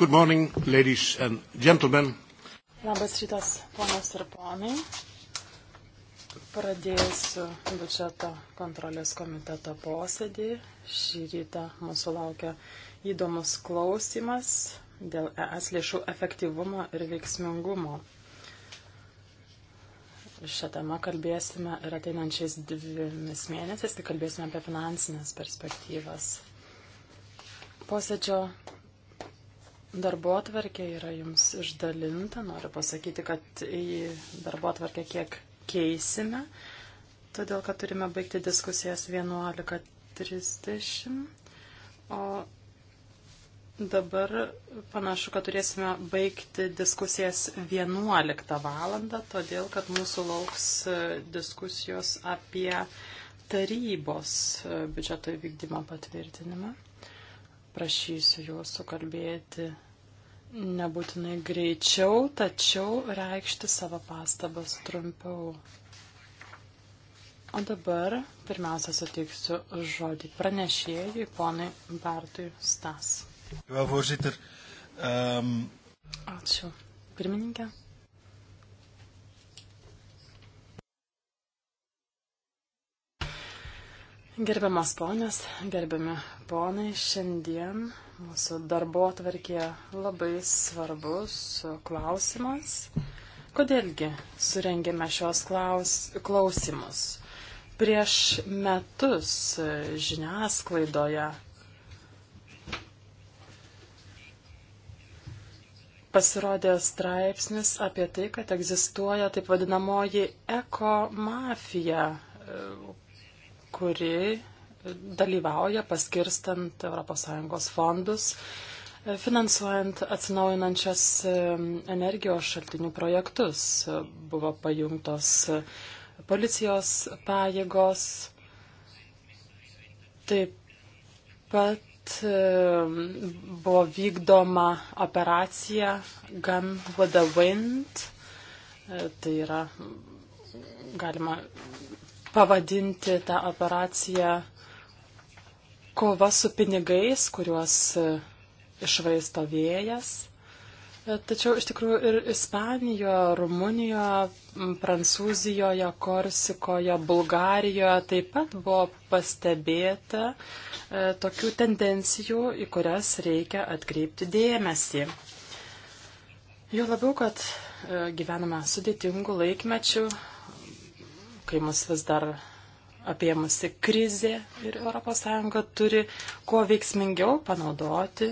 Good morning, ladies and gentlemen. Labas rytas, ponas ir ponai. Pradėsiu biudžeto kontrolės komiteto posėdį. Šį rytą mūsų laukia įdomus klausimas dėl ES lėšų efektyvumo ir veiksmingumo. Šią temą kalbėsime ir ateinančiais dvimis mėnesiais, tai kalbėsime apie finansinės perspektyvas. Posėdžio Darbo atvarkė yra jums išdalinta. Noriu pasakyti, kad į darbo atvarkę kiek keisime, todėl kad turime baigti diskusijas 11.30. O Dabar panašu, kad turėsime baigti diskusijas 11 valandą, todėl kad mūsų lauks diskusijos apie tarybos biudžeto įvykdymo patvirtinimą prašysiu jūsų kalbėti nebūtinai greičiau, tačiau reikšti savo pastabas trumpiau. O dabar pirmiausia suteiksiu žodį pranešėjui ponui Bartui Stas. Ačiū. Pirmininkė. Gerbiamas ponės, gerbiami ponai, šiandien mūsų darbo tvarkė labai svarbus klausimas. Kodėlgi surengėme šios klaus, klausimus? Prieš metus žiniasklaidoje pasirodė straipsnis apie tai, kad egzistuoja taip vadinamoji eko mafija, kuri dalyvauja paskirstant ES fondus, finansuojant atsinaujinančias energijos šaltinių projektus. Buvo pajungtos policijos pajėgos, taip pat buvo vykdoma operacija Gun with the Wind. E, tai yra galima pavadinti tą operaciją kova su pinigais, kuriuos e, išvaisto vėjas. E, tačiau iš tikrųjų ir Ispanijoje, Rumunijoje, Prancūzijoje, Korsikoje, Bulgarijoje taip pat buvo pastebėta e, tokių tendencijų, į kurias reikia atkreipti dėmesį. Jo labiau, kad e, gyvename sudėtingų laikmečių, kai mus vis dar apėmusi krizė ir ES turi kuo veiksmingiau panaudoti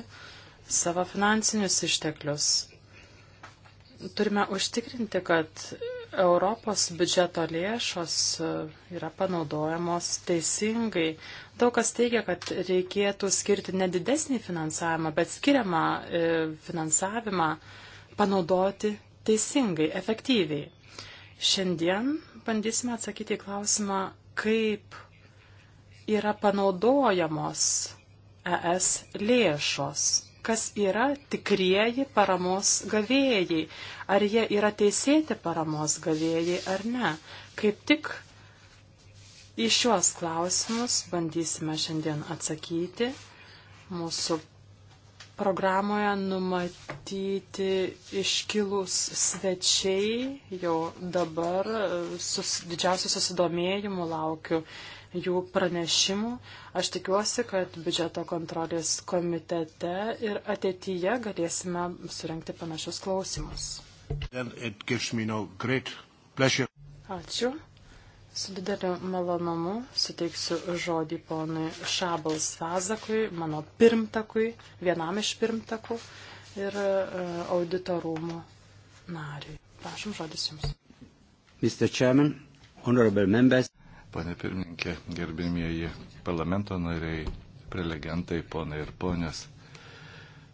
savo finansinius išteklius. Turime užtikrinti, kad Europos biudžeto lėšos e, yra panaudojamos teisingai. Daug kas teigia, kad reikėtų skirti nedidesnį finansavimą, bet skiriamą e, finansavimą panaudoti teisingai, efektyviai. Šiandien bandysime atsakyti į klausimą, kaip yra panaudojamos ES lėšos, kas yra tikrieji paramos gavėjai, ar jie yra teisėti paramos gavėjai ar ne. Kaip tik į šiuos klausimus bandysime šiandien atsakyti. Mūsų programoje numatyti iškilūs svečiai jau dabar e, sus, didžiausiu susidomėjimu laukiu jų pranešimų. Aš tikiuosi, kad biudžeto kontrolės komitete ir ateityje galėsime surenkti panašius klausimus. Ačiū. Su dideliu malonumu suteiksiu žodį ponui Šabals Vazakui, mano pirmtakui, vienam iš pirmtakų ir e, auditorumų nariui. Prašom žodis jums. Mr. Chairman, honorable members. Pane pirmininkė, gerbimieji parlamento nariai, prelegentai, ponai ir ponios.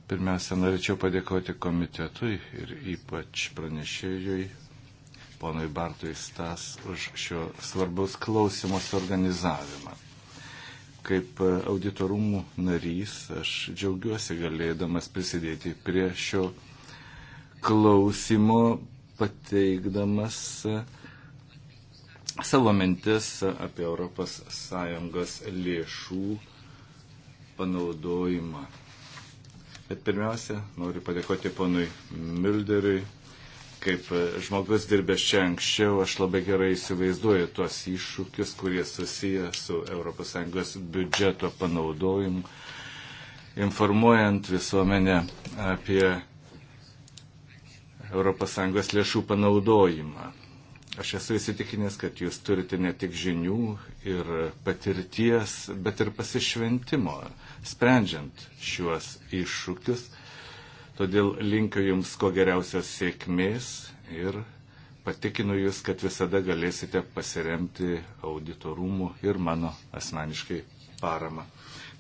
Pirmiausia, norėčiau padėkoti komitetui ir ypač pranešėjui ponui Bartui Stas už šio svarbus klausimus organizavimą. Kaip auditorumų narys aš džiaugiuosi galėdamas prisidėti prie šio klausimo, pateikdamas savo mintis apie ES lėšų panaudojimą. Bet pirmiausia, noriu padėkoti ponui Mülderiui kaip e, žmogus dirbęs čia anksčiau, aš labai gerai įsivaizduoju tuos iššūkius, kurie susiję su ES biudžeto panaudojimu, informuojant visuomenę apie ES lėšų panaudojimą. Aš esu įsitikinęs, kad jūs turite ne tik žinių ir patirties, bet ir pasišventimo, sprendžiant šiuos iššūkius Todėl linkiu Jums kuo geriausios sėkmės ir patikinu Jūs, kad visada galėsite pasiremti auditorumų ir mano asmeniškai paramą.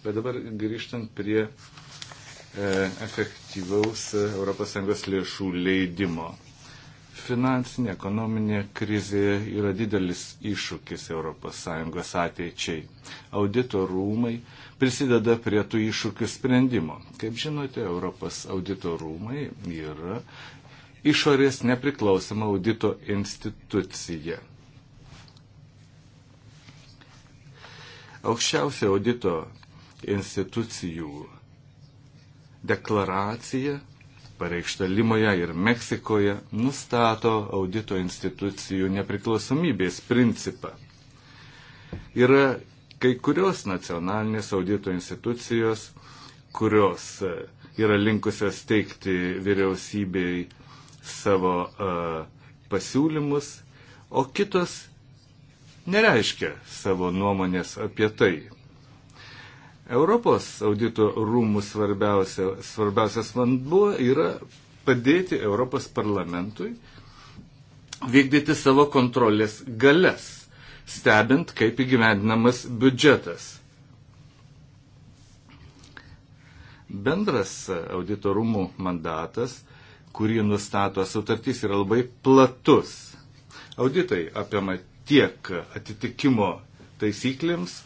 Bet dabar grįžtant prie e, efektyvaus e, ES lėšų leidimo. Finansinė, ekonominė krizė yra didelis iššūkis ES ateičiai. Auditorumai rūmai prisideda prie tų iššūkių sprendimo. Kaip žinote, Europos audito rūmai yra išorės nepriklausoma audito institucija. Aukščiausia audito institucijų deklaracija pareikšta Limoje ir Meksikoje, nustato audito institucijų nepriklausomybės principą. Yra Kai kurios nacionalinės audito institucijos, kurios e, yra linkusios teikti vyriausybei savo uh, pasiūlymus, o kitos nereiškia savo nuomonės apie tai. Europos audito rūmų svarbiausia, svarbiausias vanduo yra padėti Europos parlamentui vykdyti savo kontrolės galias stebint, kaip įgyvendinamas biudžetas. Bendras auditorumų mandatas, kurį nustato sutartys, yra labai platus. Auditai apima tiek atitikimo taisyklėms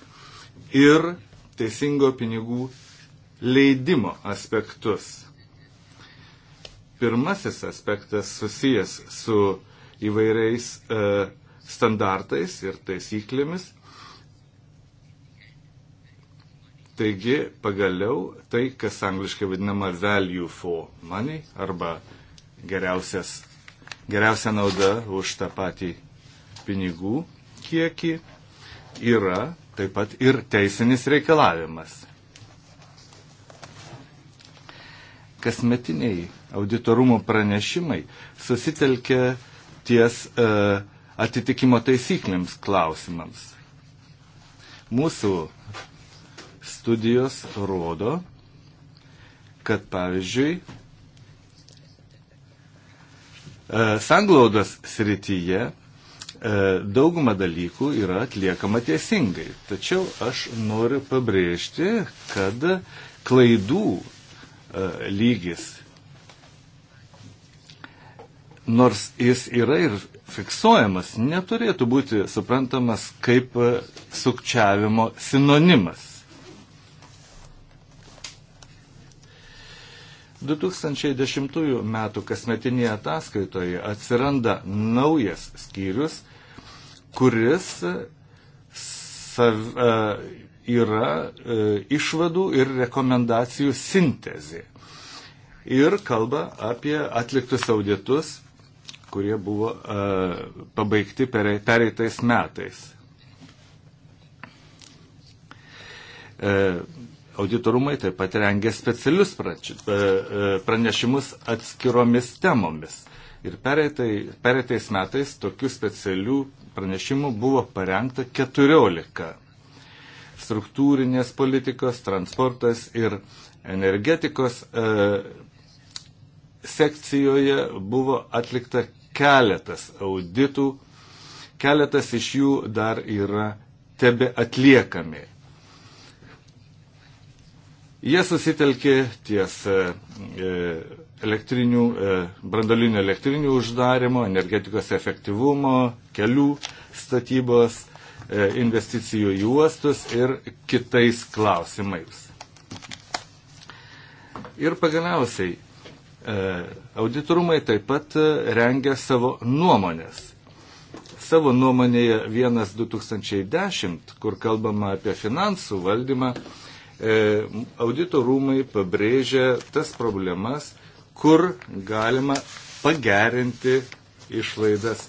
ir teisingo pinigų leidimo aspektus. Pirmasis aspektas susijęs su įvairiais e, standartais ir taisyklėmis. Taigi, pagaliau tai, kas angliškai vadinama value for money arba geriausia nauda už tą patį pinigų kiekį, yra taip pat ir teisinis reikalavimas. Kasmetiniai auditorumo pranešimai susitelkia ties uh, e, atitikimo taisyklėms klausimams. Mūsų studijos rodo, kad pavyzdžiui, e, sanglaudos srityje e, dauguma dalykų yra atliekama teisingai. Tačiau aš noriu pabrėžti, kad klaidų e, lygis nors jis yra ir fiksuojamas, neturėtų būti suprantamas kaip e, sukčiavimo sinonimas. 2010 m. kasmetinėje ataskaitoje atsiranda naujas skyrius, kuris sav, e, yra e, išvadų ir rekomendacijų sintezė. Ir kalba apie atliktus auditus kurie buvo e, pabaigti pereitais metais. E, auditorumai taip pat rengia specialius prači, e, e, pranešimus atskiromis temomis. Ir pereitai, pereitais metais tokių specialių pranešimų buvo parengta 14. Struktūrinės politikos, transportas ir energetikos e, sekcijoje buvo atlikta keletas auditų, keletas iš jų dar yra tebe atliekami. Jie susitelkė ties e, e, elektrinių, e, brandolinių elektrinių uždarimo, energetikos efektyvumo, kelių statybos, investicijų į uostus ir kitais klausimais. Ir pagaliausiai E, auditorumai taip pat e, rengia savo nuomonės. Savo nuomonėje 1.2010, kur kalbama apie finansų valdymą, e, auditorumai pabrėžia tas problemas, kur galima pagerinti išlaidas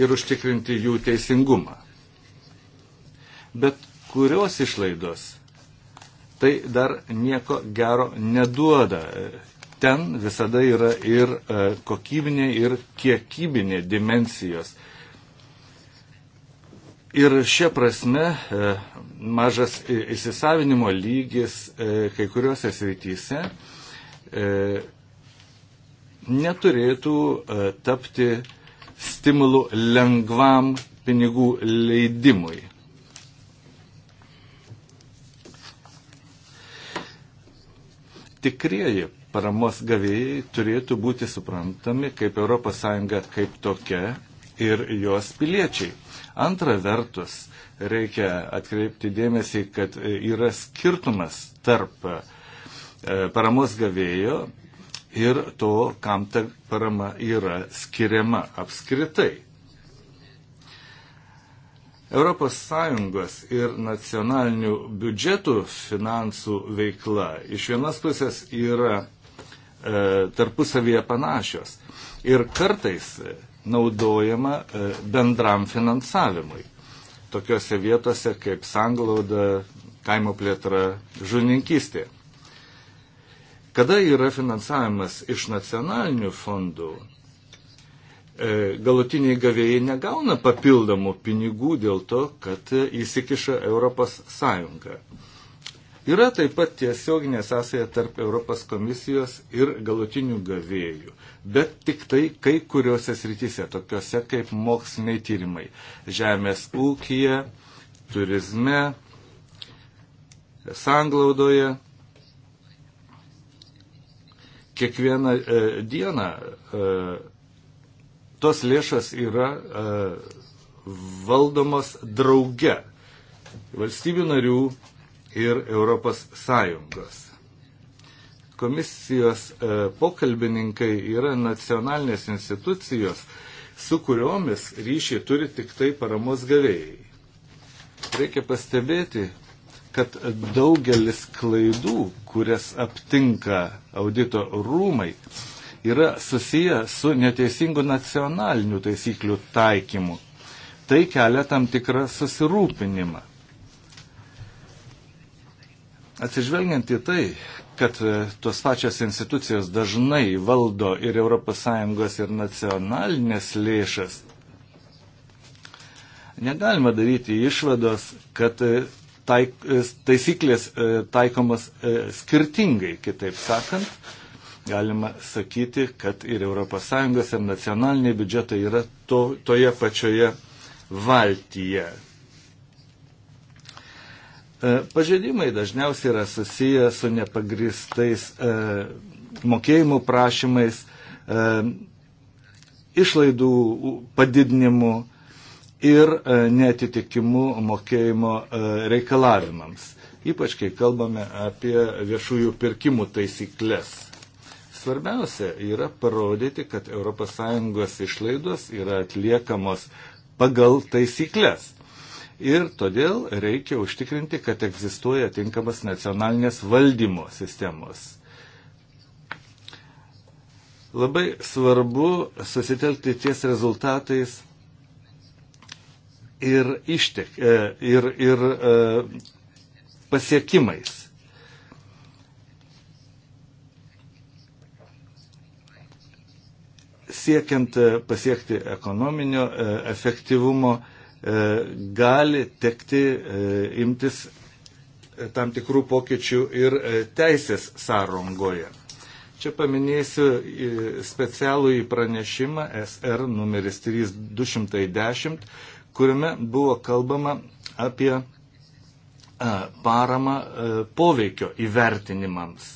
ir užtikrinti jų teisingumą. Bet kurios išlaidos tai dar nieko gero neduoda. Ten visada yra ir e, kokybinė, ir kiekybinė dimensijos. Ir šia prasme e, mažas įsisavinimo lygis e, kai kuriuose srityse neturėtų tapti stimulų lengvam pinigų leidimui. tikrieji paramos gavėjai turėtų būti suprantami kaip ES kaip tokia ir jos piliečiai. Antra vertus, reikia atkreipti dėmesį, kad yra skirtumas tarp e, paramos gavėjo ir to, kam ta parama yra skiriama apskritai. ES ir nacionalinių biudžetų finansų veikla iš vienos pusės yra e, tarpusavėje panašios ir kartais e, naudojama e, bendram finansavimui. Tokiose vietose kaip sanglauda, kaimo plėtra, žuninkystė. Kada yra finansavimas iš nacionalinių fondų, E, galutiniai gavėjai negauna papildomų pinigų dėl to, kad įsikiša Europos Sąjunga. Yra taip pat tiesioginė sąsaja tarp Europos komisijos ir galutinių gavėjų, bet tik tai kai kuriuose srityse, tokiuose kaip moksliniai tyrimai - žemės ūkija, turizme, sanglaudoje. Kiekvieną e, dieną e, tos lėšas yra e, valdomos drauge valstybių narių ir Europos Sąjungos. Komisijos e, pokalbininkai yra nacionalinės institucijos, su kuriomis ryšį turi tik tai paramos gavėjai. Reikia pastebėti, kad daugelis klaidų, kurias aptinka audito rūmai, yra susiję su neteisingu nacionaliniu taisyklių taikymu. Tai kelia tam tikrą susirūpinimą. Atsižvelgiant į tai, kad e, tos pačios institucijos dažnai valdo ir ES ir nacionalinės lėšas, negalima daryti išvados, kad e, taik, e, taisyklės taikomas skirtingai, kitaip sakant, galima sakyti, kad ir ES ir nacionaliniai biudžetai yra to, toje pačioje valtyje. E, pažeidimai dažniausiai yra susiję su nepagristais e, mokėjimų prašymais, e, išlaidų padidinimu ir e, netitikimu mokėjimo e, reikalavimams, ypač kai kalbame apie viešųjų pirkimų taisyklės. Svarbiausia yra parodyti, kad ES išlaidos yra atliekamos pagal taisyklės. Ir todėl reikia užtikrinti, kad egzistuoja tinkamas nacionalinės valdymo sistemos. Labai svarbu susitelkti ties rezultatais ir, ištek, e, ir, ir e, pasiekimais. siekiant e, pasiekti ekonominio e, efektyvumo, e, gali tekti imtis tam tikrų pokyčių ir teisės sąrangoje. Čia paminėsiu specialų į pranešimą SR numeris 3210, kuriame buvo kalbama apie paramą poveikio įvertinimams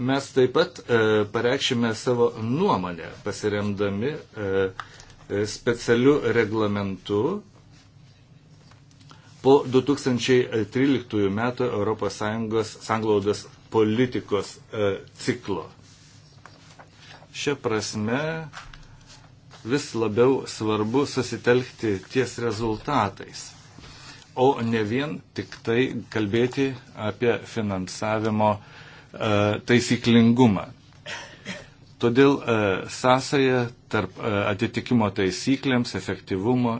mes taip pat e, pareikšime savo nuomonę, pasiremdami e, e, specialiu reglamentu po 2013 metų ES sanglaudos politikos ciklo. Šia prasme vis labiau svarbu susitelkti ties rezultatais, o ne vien tik tai kalbėti apie finansavimo uh, E, taisyklingumą. Todėl e, sąsaja tarp e, atitikimo taisyklėms, efektyvumo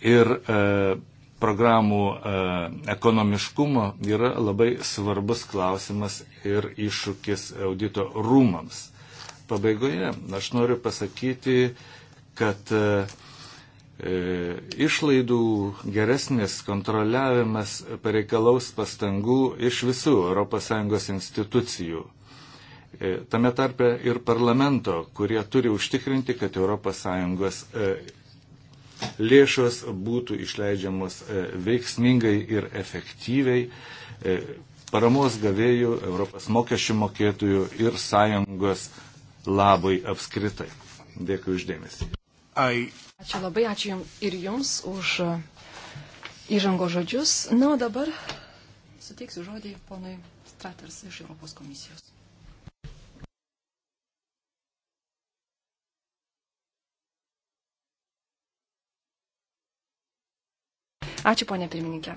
ir programų ekonomiškumo yra labai svarbus klausimas ir iššūkis audito rūmams. Pabaigoje aš noriu pasakyti, kad uh, E, išlaidų geresnis kontroliavimas pareikalaus pastangų iš visų ES institucijų. E, tame tarpe ir parlamento, kurie turi užtikrinti, kad ES e, lėšos būtų išleidžiamos veiksmingai ir efektyviai paramos gavėjų, Europos mokesčių mokėtojų ir sąjungos labai apskritai. Dėkui uždėmesi. I Ačiū labai, ačiū jums ir jums už e, įžango žodžius. Na, o dabar suteiksiu žodį ponui Straters iš Europos komisijos. Ačiū, ponė pirmininkė.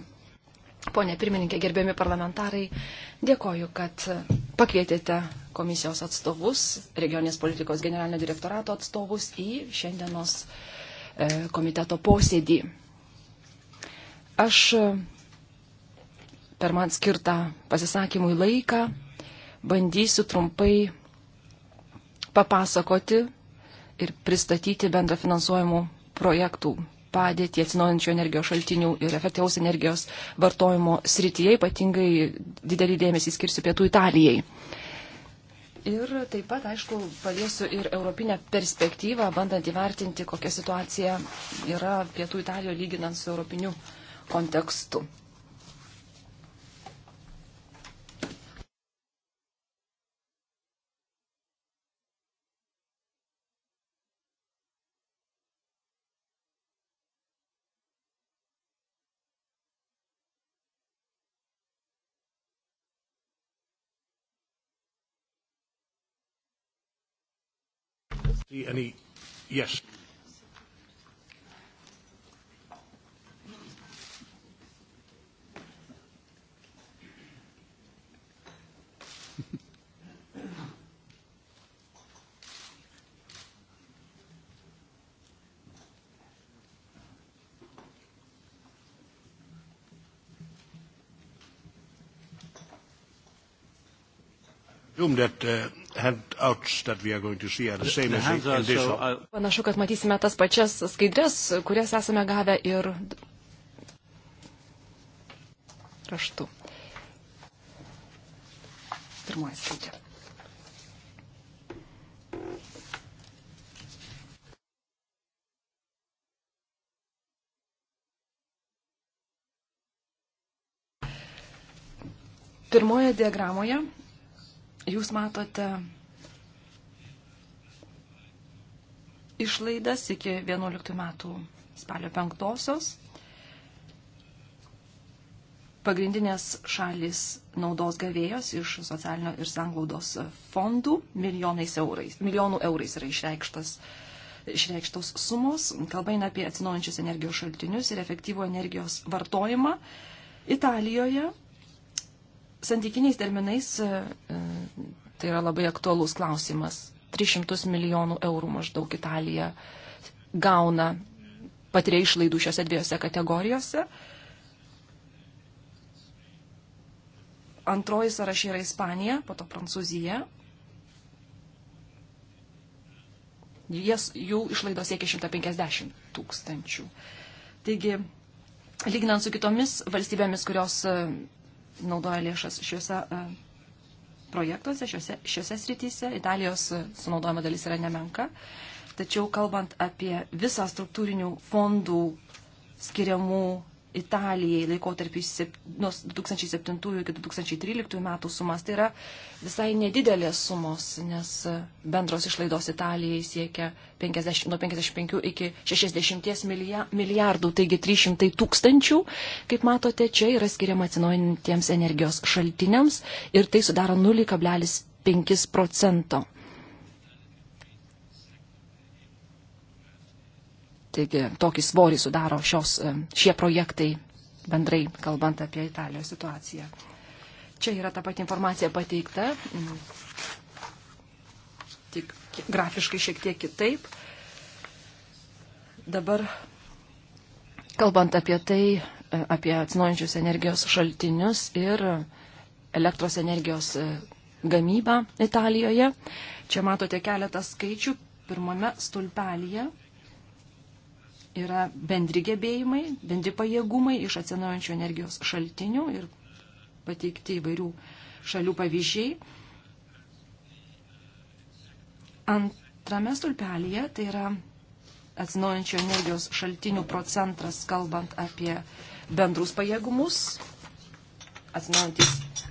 Pone pirmininkė, gerbiami parlamentarai, dėkoju, kad pakvietėte komisijos atstovus, regioninės politikos generalinio direktorato atstovus į šiandienos uh, E, komiteto posėdį. Aš e, per man skirtą pasisakymui laiką bandysiu trumpai papasakoti ir pristatyti bendra finansuojamų projektų padėtį atsinaujančių energijos šaltinių ir efektyvaus energijos vartojimo srityje, ypatingai didelį dėmesį skirsiu pietų Italijai. Ir taip pat, aišku, paliesiu ir europinę perspektyvą, bandant įvertinti, kokia situacija yra pietų Italijoje lyginant su europiniu kontekstu. see any? Yes. assume that uh, Panašu, kad matysime tas pačias skaidrės, kurias esame gavę ir raštu. Pirmoji skaidrė. Pirmoje diagramoje Jūs matote išlaidas iki 11 metų spalio 5-osios. Pagrindinės šalis naudos gavėjos iš socialinio ir sanglaudos fondų milijonais eurais. Milijonų eurais yra išreikštas, išreikštos sumos. Kalba eina apie atsinaujančius energijos šaltinius ir efektyvų energijos vartojimą. Italijoje santykiniais terminais e, Tai yra labai aktualus klausimas. 300 milijonų eurų maždaug Italija gauna patiria išlaidų šiuose dviejose kategorijose. Antroji sąrašė yra Ispanija, po to Prancūzija. Jas, jų išlaidos siekia 150 tūkstančių. Taigi, lyginant su kitomis valstybėmis, kurios e, naudoja lėšas šiuose e, projektuose šiuose, šiuose srityse. Italijos sunaudojimo dalis yra nemenka. Tačiau kalbant apie visą struktūrinių fondų skiriamų Italijai laikotarpį nuo 2007 iki 2013 metų sumas. Tai yra visai nedidelės sumos, nes bendros išlaidos Italijai siekia 50, nuo 55 iki 60 milijardų, taigi 300 tūkstančių, kaip matote, čia yra skiriama atsinaujintiems energijos šaltiniams ir tai sudaro 0,5 procento Taigi tokį svorį sudaro šios, e, šie projektai bendrai kalbant apie Italijos situaciją. Čia yra ta pati informacija pateikta, tik grafiškai šiek tiek kitaip. Dabar, kalbant apie tai, e, apie atsinaujančius energijos šaltinius ir elektros energijos e, gamybą Italijoje, čia matote keletą skaičių. Pirmame stulpelyje yra bendri gebėjimai, bendri pajėgumai iš atsinaujančių energijos šaltinių ir pateikti įvairių šalių pavyzdžiai. Antrame stulpelėje tai yra atsinaujančių energijos šaltinių procentas, kalbant apie bendrus pajėgumus, atsinaujantis.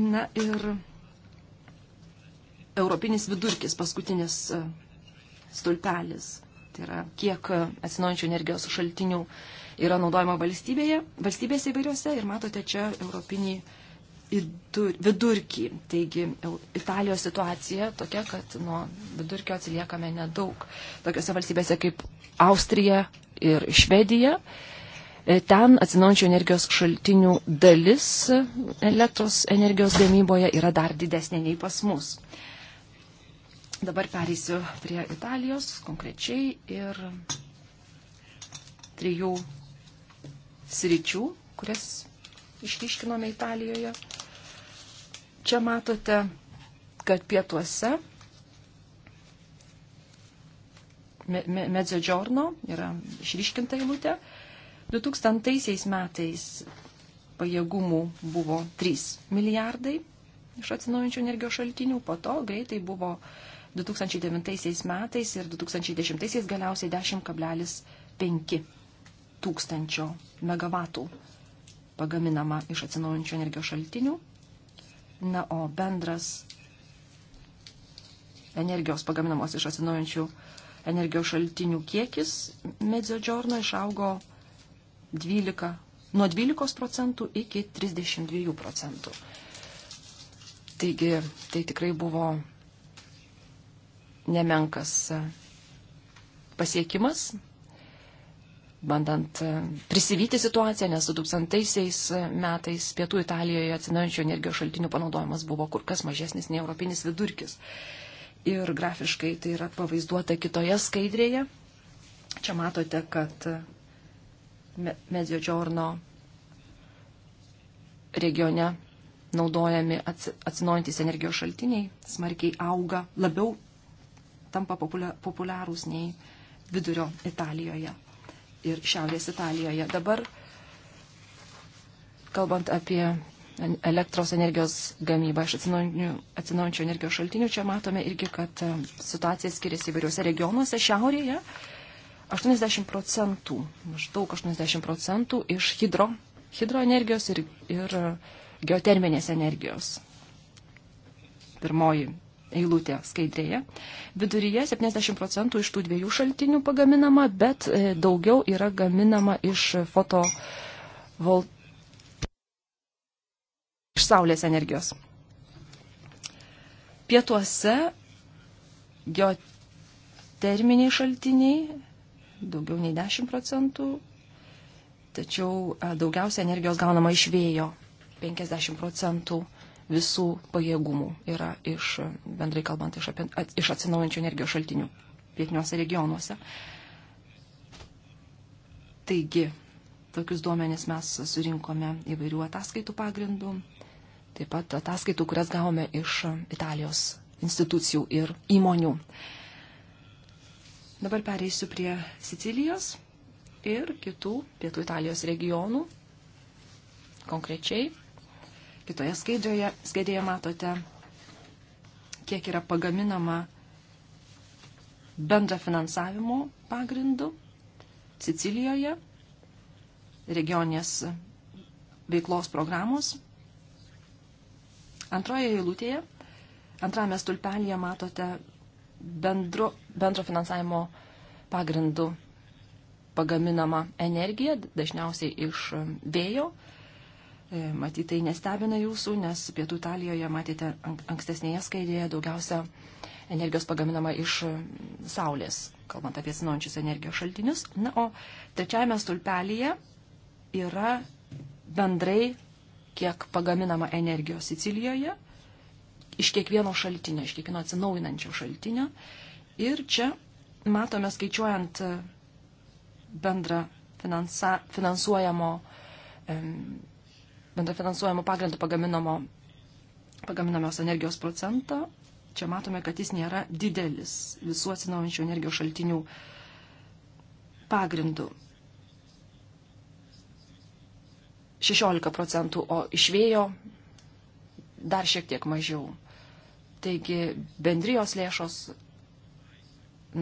Na ir europinis vidurkis, paskutinis stulpelis. Tai yra, kiek atsinaujančių energijos šaltinių yra naudojama valstybėje, valstybėse įvairiose ir matote čia europinį vidurkį. Taigi Italijos situacija tokia, kad nuo vidurkio atsiliekame nedaug. Tokiose valstybėse kaip Austrija ir Švedija. E, ten atsinaujančių energijos šaltinių dalis elektros energijos gamyboje yra dar didesnė nei pas mus. Dabar pereisiu prie Italijos konkrečiai ir trijų sričių, kurias išryškinome Italijoje. Čia matote, kad pietuose Medzio Džorno yra išryškinta eilutė. 2000 metais pajėgumų buvo 3 milijardai iš atsinaujančių energijos šaltinių, po to greitai buvo 1,5 2009 metais ir 2010 galiausiai 10,5 tūkstančio megavatų pagaminama iš atsinaujančių energijos šaltinių. Na, o bendras energijos pagaminamos iš atsinaujančių energijos šaltinių kiekis Medziogiorno išaugo 12, nuo 12 procentų iki 32 procentų. Taigi tai tikrai buvo nemenkas pasiekimas, bandant prisivyti situaciją, nes 2000 metais Pietų Italijoje atsinaujančio energijos šaltinių panaudojimas buvo kur kas mažesnis nei europinis vidurkis. Ir grafiškai tai yra pavaizduota kitoje skaidrėje. Čia matote, kad Medzio Džorno regione naudojami atsinaujantis energijos šaltiniai smarkiai auga, labiau tampa populiarūs nei vidurio Italijoje ir šiaurės Italijoje. Dabar, kalbant apie elektros energijos gamybą iš atsinaujančio energijos šaltinių, čia matome irgi, kad e, situacija skiriasi įvairiuose regionuose. Šiaurėje 80 procentų, maždaug 80 procentų iš hidro, hidroenergijos ir, ir e, geoterminės energijos. Pirmoji eilutė skaidrėje. Viduryje 70 procentų iš tų dviejų šaltinių pagaminama, bet e, daugiau yra gaminama iš fotovol... iš saulės energijos. Pietuose geoterminiai šaltiniai daugiau nei 10 procentų, tačiau e, daugiausia energijos gaunama iš vėjo 50 procentų visų pajėgumų yra iš, bendrai kalbant, iš, apie, at, iš atsinaujančių energijos šaltinių pietiniuose regionuose. Taigi, tokius duomenis mes surinkome įvairių ataskaitų pagrindų, taip pat ataskaitų, kurias gavome iš Italijos institucijų ir įmonių. Dabar pereisiu prie Sicilijos ir kitų pietų Italijos regionų konkrečiai Kitoje skaidrėje, skaidrėje matote, kiek yra pagaminama bendra finansavimo pagrindu Sicilijoje regioninės veiklos programos. Antroje eilutėje, antrame stulpelėje matote bendro, bendro finansavimo pagrindu pagaminama energija, dažniausiai iš vėjo E, matyt, tai nestebina jūsų, nes Pietų Italijoje, matėte, ankstesnėje skaidrėje daugiausia energijos pagaminama iš e, saulės, kalbant apie atsinaujančius energijos šaltinius. Na, o trečiajame stulpelėje yra bendrai, kiek pagaminama energijos Sicilijoje iš kiekvieno šaltinio, iš kiekvieno atsinaujinančio šaltinio. Ir čia matome skaičiuojant e, bendrą finansa, finansuojamo um, bendrafinansuojamų pagrindų pagaminamos energijos procentą. Čia matome, kad jis nėra didelis visų atsinaujančių energijos šaltinių pagrindų. 16 procentų, o iš vėjo dar šiek tiek mažiau. Taigi bendrijos lėšos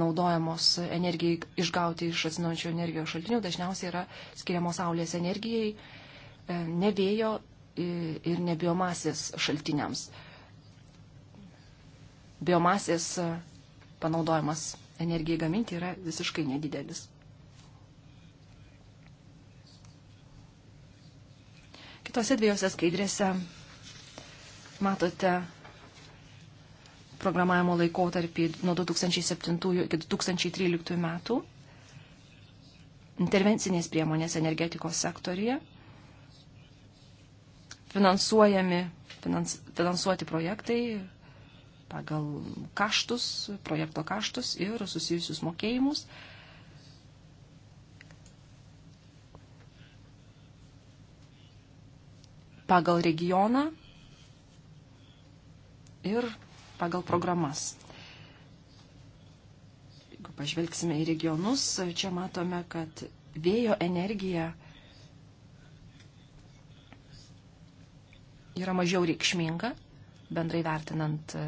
naudojamos energijai išgauti iš atsinaujančių energijos šaltinių dažniausiai yra skiriamos saulės energijai, E, ne vėjo e, ir ne biomasės šaltiniams. Biomasės e, panaudojimas energijai gaminti yra visiškai nedidelis. Kitose dviejose skaidrėse matote programavimo laikotarpį nuo 2007 iki 2013 metų intervencinės priemonės energetikos sektorija finansuojami, finans, finansuoti projektai pagal kaštus, projekto kaštus ir susijusius mokėjimus. Pagal regioną ir pagal programas. Jeigu pažvelgsime į regionus, čia matome, kad vėjo energija yra mažiau reikšminga, bendrai vertinant e,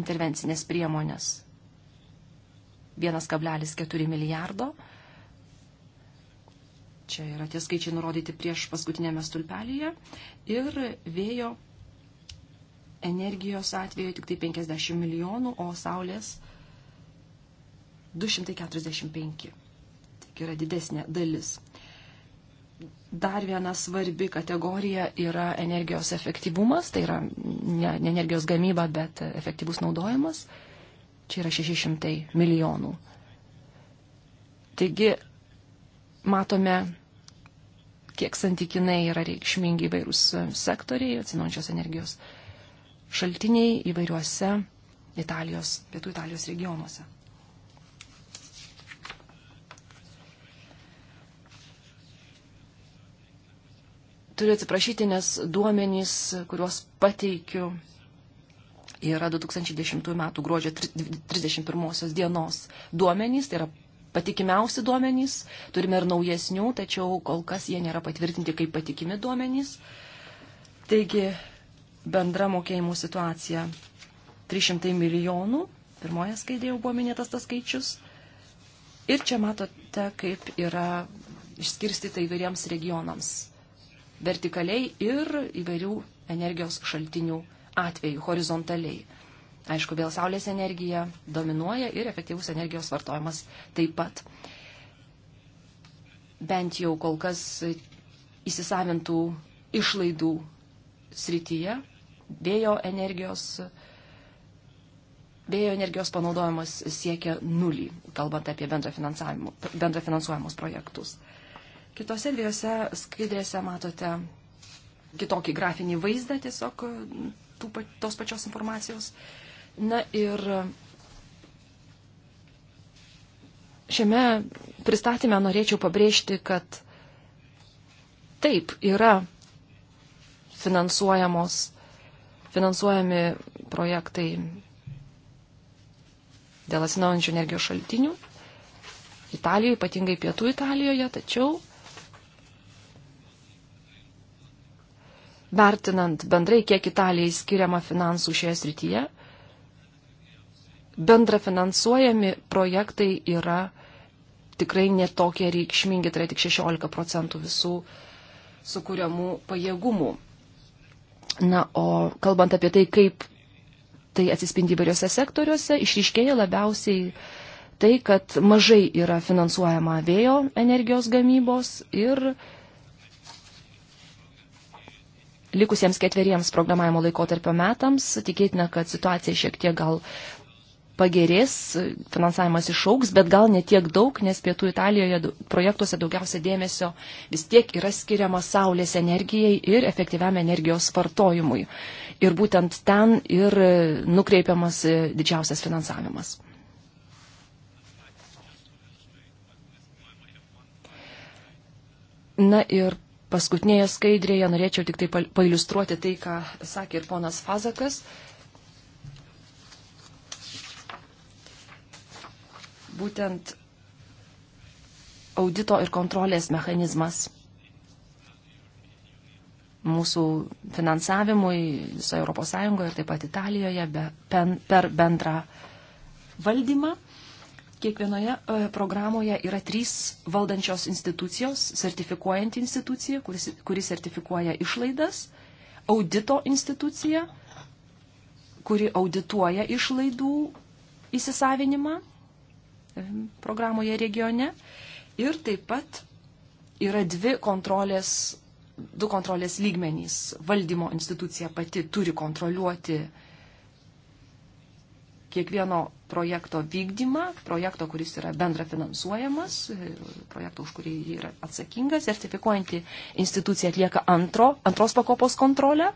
intervencinės priemonės 1,4 milijardo. Čia yra tie skaičiai nurodyti prieš paskutinėme stulpelėje. Ir vėjo energijos atveju tik tai 50 milijonų, o saulės 245. Tik yra didesnė dalis Dar viena svarbi kategorija yra energijos efektyvumas, tai yra ne, ne energijos gamyba, bet efektyvus naudojimas. Čia yra 600 milijonų. Taigi matome, kiek santykinai yra reikšmingi įvairūs sektoriai, atsinaujančios energijos šaltiniai įvairiuose Italijos, pietų Italijos regionuose. Turiu atsiprašyti, nes duomenys, kuriuos pateikiu, yra 2010 m. gruodžio 31 dienos duomenys, tai yra patikimiausi duomenys, turime ir naujesnių, tačiau kol kas jie nėra patvirtinti kaip patikimi duomenys. Taigi bendra mokėjimų situacija 300 milijonų, pirmoje skaidėje jau buvo minėtas tas skaičius. Ir čia matote, kaip yra išskirstyta įvairiems regionams vertikaliai ir įvairių energijos šaltinių atveju horizontaliai. Aišku, vėl saulės energija dominuoja ir efektyvus energijos vartojimas taip pat. Bent jau kol kas įsisavintų išlaidų srityje vėjo energijos, vėjo energijos panaudojimas siekia nulį, kalbant apie bendrafinansuojamus projektus. Kitose dviejose skaidrėse matote kitokį grafinį vaizdą tiesiog tų, tos pačios informacijos. Na ir šiame pristatymę norėčiau pabrėžti, kad taip yra finansuojamos, finansuojami projektai dėl atsinaujančių energijos šaltinių. Italijoje, ypatingai pietų Italijoje, tačiau vertinant bendrai, kiek Italijai skiriama finansų šioje srityje, bendra finansuojami projektai yra tikrai netokie reikšmingi, tai yra tik 16 procentų visų sukūriamų pajėgumų. Na, o kalbant apie tai, kaip tai atsispindi įvairiose sektoriuose, išryškėja labiausiai tai, kad mažai yra finansuojama vėjo energijos gamybos ir uh, likusiems ketveriems programavimo laikotarpio metams. Tikėtina, kad situacija šiek tiek gal pagerės, finansavimas išauks, bet gal ne tiek daug, nes pietų Italijoje projektuose daugiausia dėmesio vis tiek yra skiriama saulės energijai ir efektyviam energijos vartojimui. Ir būtent ten ir nukreipiamas didžiausias finansavimas. Na ir paskutinėje skaidrėje norėčiau tik tai pailustruoti tai, ką sakė ir ponas Fazakas. Būtent audito ir kontrolės mechanizmas mūsų finansavimui visoje Europos Sąjungoje ir taip pat Italijoje be, pen, per bendrą valdymą kiekvienoje e, programoje yra trys valdančios institucijos - sertifikuojanti institucija, kuris, kuri sertifikuoja išlaidas, audito institucija, kuri audituoja išlaidų įsisavinimą e, programoje regione ir taip pat yra dvi kontrolės, du kontrolės lygmenys. Valdymo institucija pati turi kontroliuoti uh, kiekvieno projekto vykdymą, projekto, kuris yra bendra finansuojamas, projekto, už kurį jį yra atsakinga, sertifikuojanti institucija atlieka antro, antros pakopos kontrolę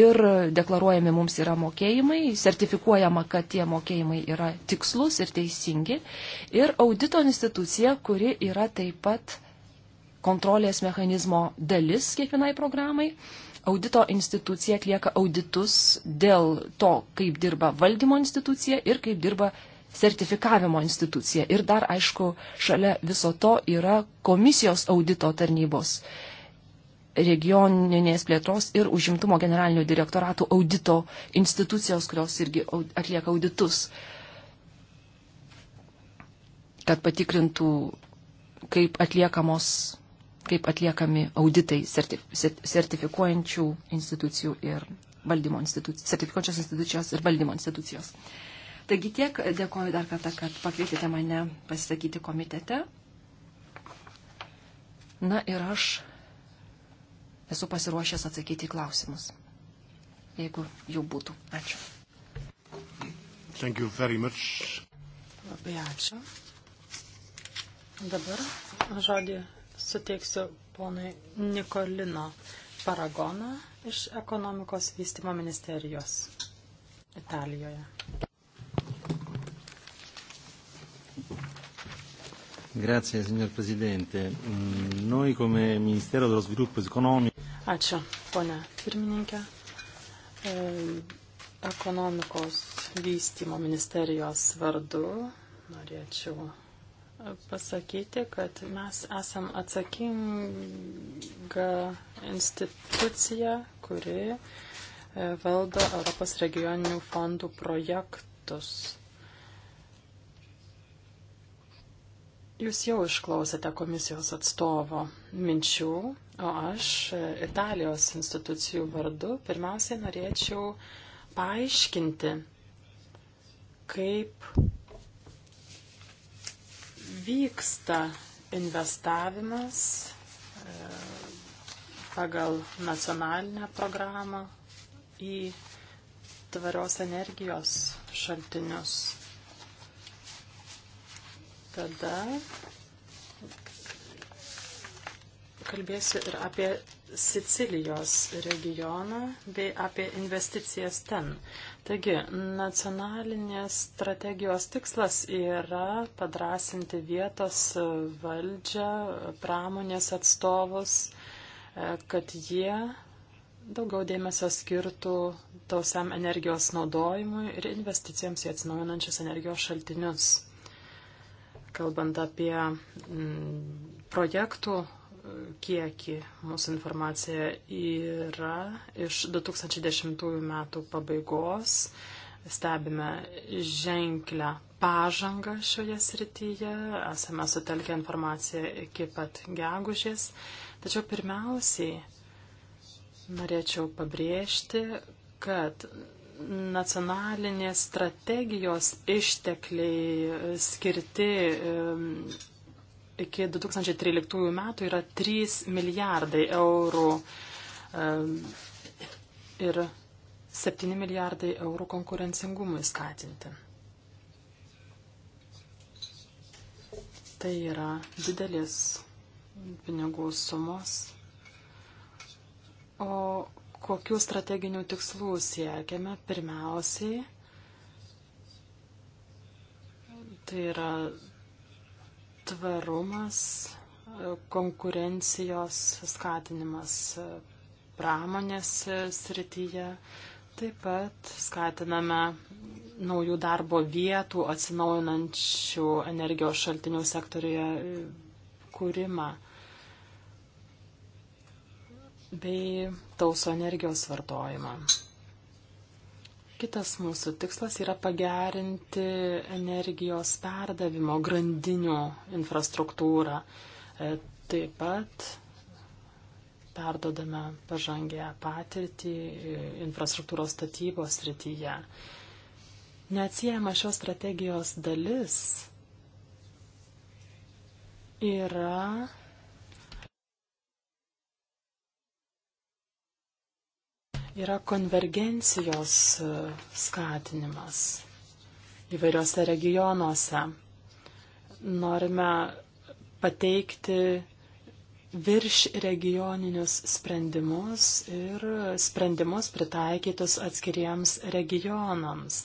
ir deklaruojami mums yra mokėjimai, sertifikuojama, kad tie mokėjimai yra tikslus ir teisingi ir audito institucija, kuri yra taip pat kontrolės mechanizmo dalis kiekvienai programai audito institucija atlieka auditus dėl to, kaip dirba valdymo institucija ir kaip dirba sertifikavimo institucija. Ir dar, aišku, šalia viso to yra komisijos audito tarnybos regioninės plėtros ir užimtumo generalinio direktoratų audito institucijos, kurios irgi atlieka auditus, kad patikrintų, kaip atliekamos kaip atliekami auditai sertifikuojančių institucijų ir valdymo institucijos, sertifikuojančios institucijos ir valdymo institucijos. Taigi tiek, dėkoju dar kartą, kad pakvietėte mane pasisakyti komitete. Na ir aš esu pasiruošęs atsakyti į klausimus, jeigu jų būtų. Ačiū. Labai ačiū. Dabar žodį suteiksiu ponui Nikolino Paragoną iš ekonomikos vystimo ministerijos Italijoje. Grazie, signor Presidente. Mm, noi come Ministero dello Sviluppo Economico. Ačiū, ponia pirmininkė. E, ekonomikos vystymo ministerijos vardu norėčiau pasakyti, kad mes esam atsakinga institucija, kuri e, valdo Europos regioninių fondų projektus. Jūs jau išklausėte komisijos atstovo minčių, o aš e, Italijos institucijų vardu pirmiausiai norėčiau paaiškinti, kaip vyksta investavimas e, pagal nacionalinę programą į tvarios energijos šaltinius. Tada kalbėsiu ir apie Sicilijos regioną bei apie investicijas ten. Uh, Taigi, nacionalinės strategijos tikslas yra padrasinti vietos valdžią, pramonės atstovus, e, kad jie daugiau dėmesio skirtų tausiam energijos naudojimui ir investicijoms į atsinaujinančius energijos šaltinius. Kalbant apie mm, projektų kiekį mūsų informacija yra iš 2010 metų pabaigos. Stebime ženklę pažangą šioje srityje, esame sutelkę informaciją iki pat gegužės. Tačiau pirmiausiai norėčiau pabrėžti, kad nacionalinės strategijos ištekliai skirti iki 2013 metų yra 3 milijardai eurų ir 7 milijardai eurų konkurencingumui skatinti. Tai yra didelis pinigų sumos. O kokių strateginių tikslų siekiame pirmiausiai? Tai yra Tvarumas, konkurencijos skatinimas pramonės srityje. Taip pat skatiname naujų darbo vietų atsinaujinančių energijos šaltinių sektorijoje kūrimą bei tauso energijos vartojimą. Kitas mūsų tikslas yra pagerinti energijos perdavimo grandinių infrastruktūrą. E, taip pat perdodame pažangę patirtį e, infrastruktūros statybos srityje. Neatsiejama šios strategijos dalis yra yra konvergencijos e, skatinimas įvairiose regionuose. Norime pateikti virš regioninius sprendimus ir sprendimus pritaikytus atskiriems regionams.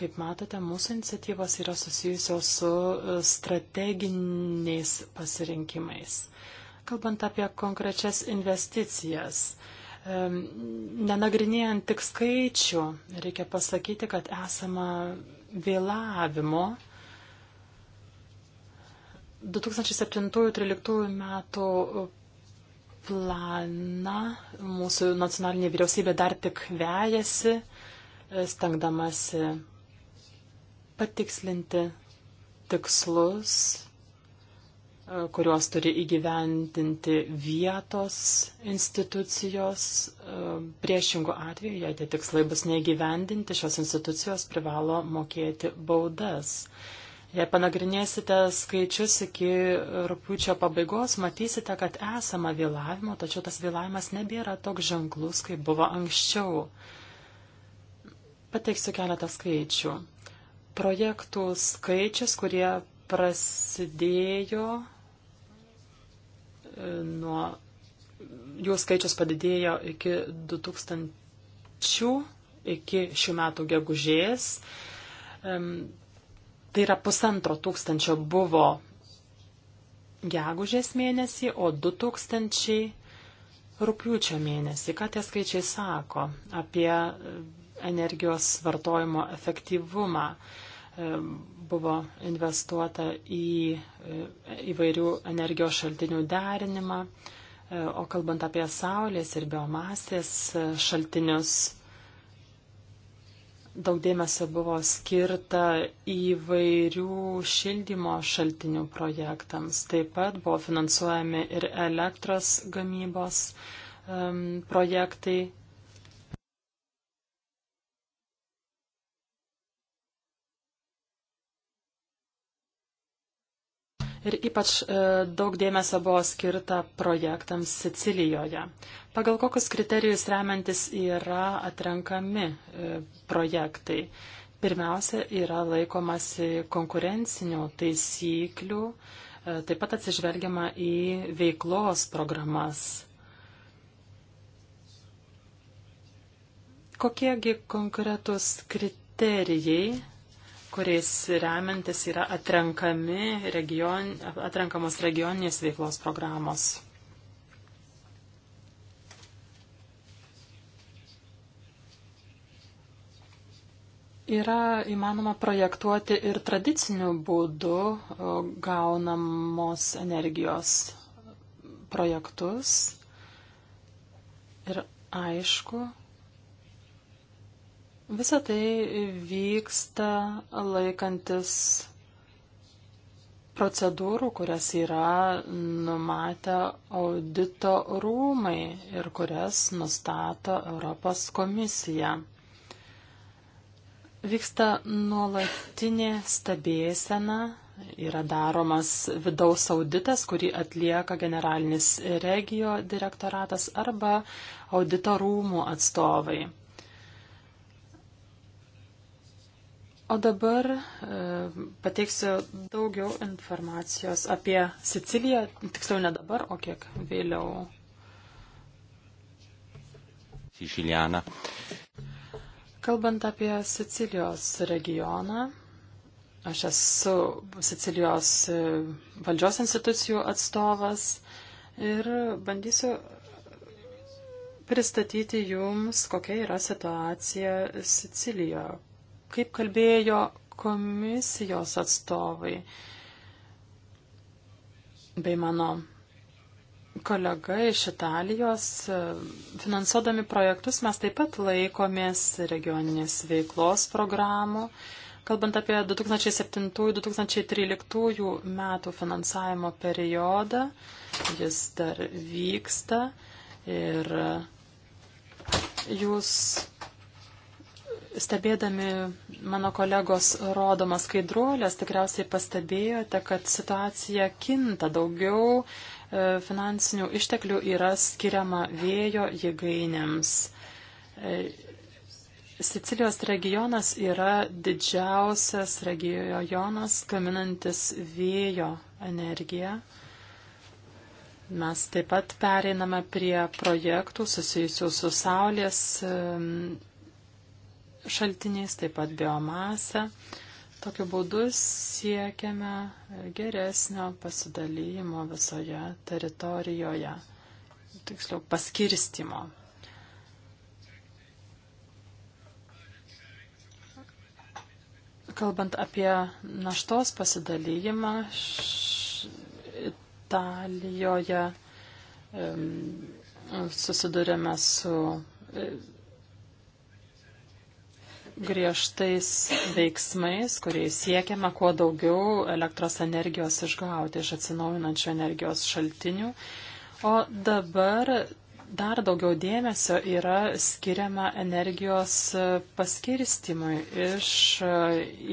Kaip matote, mūsų iniciatyvos yra susijusios su e, strateginiais pasirinkimais. Kalbant apie konkrečias investicijas, Nenagrinėjant tik skaičių, reikia pasakyti, kad esama vėlavimo 2007-2013 metų planą mūsų nacionalinė vyriausybė dar tik vejasi, stengdamasi patikslinti tikslus, kuriuos turi įgyvendinti vietos institucijos. E, priešingų atveju, jei tie tikslai bus neįgyvendinti, šios institucijos privalo mokėti baudas. Jei panagrinėsite skaičius iki rūpiučio pabaigos, matysite, kad esama vėlavimo, tačiau tas vėlavimas nebėra toks ženklus, kaip buvo anksčiau. Pateiksiu keletą skaičių. Projektų skaičius, kurie prasidėjo nuo jų skaičius padidėjo iki 2000, iki šių metų gegužės. Tai yra pusantro tūkstančio buvo gegužės mėnesį, o 2000 rūpiučio mėnesį. Ką tie skaičiai sako apie energijos vartojimo efektyvumą? E, buvo investuota į e, įvairių energijos šaltinių derinimą, e, o kalbant apie saulės ir biomasės šaltinius, daug dėmesio buvo skirta įvairių šildymo šaltinių projektams. Taip pat buvo finansuojami ir elektros gamybos um, projektai Ir ypač e, daug dėmesio buvo skirta projektams Sicilijoje. Pagal kokius kriterijus remiantis yra atrenkami e, projektai? Pirmiausia, yra laikomasi konkurencinių taisyklių, e, taip pat atsižvelgiama į veiklos programas. Kokiegi konkretus kriterijai kuriais remiantis yra atrenkami region, atrenkamos regioninės veiklos programos. Yra įmanoma projektuoti ir tradiciniu būdu gaunamos energijos projektus. Ir aišku, Visa tai vyksta laikantis procedūrų, kurias yra numatę audito rūmai ir kurias nustato Europos komisija. Vyksta nuolatinė stebėsena, yra daromas vidaus auditas, kurį atlieka generalinis regio direktoratas arba audito rūmų atstovai. O dabar e, pateiksiu daugiau informacijos apie Siciliją, tiksliau ne dabar, o kiek vėliau. Siciliana. Kalbant apie Sicilijos regioną, aš esu Sicilijos e, valdžios institucijų atstovas ir bandysiu pristatyti jums, kokia yra situacija Sicilijoje kaip kalbėjo komisijos atstovai bei mano kolega iš Italijos, finansuodami projektus mes taip pat laikomės regioninės veiklos programų. Kalbant apie 2007-2013 metų finansavimo periodą, jis dar vyksta ir jūs Stebėdami mano kolegos rodomas skaidruolės, tikriausiai pastebėjote, kad situacija kinta daugiau e, finansinių išteklių yra skiriama vėjo jėgainėms. E, Sicilijos regionas yra didžiausias regionas gaminantis vėjo energiją. Mes taip pat pereiname prie projektų susijusių su Saulės šaltiniais, taip pat biomasę. Tokiu būdu siekiame geresnio pasidalymo visoje teritorijoje, tiksliau paskirstimo. Kalbant apie naštos pasidalyjimą, Italijoje susidurėme su griežtais veiksmais, kuriais siekiama kuo daugiau elektros energijos išgauti iš atsinaujinančių energijos šaltinių. O dabar dar daugiau dėmesio yra skiriama energijos paskirstimui iš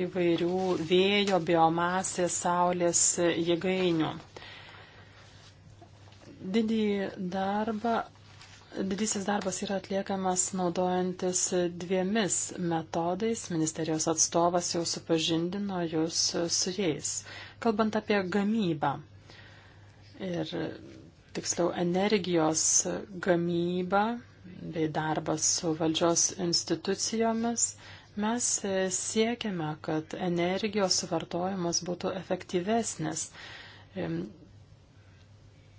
įvairių vėjo, biomasės, saulės jėgainių. Didįjį darbą Didysis darbas yra atliekamas naudojantis dviemis metodais. Ministerijos atstovas jau supažindino jūs su jais. Kalbant apie gamybą ir tiksliau energijos gamybą bei darbas su valdžios institucijomis, mes siekiame, kad energijos suvartojimas būtų efektyvesnis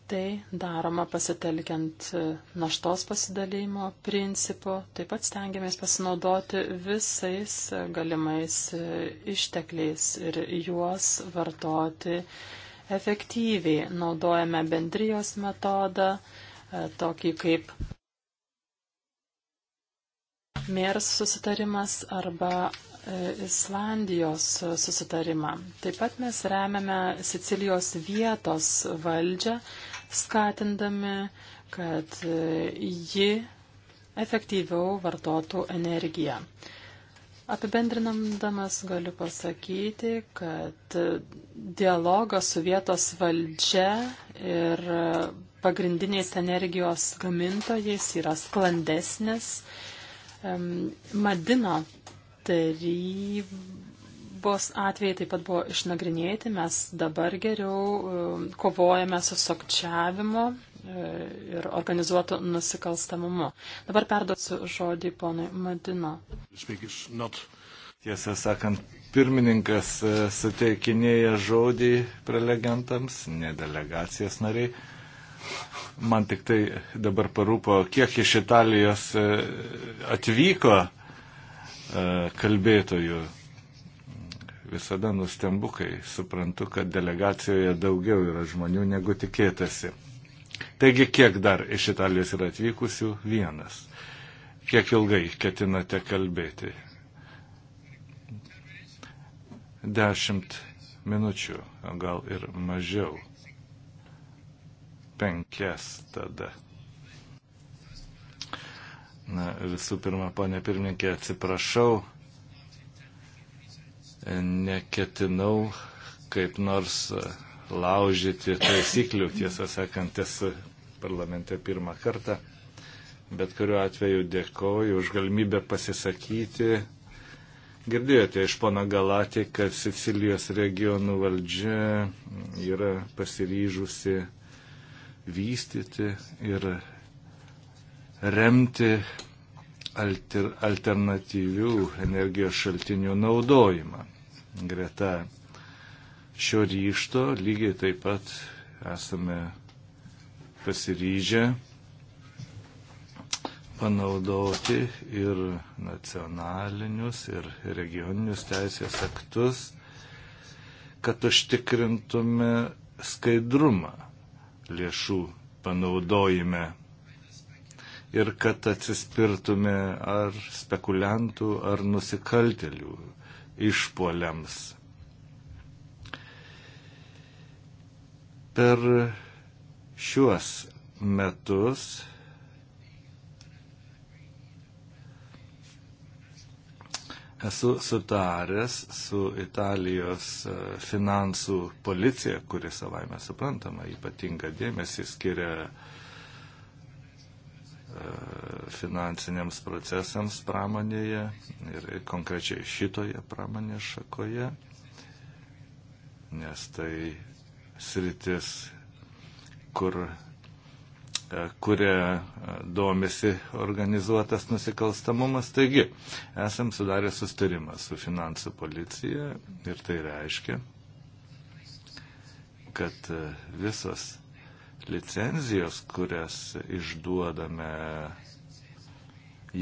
Tai daroma pasitelkiant e, naštos pasidalymo principu, taip pat stengiamės pasinaudoti visais e, galimais e, ištekliais ir juos vartoti efektyviai. Naudojame bendrijos metodą, tokį kaip MERS susitarimas arba Islandijos susitarimą. Taip pat mes remiame Sicilijos vietos valdžią, skatindami, kad e, ji efektyviau vartotų energiją. Apibendrinamdamas galiu pasakyti, kad dialogas su vietos valdžia ir pagrindiniais energijos gamintojais yra sklandesnis. Madino taryba Prekybos atvejai taip pat buvo išnagrinėti, mes dabar geriau um, kovojame su sokčiavimu e, ir organizuotu nusikalstamumu. Dabar perduosiu žodį ponui Madino. Tiesą sakant, pirmininkas e, suteikinėja žodį prelegentams, ne delegacijos nariai. Man tik tai dabar parūpo, kiek iš Italijos e, atvyko kalbėtojų visada nustembu, kai suprantu, kad delegacijoje daugiau yra žmonių negu tikėtasi. Taigi, kiek dar iš Italijos yra atvykusių? Vienas. Kiek ilgai ketinate kalbėti? Dešimt minučių, o gal ir mažiau. Penkias tada. Na, visų pirma, ponė pirmininkė, atsiprašau neketinau kaip nors e, laužyti taisyklių, tiesą sakant, esu parlamente pirmą kartą. Bet kuriuo atveju dėkoju už galimybę pasisakyti Girdėjote iš pono Galatį, kad Sicilijos regionų valdžia yra pasiryžusi vystyti ir remti alter, alternatyvių energijos šaltinių naudojimą greta šio ryšto lygiai taip pat esame pasiryžę panaudoti ir nacionalinius, ir regioninius teisės aktus, kad užtikrintume skaidrumą lėšų panaudojime ir kad atsispirtume ar spekuliantų, ar nusikaltelių išpoliams. Per šiuos metus esu sutaręs su Italijos e, finansų policija, kuri savaime suprantama ypatinga dėmesį skiria finansiniams procesams pramonėje ir konkrečiai šitoje pramonės šakoje, nes tai sritis, kur e, kuria e, domisi organizuotas nusikalstamumas. Taigi, esam sudarę sustarimą su finansų policija ir tai reiškia, kad e, visos licenzijos, kurias išduodame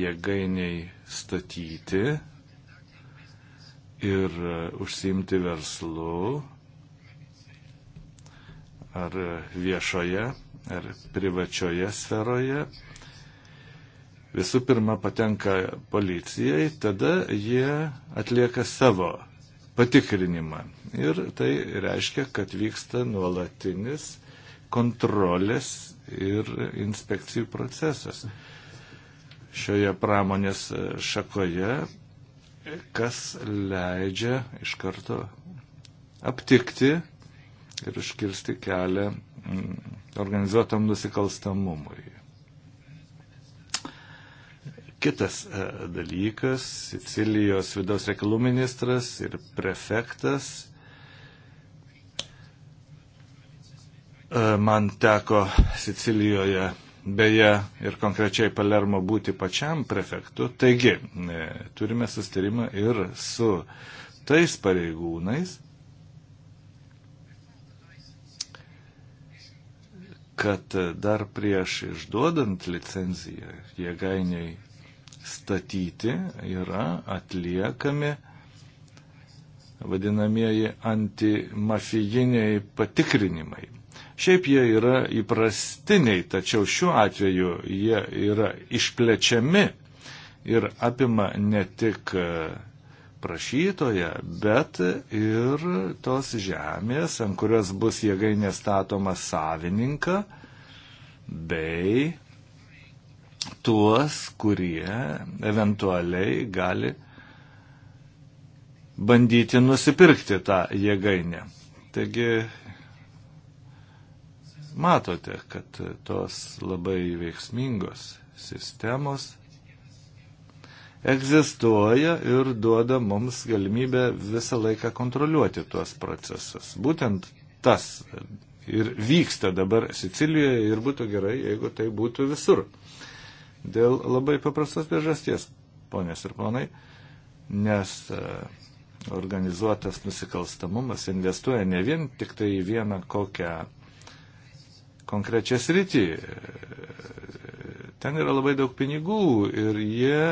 jėgainiai statyti ir užsimti verslu ar viešoje ar privačioje sferoje. Visų pirma patenka policijai, tada jie atlieka savo patikrinimą. Ir tai reiškia, kad vyksta nuolatinis kontrolės ir inspekcijų procesas šioje pramonės šakoje, kas leidžia iš karto aptikti ir užkirsti kelią mm, organizuotam nusikalstamumui. Kitas e, dalykas, Sicilijos vidaus reikalų ministras ir prefektas E, man teko Sicilijoje beje ir konkrečiai Palermo būti pačiam prefektu. Taigi, e, turime sustarimą ir su tais pareigūnais, kad dar prieš išduodant licenciją jėgainiai statyti yra atliekami vadinamieji antimafijiniai patikrinimai. Šiaip jie yra įprastiniai, tačiau šiuo atveju jie yra išplečiami ir apima ne tik e, prašytoje, bet ir tos žemės, ant kurios bus jėgainė statoma savininką, bei tuos, kurie eventualiai gali bandyti nusipirkti tą jėgainę. Taigi matote, kad tos labai veiksmingos sistemos egzistuoja ir duoda mums galimybę visą laiką kontroliuoti tuos procesus. Būtent tas ir vyksta dabar Sicilijoje ir būtų gerai, jeigu tai būtų visur. Dėl labai paprastos priežasties, ponės ir ponai, nes e, organizuotas nusikalstamumas investuoja ne vien tik tai į vieną kokią konkrečią sritį. Ten yra labai daug pinigų ir jie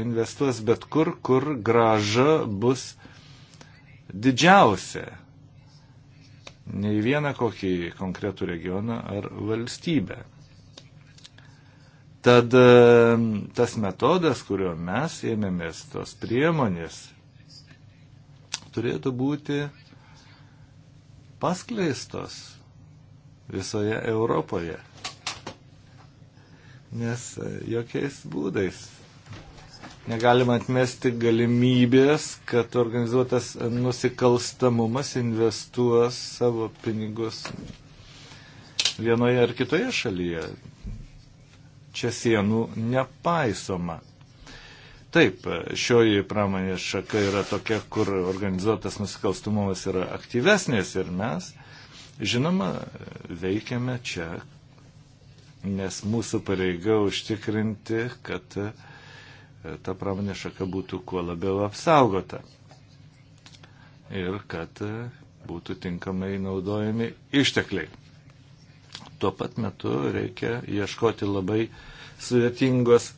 investuos bet kur, kur graža bus didžiausia. Ne į vieną kokį konkretų regioną ar valstybę. Tad e, tas metodas, kurio mes ėmėmės, tos priemonės, turėtų būti paskleistos visoje Europoje. Nes e, jokiais būdais negalima atmesti galimybės, kad organizuotas nusikalstamumas investuos savo pinigus vienoje ar kitoje šalyje. Čia sienų nepaisoma. Taip, šioji pramonės šaka yra tokia, kur organizuotas nusikalstumumas yra aktyvesnės ir mes Žinoma, veikiame čia, nes mūsų pareiga užtikrinti, kad e, ta pramonė šaka būtų kuo labiau apsaugota ir kad e, būtų tinkamai naudojami ištekliai. Tuo pat metu reikia ieškoti labai sudėtingos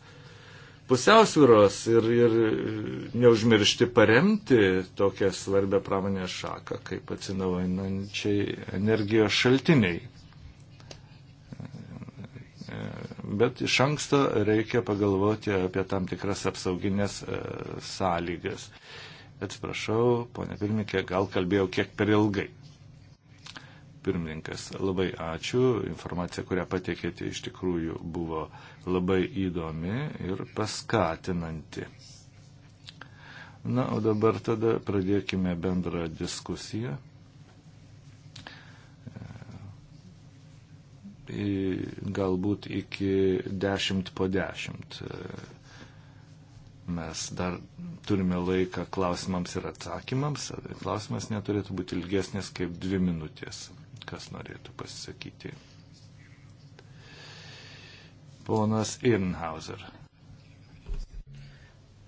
pusiausvyros ir, ir neužmiršti paremti tokią svarbę pramonės šaką kaip atsinaujinančiai energijos šaltiniai. Bet iš anksto reikia pagalvoti apie tam tikras apsauginės e, sąlygas. Atsiprašau, ponė pirmininkė, gal kalbėjau kiek per ilgai. Pirmininkas, labai ačiū. Informacija, kurią patikėte, iš tikrųjų buvo labai įdomi ir paskatinanti. Na, o dabar tada pradėkime bendrą diskusiją. E, galbūt iki 10 po 10 e, mes dar turime laiką klausimams ir atsakymams. Klausimas neturėtų būti ilgesnis kaip dvi minutės kas norėtų pasisakyti. Ponas Irnhauser.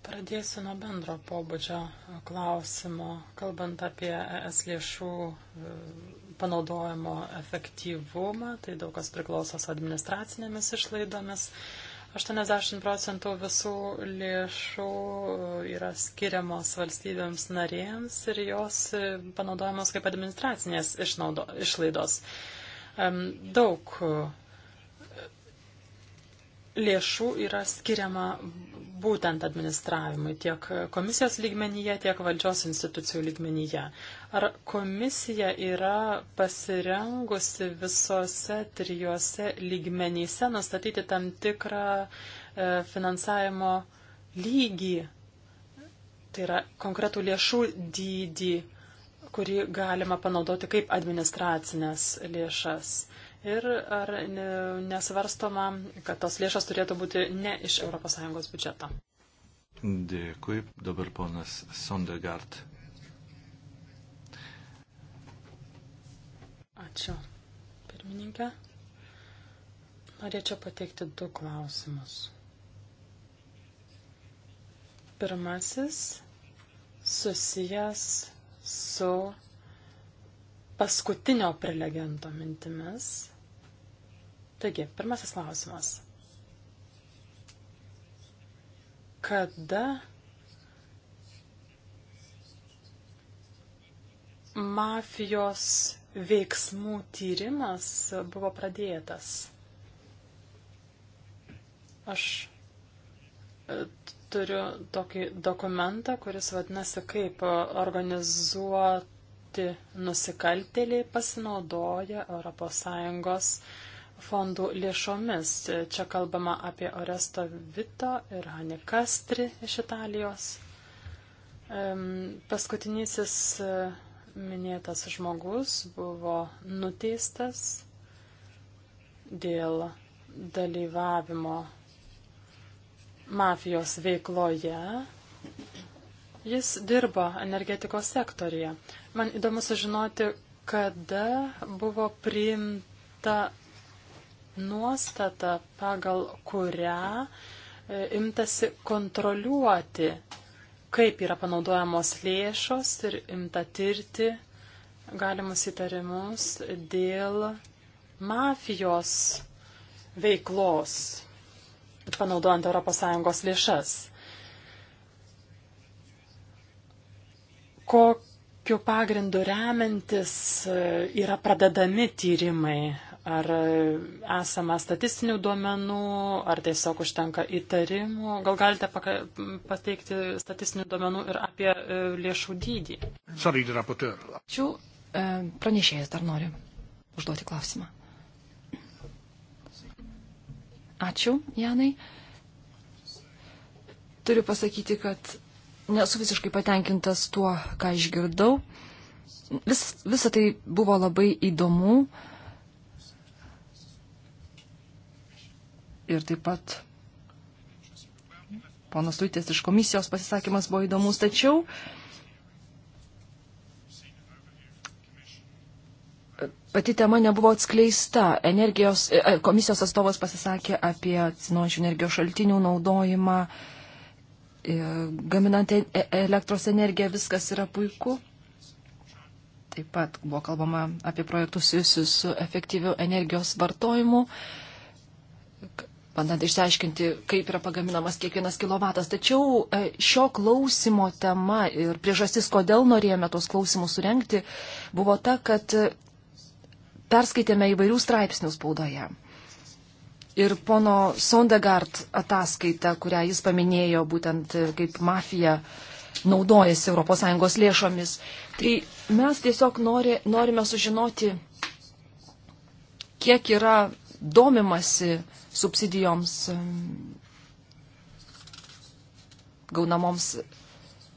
Pradėsiu nuo bendro pobūdžio klausimo, kalbant apie ES lėšų e, panaudojimo efektyvumą, tai daug kas priklauso su administracinėmis išlaidomis. Uh, 80 procentų visų lėšų yra skiriamos valstybėms narėms ir jos panaudojamos kaip administracinės išnaudo, išlaidos. Daug lėšų yra skiriama būtent administravimui tiek komisijos lygmenyje, tiek valdžios institucijų lygmenyje. Ar komisija yra pasirengusi visose trijuose lygmenyse nustatyti tam tikrą e, finansavimo lygį, tai yra konkretų lėšų dydį, kurį galima panaudoti kaip administracinės lėšas? Ir ar nesvarstoma, kad tos lėšas turėtų būti ne iš ES biudžeto? Dėkui. Dabar ponas Sondegard. Ačiū. Pirmininkė. Norėčiau pateikti du klausimus. Pirmasis susijęs su paskutinio prelegento mintimis Taigi, pirmasis klausimas. Kada mafijos veiksmų tyrimas buvo pradėtas? Aš e, turiu tokį dokumentą, kuris vadinasi, kaip organizuoti nusikaltėliai pasinaudoja ES fondų lėšomis. Čia kalbama apie Oresto Vito ir Hani Kastri iš Italijos. Paskutinysis e, minėtas žmogus buvo nuteistas dėl dalyvavimo mafijos veikloje. Jis dirbo energetikos sektorija. Man įdomu sužinoti, kada buvo priimta nuostata, pagal kurią e, imtasi kontroliuoti, kaip yra panaudojamos lėšos ir imta tirti galimus įtarimus dėl mafijos veiklos, panaudojant ES lėšas. Kokiu pagrindu remiantis e, yra pradedami tyrimai? ar esama statistinių duomenų, ar tiesiog užtenka įtarimų. Gal galite pateikti statistinių duomenų ir apie e, lėšų dydį? Sorry, Ačiū. E, pranešėjas dar noriu užduoti klausimą. Ačiū, Janai. Turiu pasakyti, kad nesu visiškai patenkintas tuo, ką išgirdau. Vis, visa tai buvo labai įdomu. Uh, ir taip pat ponas Tuitės iš komisijos pasisakymas buvo įdomus, tačiau pati tema nebuvo atskleista. Energijos, e, e, komisijos atstovas pasisakė apie atsinaujančių energijos šaltinių naudojimą, e, gaminant elektros energiją, viskas yra puiku. Taip pat buvo kalbama apie projektus susijusius su efektyviu energijos vartojimu bandant išsiaiškinti, kaip yra pagaminamas kiekvienas kilovatas. Tačiau e, šio klausimo tema ir priežastis, kodėl norėjome tos klausimus surenkti, buvo ta, kad e, perskaitėme įvairių straipsnių spaudoje. Ir pono Sondegard ataskaita, kurią jis paminėjo būtent e, kaip mafija naudojasi ES lėšomis. Tai mes tiesiog nori, norime sužinoti, kiek yra domimasi uh, subsidijoms gaunamoms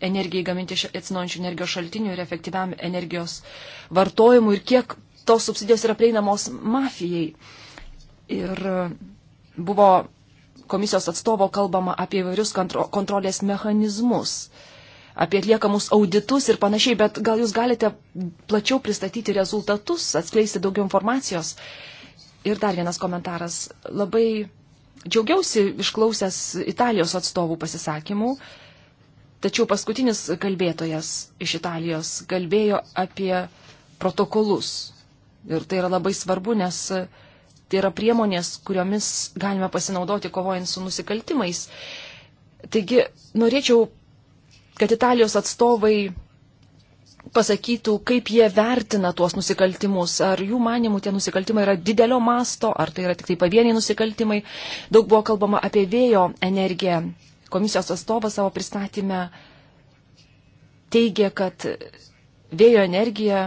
energijai gaminti atsinaujančių energijos šaltinių ir efektyviam energijos vartojimui ir kiek tos subsidijos yra prieinamos mafijai. Ir buvo komisijos atstovo kalbama apie įvairius kontro, kontrolės mechanizmus, apie atliekamus auditus ir panašiai, bet gal jūs galite plačiau pristatyti rezultatus, atskleisti daugiau informacijos Ir dar vienas komentaras. Labai džiaugiausi išklausęs Italijos atstovų pasisakymų, tačiau paskutinis kalbėtojas iš Italijos kalbėjo apie protokolus. Ir tai yra labai svarbu, nes tai yra priemonės, kuriomis galime pasinaudoti kovojant su nusikaltimais. Taigi norėčiau, kad Italijos atstovai pasakytų, kaip jie vertina tuos nusikaltimus. Ar jų manimų tie nusikaltimai yra didelio masto, ar tai yra tik tai pavieniai nusikaltimai. Daug buvo kalbama apie vėjo energiją. Komisijos atstovas savo pristatymę teigia, kad vėjo energija.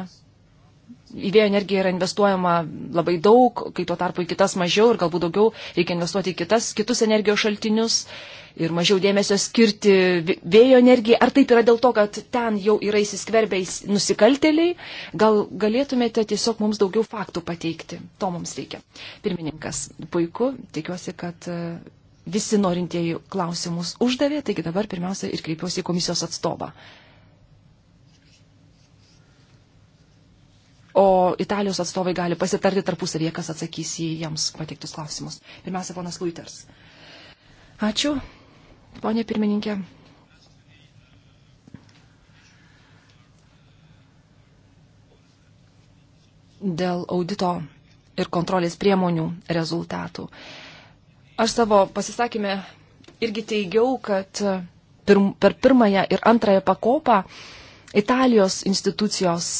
Į vėjo energiją yra investuojama labai daug, kai tuo tarpu į kitas mažiau ir galbūt daugiau reikia investuoti į kitas, kitus energijos šaltinius. Uh, ir mažiau dėmesio skirti vėjo energijai. Ar taip yra dėl to, kad ten jau yra įsiskverbę nusikalteliai? Gal galėtumėte tiesiog mums daugiau faktų pateikti? To mums reikia. Pirmininkas, puiku, tikiuosi, kad e, visi norintieji klausimus uždavė, taigi dabar pirmiausia ir kreipiuosi į komisijos atstovą. O Italijos atstovai gali pasitarti tarpusavėje, kas atsakys į jiems pateiktus klausimus. Pirmiausia, ponas Luiters. Ačiū. Pone pirmininkė. Dėl audito ir kontrolės priemonių rezultatų. Aš savo pasisakymę irgi teigiau, kad pirm, per pirmąją ir antrąją pakopą Italijos institucijos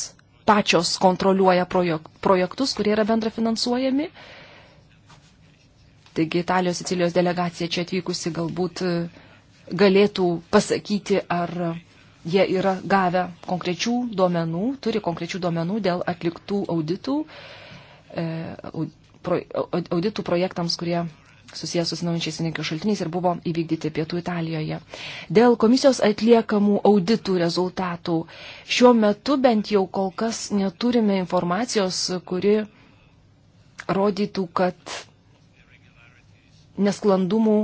pačios kontroliuoja projek, projektus, kurie yra bendrafinansuojami. Taigi Italijos Sicilijos delegacija čia atvykusi galbūt uh, galėtų pasakyti, ar jie yra gavę konkrečių duomenų, turi konkrečių duomenų dėl atliktų auditų, e, auditų projektams, kurie susijęs su sinaujančiais energijos šaltiniais ir buvo įvykdyti pietų Italijoje. Dėl komisijos atliekamų auditų rezultatų šiuo metu bent jau kol kas neturime informacijos, kuri rodytų, kad nesklandumų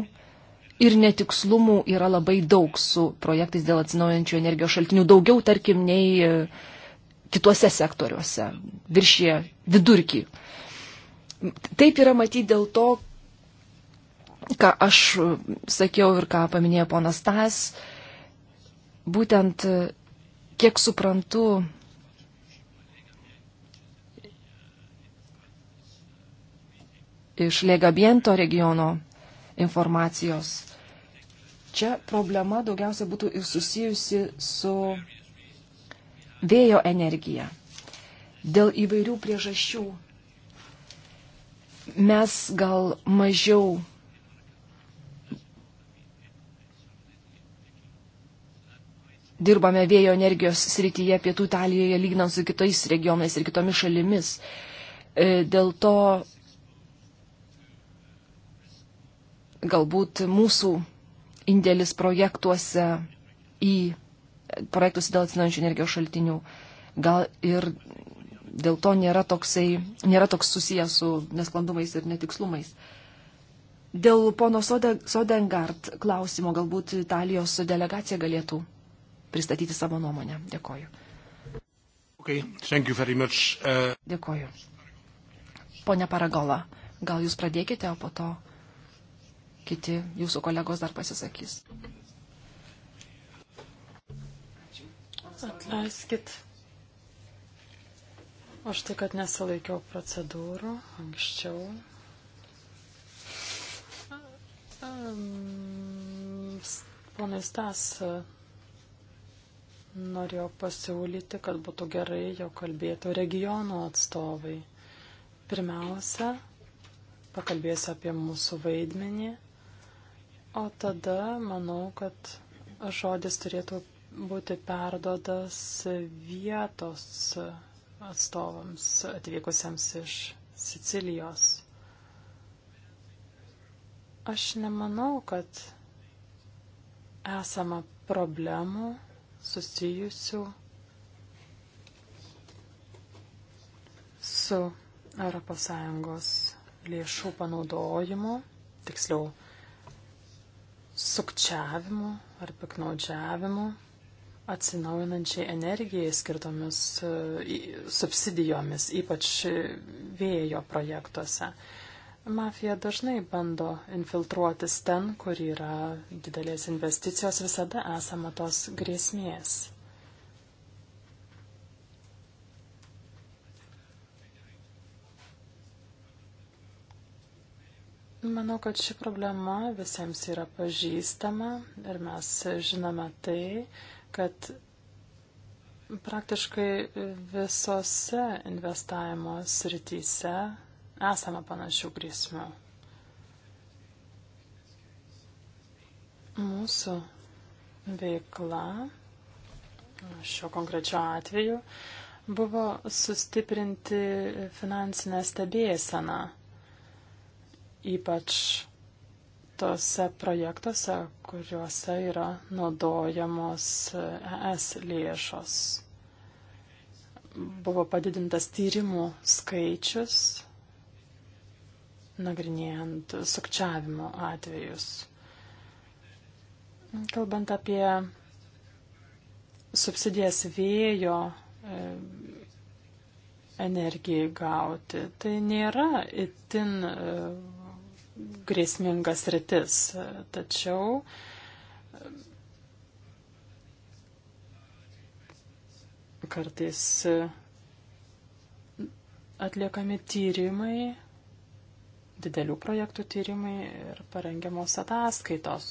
ir netikslumų yra labai daug su projektais dėl atsinaujančių energijos šaltinių, daugiau tarkim nei e, kitose sektoriuose, viršie vidurkį. Taip yra matyti dėl to, ką aš sakiau ir ką paminėjo ponas Tas, būtent e, kiek suprantu, iš Legabiento regiono informacijos Čia problema daugiausia būtų ir susijusi su vėjo energija. Dėl įvairių priežasčių mes gal mažiau dirbame vėjo energijos srityje pietų Italijoje, lyginant su kitais regionais ir kitomis šalimis. E, dėl to galbūt mūsų indėlis projektuose į projektus dėl atsinaujančių energijos šaltinių. Gal ir dėl to nėra, toksai, nėra toks susijęs su nesklandumais ir netikslumais. Dėl pono Sodengard klausimo galbūt Italijos delegacija galėtų pristatyti savo nuomonę. Dėkoju. Okay, uh... Dėkoju. Pone Paragola, gal jūs pradėkite, o po to kiti jūsų kolegos dar pasisakys. Atleiskit. Aš tai, kad nesilaikiau procedūrų anksčiau. Ehm, Ponas Tas norėjo pasiūlyti, kad būtų gerai, jo kalbėtų regionų atstovai. Pirmiausia, pakalbėsiu apie mūsų vaidmenį O tada manau, kad žodis turėtų būti perdodas vietos atstovams atvykusiems iš Sicilijos. Aš nemanau, kad esama problemų susijusių su ES lėšų panaudojimu, tiksliau sukčiavimu ar piknaudžiavimu atsinaujinančiai energijai skirtomis e, subsidijomis, ypač vėjo projektuose. Mafija dažnai bando infiltruotis ten, kur yra didelės investicijos, visada esama tos grėsmės. Manau, kad ši problema visiems yra pažįstama ir mes žinome tai, kad praktiškai visose investavimo srityse esame panašių grėsmių. Mūsų veikla šiuo konkrečiu atveju buvo sustiprinti finansinę stebėseną ypač tose projektuose, kuriuose yra naudojamos ES lėšos. Buvo padidintas tyrimų skaičius, nagrinėjant sukčiavimo atvejus. Kalbant apie subsidijas vėjo e, energijai gauti, tai nėra itin e, grėsmingas rytis. Tačiau kartais atliekami tyrimai, didelių projektų tyrimai ir parengiamos ataskaitos.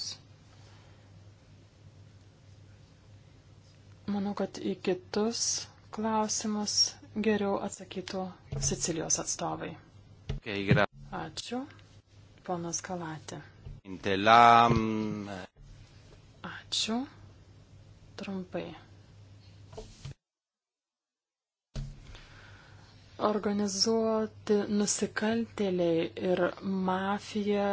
Manau, kad į kitus klausimus geriau atsakytų Sicilijos atstovai. Okay, Ačiū. Ponas Kalatė. Intelam. Ačiū. Trumpai. Organizuoti nusikaltėliai ir mafija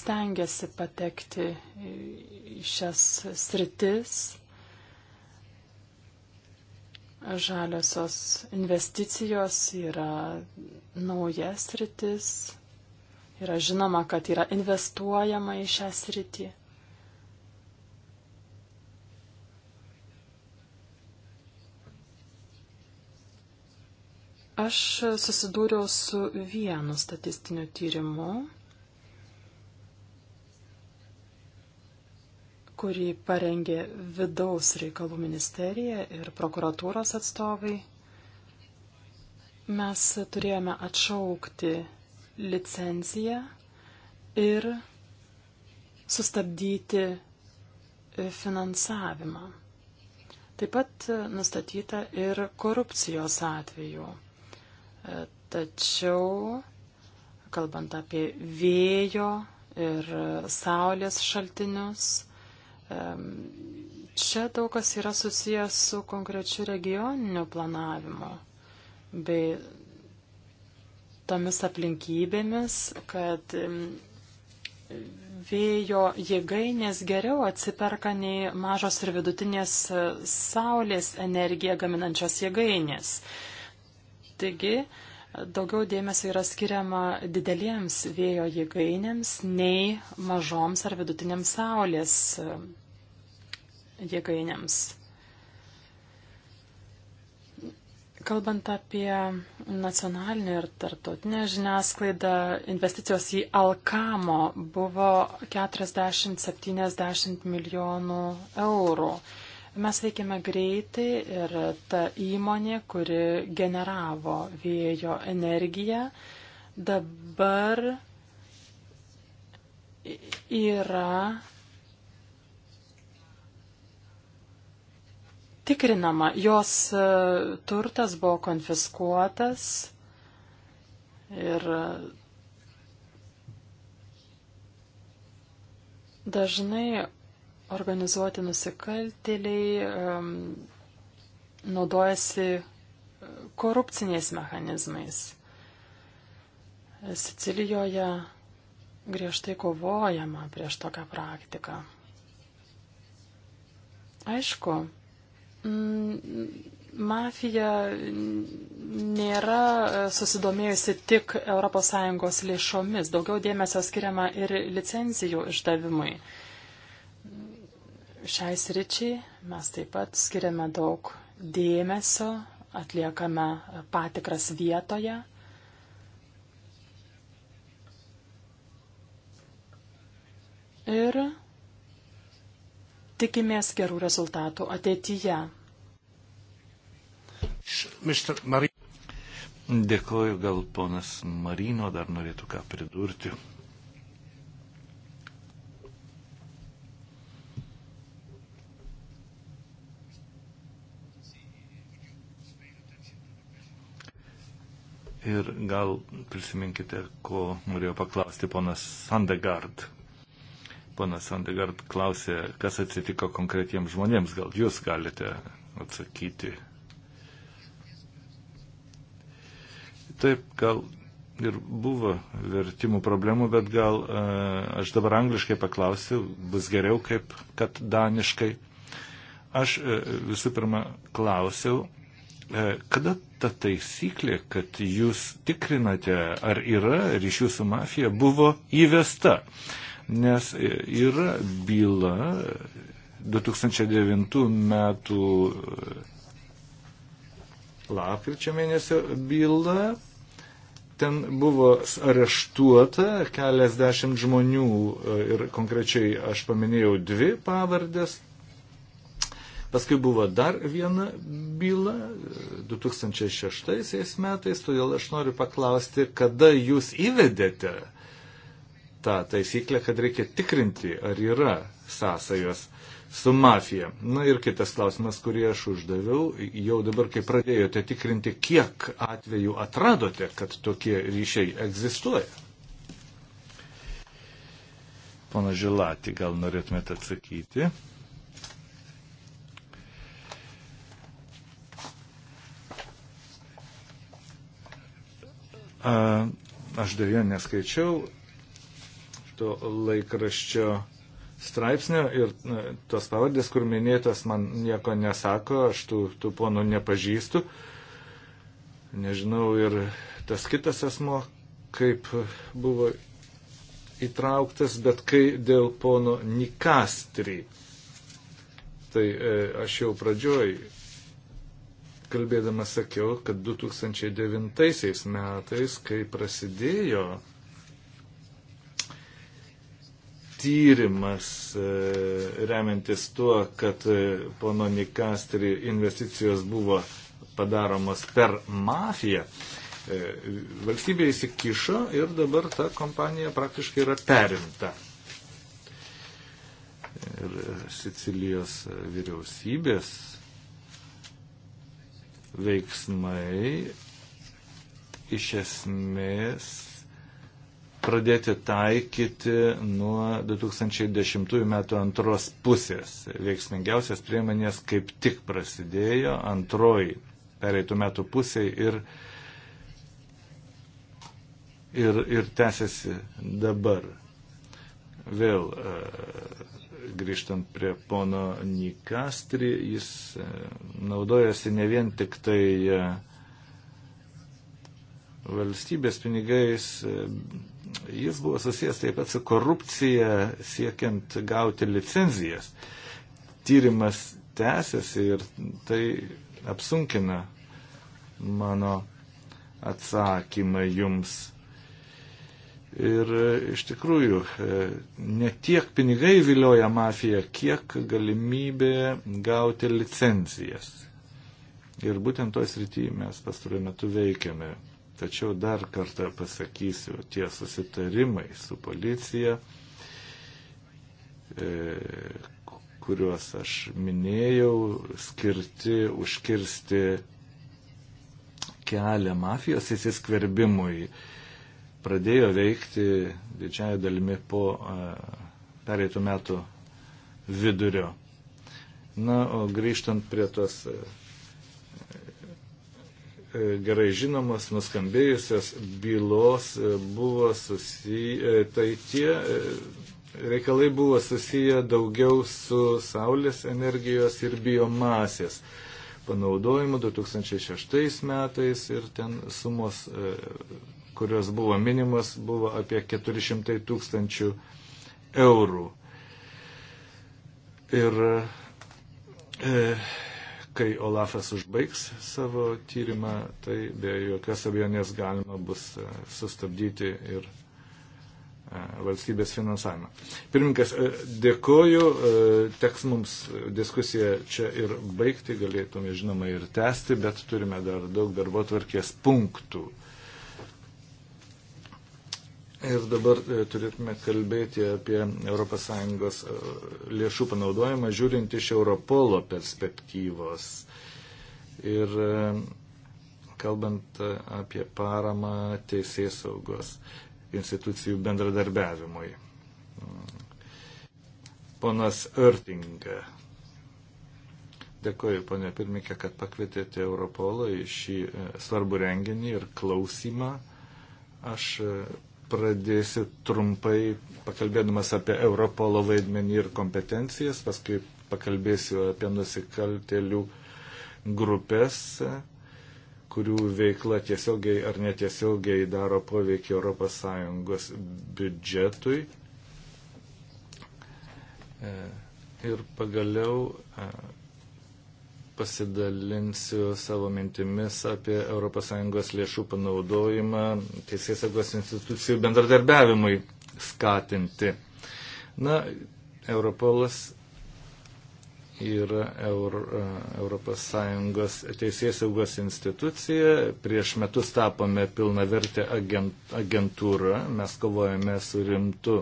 stengiasi patekti į šias sritis. Žaliosios investicijos yra naujas sritis, Yra žinoma, kad yra investuojama į šią sritį. Aš susidūriau su vienu statistiniu tyrimu, kurį parengė vidaus reikalų ministerija ir prokuratūros atstovai. Mes turėjome atšaukti licenciją ir sustabdyti e, finansavimą. Taip pat e, nustatyta ir korupcijos atveju. E, tačiau, kalbant apie vėjo ir saulės šaltinius, čia daug kas yra susijęs su konkrečiu regioniniu planavimu bei tomis aplinkybėmis, kad mm, vėjo jėgainės geriau atsiperka nei mažos ir vidutinės e, saulės energiją gaminančios jėgainės. Taigi, daugiau dėmesio yra skiriama dideliems vėjo jėgainėms nei mažoms ar vidutinėms saulės e, jėgainėms. Kalbant apie nacionalinę ir tarptautinę žiniasklaidą, investicijos į Alkamo buvo 40-70 milijonų eurų. Mes veikėme greitai ir ta įmonė, kuri generavo vėjo energiją, dabar yra tikrinama, jos e, turtas buvo konfiskuotas ir e, dažnai organizuoti nusikaltėliai um, naudojasi korupciniais mechanizmais. Sicilijoje griežtai kovojama prieš tokią praktiką. Aišku, Mm, mafija nėra e, susidomėjusi tik ES lėšomis, daugiau dėmesio skiriama ir licencijų išdavimui. Šiai sričiai mes taip pat skiriame daug dėmesio, atliekame patikras vietoje. Ir tikimės gerų rezultatų ateityje. Dėkoju, gal ponas Marino dar norėtų ką pridurti. Ir gal prisiminkite, ko norėjo paklausti ponas Sandegard. Ponas Sandegard klausė, kas atsitiko konkretiems žmonėms. Gal jūs galite atsakyti Taip, gal ir buvo vertimų problemų, bet gal e, aš dabar angliškai paklausiu, bus geriau kaip kad daniškai. Aš e, visų pirma klausiau, e, kada ta taisyklė, kad jūs tikrinate, ar yra ryšių su mafija, buvo įvesta. Nes e, yra byla 2009 metų e, lapkričio mėnesio byla Ten buvo areštuota keliasdešimt žmonių e, ir konkrečiai aš paminėjau dvi pavardės. Paskui buvo dar viena byla 2006 e, metais, todėl aš noriu paklausti, kada jūs įvedėte tą taisyklę, kad reikia tikrinti, ar yra sąsajos su mafija. Na ir kitas klausimas, kurį aš uždaviau, jau dabar, kai pradėjote tikrinti, kiek atvejų atradote, kad tokie ryšiai egzistuoja. Pana Žilatį, gal norėtumėte atsakyti? Aš dėja neskaičiau to laikraščio straipsnio ir tos pavardės, kur minėtas, man nieko nesako, aš tų, tų ponų nepažįstu. Nežinau ir tas kitas asmo, kaip buvo įtrauktas, bet kai dėl pono Nikastri. Tai e, aš jau pradžioj kalbėdamas sakiau, kad 2009 metais, kai prasidėjo tyrimas, e, remiantis tuo, kad e, pono Nikastri investicijos buvo padaromos per mafiją, e, valstybė įsikišo ir dabar ta kompanija praktiškai yra perimta. Ir Sicilijos vyriausybės veiksmai iš esmės pradėti taikyti nuo 2010 metų antros pusės. Veiksmingiausias priemonės kaip tik prasidėjo antroji pereitų metų pusė ir, ir, ir tęsiasi dabar. Vėl e, grįžtant prie pono Nikastri, jis e, naudojasi ne vien tik tai e, valstybės pinigais, Jis buvo susijęs taip pat su korupcija siekiant gauti licenzijas. Tyrimas tęsiasi ir tai apsunkina mano atsakymą jums. Ir iš tikrųjų, e, ne tiek pinigai vilioja mafiją, kiek galimybė gauti licencijas. Ir būtent toje srityje mes pastarojame metu veikiame. Tačiau dar kartą pasakysiu, tie susitarimai su policija, e, kuriuos aš minėjau, skirti užkirsti kelią mafijos įsiskverbimui, pradėjo veikti didžiąją dalimi po e, pereitų metų vidurio. Na, o grįžtant prie tos e, E, gerai žinomas, nuskambėjusios bylos e, buvo susiję, e, tai tie reikalai buvo susiję daugiau su saulės energijos ir biomasės panaudojimu 2006 metais ir ten sumos, kurios buvo minimas, buvo apie 400 tūkstančių eurų. Ir e, kai Olafas užbaigs savo tyrimą, tai be jokios abejonės galima bus e, sustabdyti ir e, valstybės finansavimą. Pirmininkas, e, dėkoju, teks mums diskusiją čia ir baigti, galėtume žinoma ir tęsti, bet turime dar daug darbo tvarkės punktų. Ir dabar e, turėtume kalbėti apie ES e, lėšų panaudojimą, žiūrint iš Europolo perspektyvos. Ir e, kalbant apie paramą teisės saugos institucijų bendradarbiavimui. Ponas Ertinga. Dėkoju, ponė pirmikė, kad pakvietėte Europolą į šį svarbų renginį ir klausimą. Aš pradėsiu trumpai pakalbėdamas apie Europolo vaidmenį ir kompetencijas, paskui pakalbėsiu apie nusikaltelių grupės, kurių veikla tiesiogiai ar netiesiogiai daro poveikį ES biudžetui. E, ir pagaliau e, pasidalinsiu savo mintimis apie ES lėšų panaudojimą teisėsaugos institucijų bendradarbiavimui skatinti. Na, Europolas yra Euro, ES teisėsaugos institucija. Prieš metus tapome pilna vertė agent, agentūra. Mes kovojame su rimtu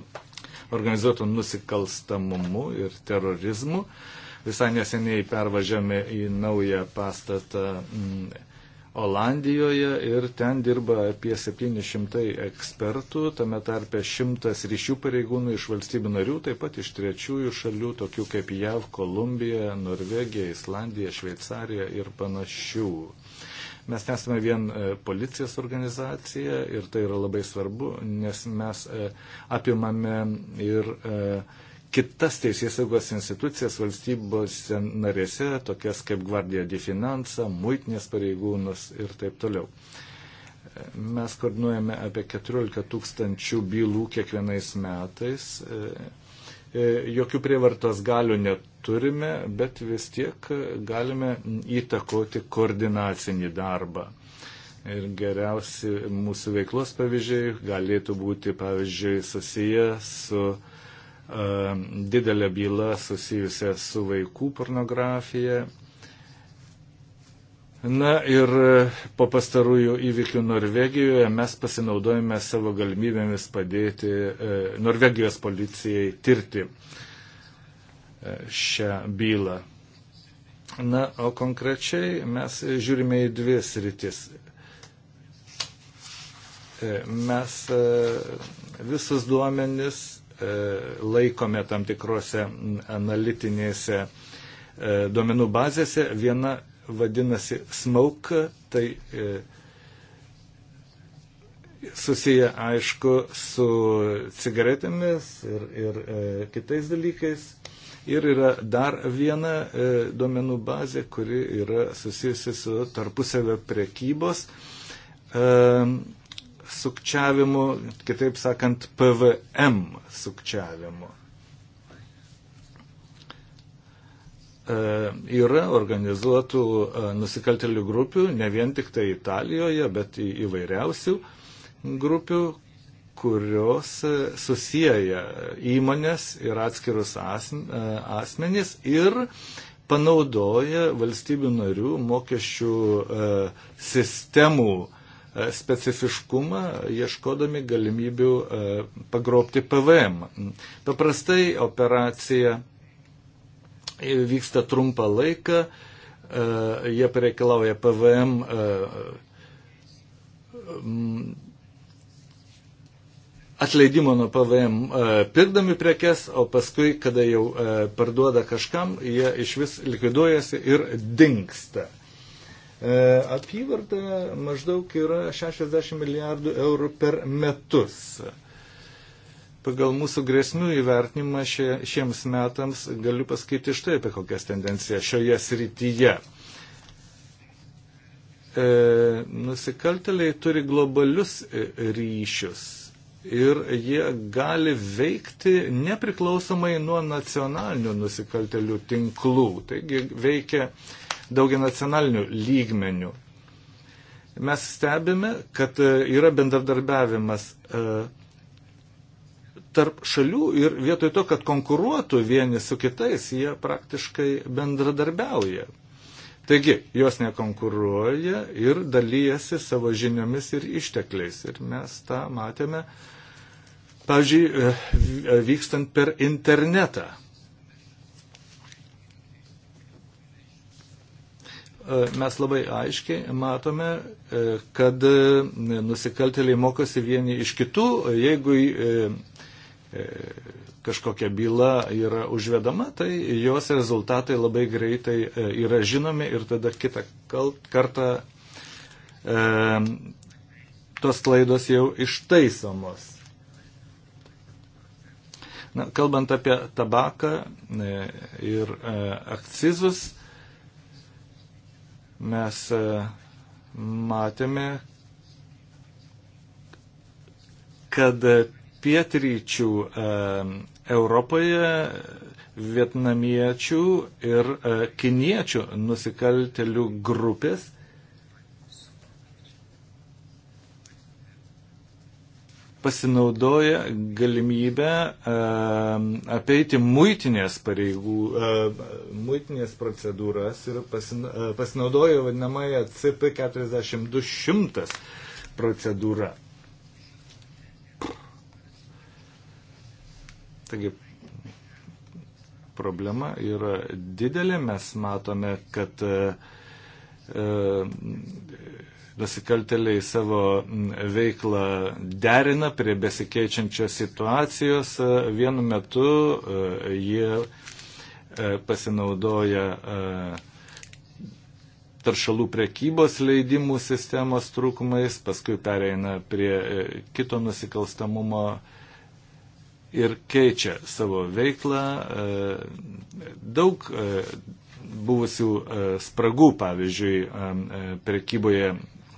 organizuotų nusikalstamumu ir terorizmu. Uh, Visai neseniai pervažiame į naują pastatą mm, Olandijoje ir ten dirba apie 700 ekspertų, tame tarpe 100 ryšių pareigūnų iš valstybių narių, taip pat iš trečiųjų šalių, tokių kaip JAV, Kolumbija, Norvegija, Islandija, Šveicarija ir panašių mes nesame vien e, policijos organizacija ir tai yra labai svarbu, nes mes e, apimame ir e, kitas teisės saugos institucijas valstybose narėse, tokias kaip Guardia di Finanza, muitinės pareigūnus ir taip toliau. Mes koordinuojame apie 14 tūkstančių bylų kiekvienais metais. E, e, jokių prievartos galių neturime, bet vis tiek galime įtakoti koordinacinį darbą. Ir geriausi mūsų veiklos pavyzdžiai galėtų būti, pavyzdžiui, susiję su uh, E, didelė byla susijusia su vaikų pornografija. Na ir po pastarųjų įvykių Norvegijoje mes pasinaudojame savo galimybėmis padėti e, Norvegijos policijai tirti e, šią bylą. Na, o konkrečiai mes žiūrime į dvi sritis. Mes visus duomenis E, laikome tam tikrose analitinėse e, duomenų bazėse. Viena vadinasi SMAUK, tai e, susiję aišku su cigaretėmis ir, ir kitais dalykais. Ir yra dar viena e, duomenų bazė, kuri yra susijusi su tarpusavio prekybos. E, sukčiavimu, kitaip sakant, PVM sukčiavimu. E, yra organizuotų e, nusikaltelių grupių, ne vien tik tai Italijoje, bet įvairiausių grupių, kurios e, susiję įmonės ir atskirus asmenys ir panaudoja valstybių narių mokesčių sistemų specifiškumą, ieškodami galimybių e, pagrobti PVM. Paprastai operacija vyksta trumpą laiką, e, jie pareikalauja PVM e, atleidimo nuo PVM pirkdami prekes, o paskui, kada jau parduoda kažkam, jie iš vis likviduojasi ir dinksta. E, apyvarta maždaug yra 60 milijardų eurų per metus. Pagal mūsų grėsmių įvertinimą šie, šiems metams galiu pasakyti štai apie kokias tendencijas šioje srityje. E, nusikalteliai turi globalius ryšius ir jie gali veikti nepriklausomai nuo nacionalinių nusikaltelių tinklų. Taigi veikia e, daugia nacionalinių lygmenių. Mes stebime, kad e, yra bendradarbiavimas e, tarp šalių ir vietoj to, kad konkuruotų vieni su kitais, jie praktiškai bendradarbiauja. Taigi, jos nekonkuruoja ir dalyjasi savo žiniomis ir ištekliais. Ir mes tą matėme, pavyzdžiui, e, vykstant per internetą. E, mes labai aiškiai matome, e, kad e, nusikaltėliai mokosi vieni iš kitų, jeigu kažkokia byla yra užvedama, tai jos rezultatai labai greitai yra žinomi ir tada kitą kartą tos klaidos jau ištaisomos. Na, kalbant apie tabaką ir akcizus, Mes e, matėme, kad pietryčių e, Europoje vietnamiečių ir e, kiniečių nusikaltelių grupės pasinaudoja galimybę ehm, apeiti muitinės pareigų, ehm, muitinės procedūras ir e, pasinaudoja vadinamąją CP4200 procedūrą. Taigi problema yra didelė, mes matome, kad e, e, nusikalteliai savo veiklą derina prie besikeičiančios situacijos. E, vienu metu e, jie e, pasinaudoja taršalų prekybos leidimų sistemos trūkumais, paskui pereina prie kito nusikalstamumo ir keičia savo veiklą. Daug buvusių spragų, pavyzdžiui, prekyboje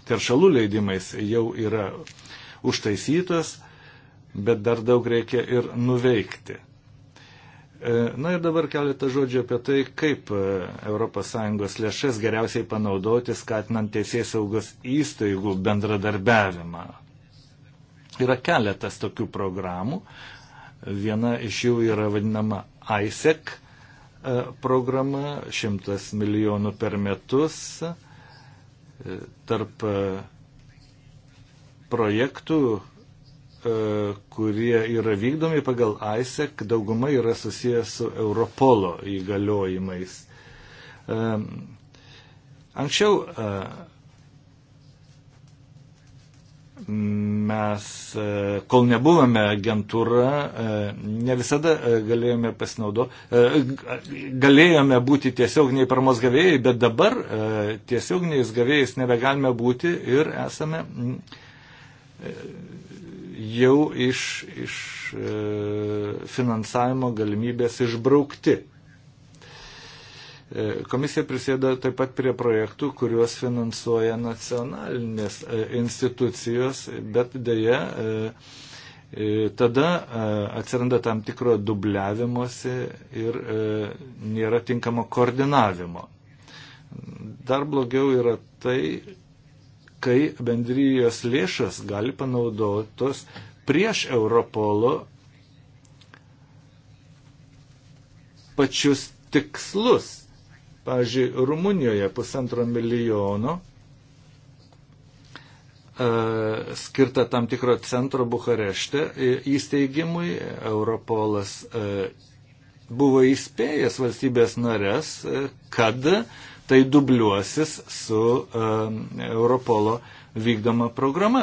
teršalų leidimais jau yra užtaisytas, bet dar daug reikia ir nuveikti. E, na ir dabar keletą žodžių apie tai, kaip e, ES lėšas geriausiai panaudoti, skatinant teisės saugos įstaigų bendradarbiavimą. Yra keletas tokių programų. Viena iš jų yra vadinama ISEC e, programa, 100 milijonų per metus tarp e, projektų, e, kurie yra vykdomi pagal ISEC, dauguma yra susijęs su Europolo įgaliojimais. E, anksčiau mes, e, kol nebuvome agentūra, e, ne visada e, galėjome pasinaudoti, galėjome būti tiesioginiai paramos gavėjai, bet dabar tiesioginiais gavėjais nebegalime būti ir esame jau iš, iš finansavimo galimybės išbraukti. E, komisija prisėda taip pat prie projektų, kuriuos finansuoja nacionalinės e, institucijos, bet dėja e, tada atsiranda tam tikro dubliavimuose ir nėra tinkamo koordinavimo. Dar blogiau yra tai, kai bendrijos lėšas gali panaudotos prieš Europolo pačius tikslus Pavyzdžiui, Rumunijoje pusantro milijono e, skirta tam tikro centro Bukarešte e, įsteigimui. Europolas e, buvo įspėjęs valstybės narės, kad tai dubliuosis su Europolo vykdoma programa.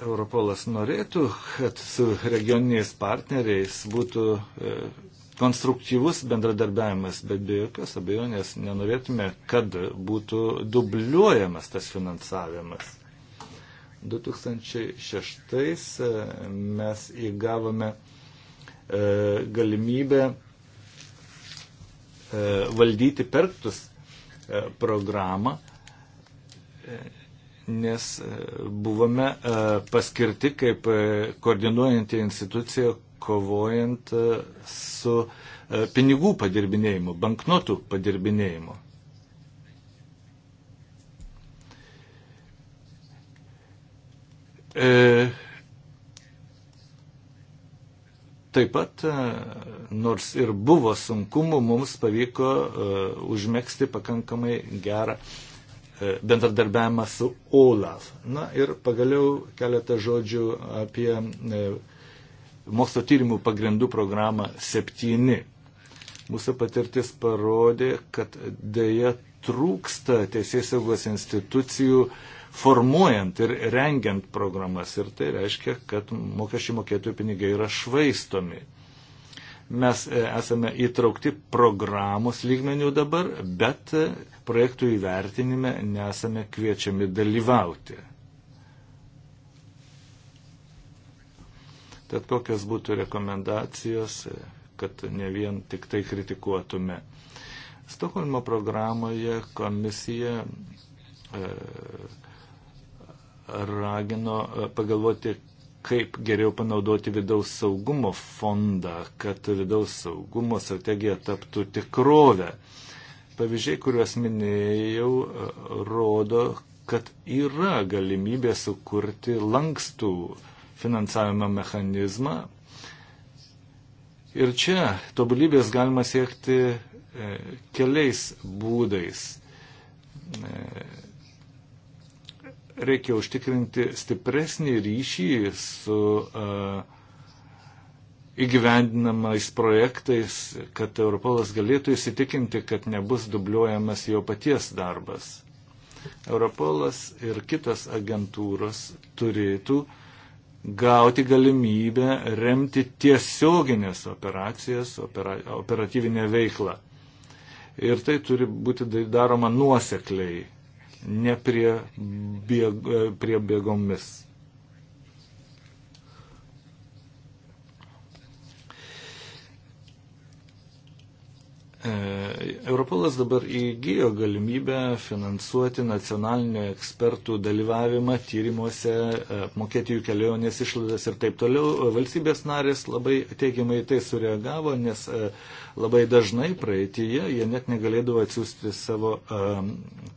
Europolas norėtų, kad su regioniniais partneriais būtų konstruktyvus bendradarbiavimas, bet be jokios abejonės nenorėtume, kad būtų dubliuojamas tas finansavimas. 2006 e, mes įgavome e, galimybę e, valdyti perktus programą, nes buvome paskirti kaip koordinuojanti institucija, kovojant e, su e, pinigų padirbinėjimu, banknotų padirbinėjimu. E, taip pat, e, nors ir buvo sunkumų, mums pavyko e, užmėgsti pakankamai gerą e, bendradarbiavimą su OLAF. Na ir pagaliau keletą žodžių apie e, mokslo tyrimų pagrindų programą 7. Mūsų patirtis parodė, kad dėja trūksta teisės saugos institucijų formuojant ir rengiant programas. Ir tai reiškia, kad mokesčių mokėtojų pinigai yra švaistomi. Mes e, esame įtraukti programos lygmenių dabar, bet projektų įvertinime nesame kviečiami dalyvauti. Tad kokios būtų rekomendacijos, kad ne vien tik tai kritikuotume. Stokholmo programoje komisija e, ragino e, pagalvoti, kaip geriau panaudoti vidaus saugumo fondą, kad vidaus saugumo strategija taptų tikrovę. Pavyzdžiai, kuriuos minėjau, e, rodo, kad yra galimybė sukurti lankstų uh, finansavimo mechanizmą. Ir čia tobulybės galima siekti e, keliais būdais. E, reikia užtikrinti stipresnį ryšį su e, įgyvendinamais projektais, kad Europolas galėtų įsitikinti, kad nebus dubliuojamas jo paties darbas. Europolas ir kitas agentūros turėtų uh, gauti galimybę remti tiesioginės operacijas, opera, operatyvinę veiklą. Ir tai turi būti daroma nuosekliai, ne prie, bėg, prie bėgomis. E, Europolas dabar įgyjo galimybę finansuoti nacionalinio ekspertų dalyvavimą tyrimuose, e, apmokėti jų kelionės išlaidas ir taip toliau. Valstybės narės labai teigiamai tai sureagavo, nes e, labai dažnai praeitįje jie net negalėdavo atsiųsti savo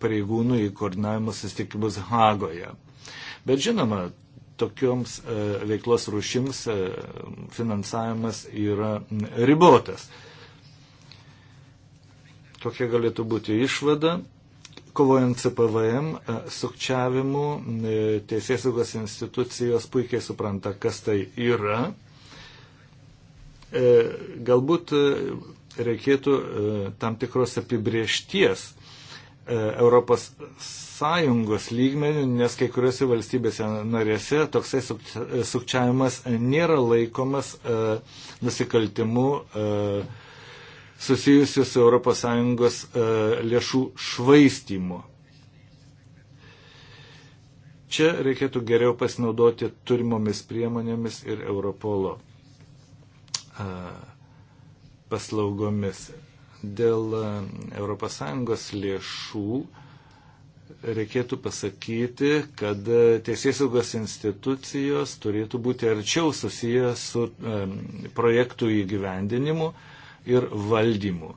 pareigūnų į koordinavimo susitikimus Hagoje. Bet žinoma, tokioms veiklos rušims finansavimas yra ribotas. Tokia galėtų būti išvada. Kovojant su PVM e, sukčiavimu, e, teisėsaugos institucijos puikiai supranta, kas tai yra. E, galbūt reikėtų tam tikros apibriešties Europos Sąjungos lygmenių, nes kai kuriuose valstybėse narėse toksai sukčiavimas nėra laikomas nusikaltimu susijusių su ES e, lėšų švaistymu. Čia reikėtų geriau pasinaudoti turimomis priemonėmis ir Europolo e, paslaugomis. Dėl e, ES lėšų reikėtų pasakyti, kad teisėsaugos institucijos turėtų būti arčiau susijęs su projektų įgyvendinimu, ir valdymu.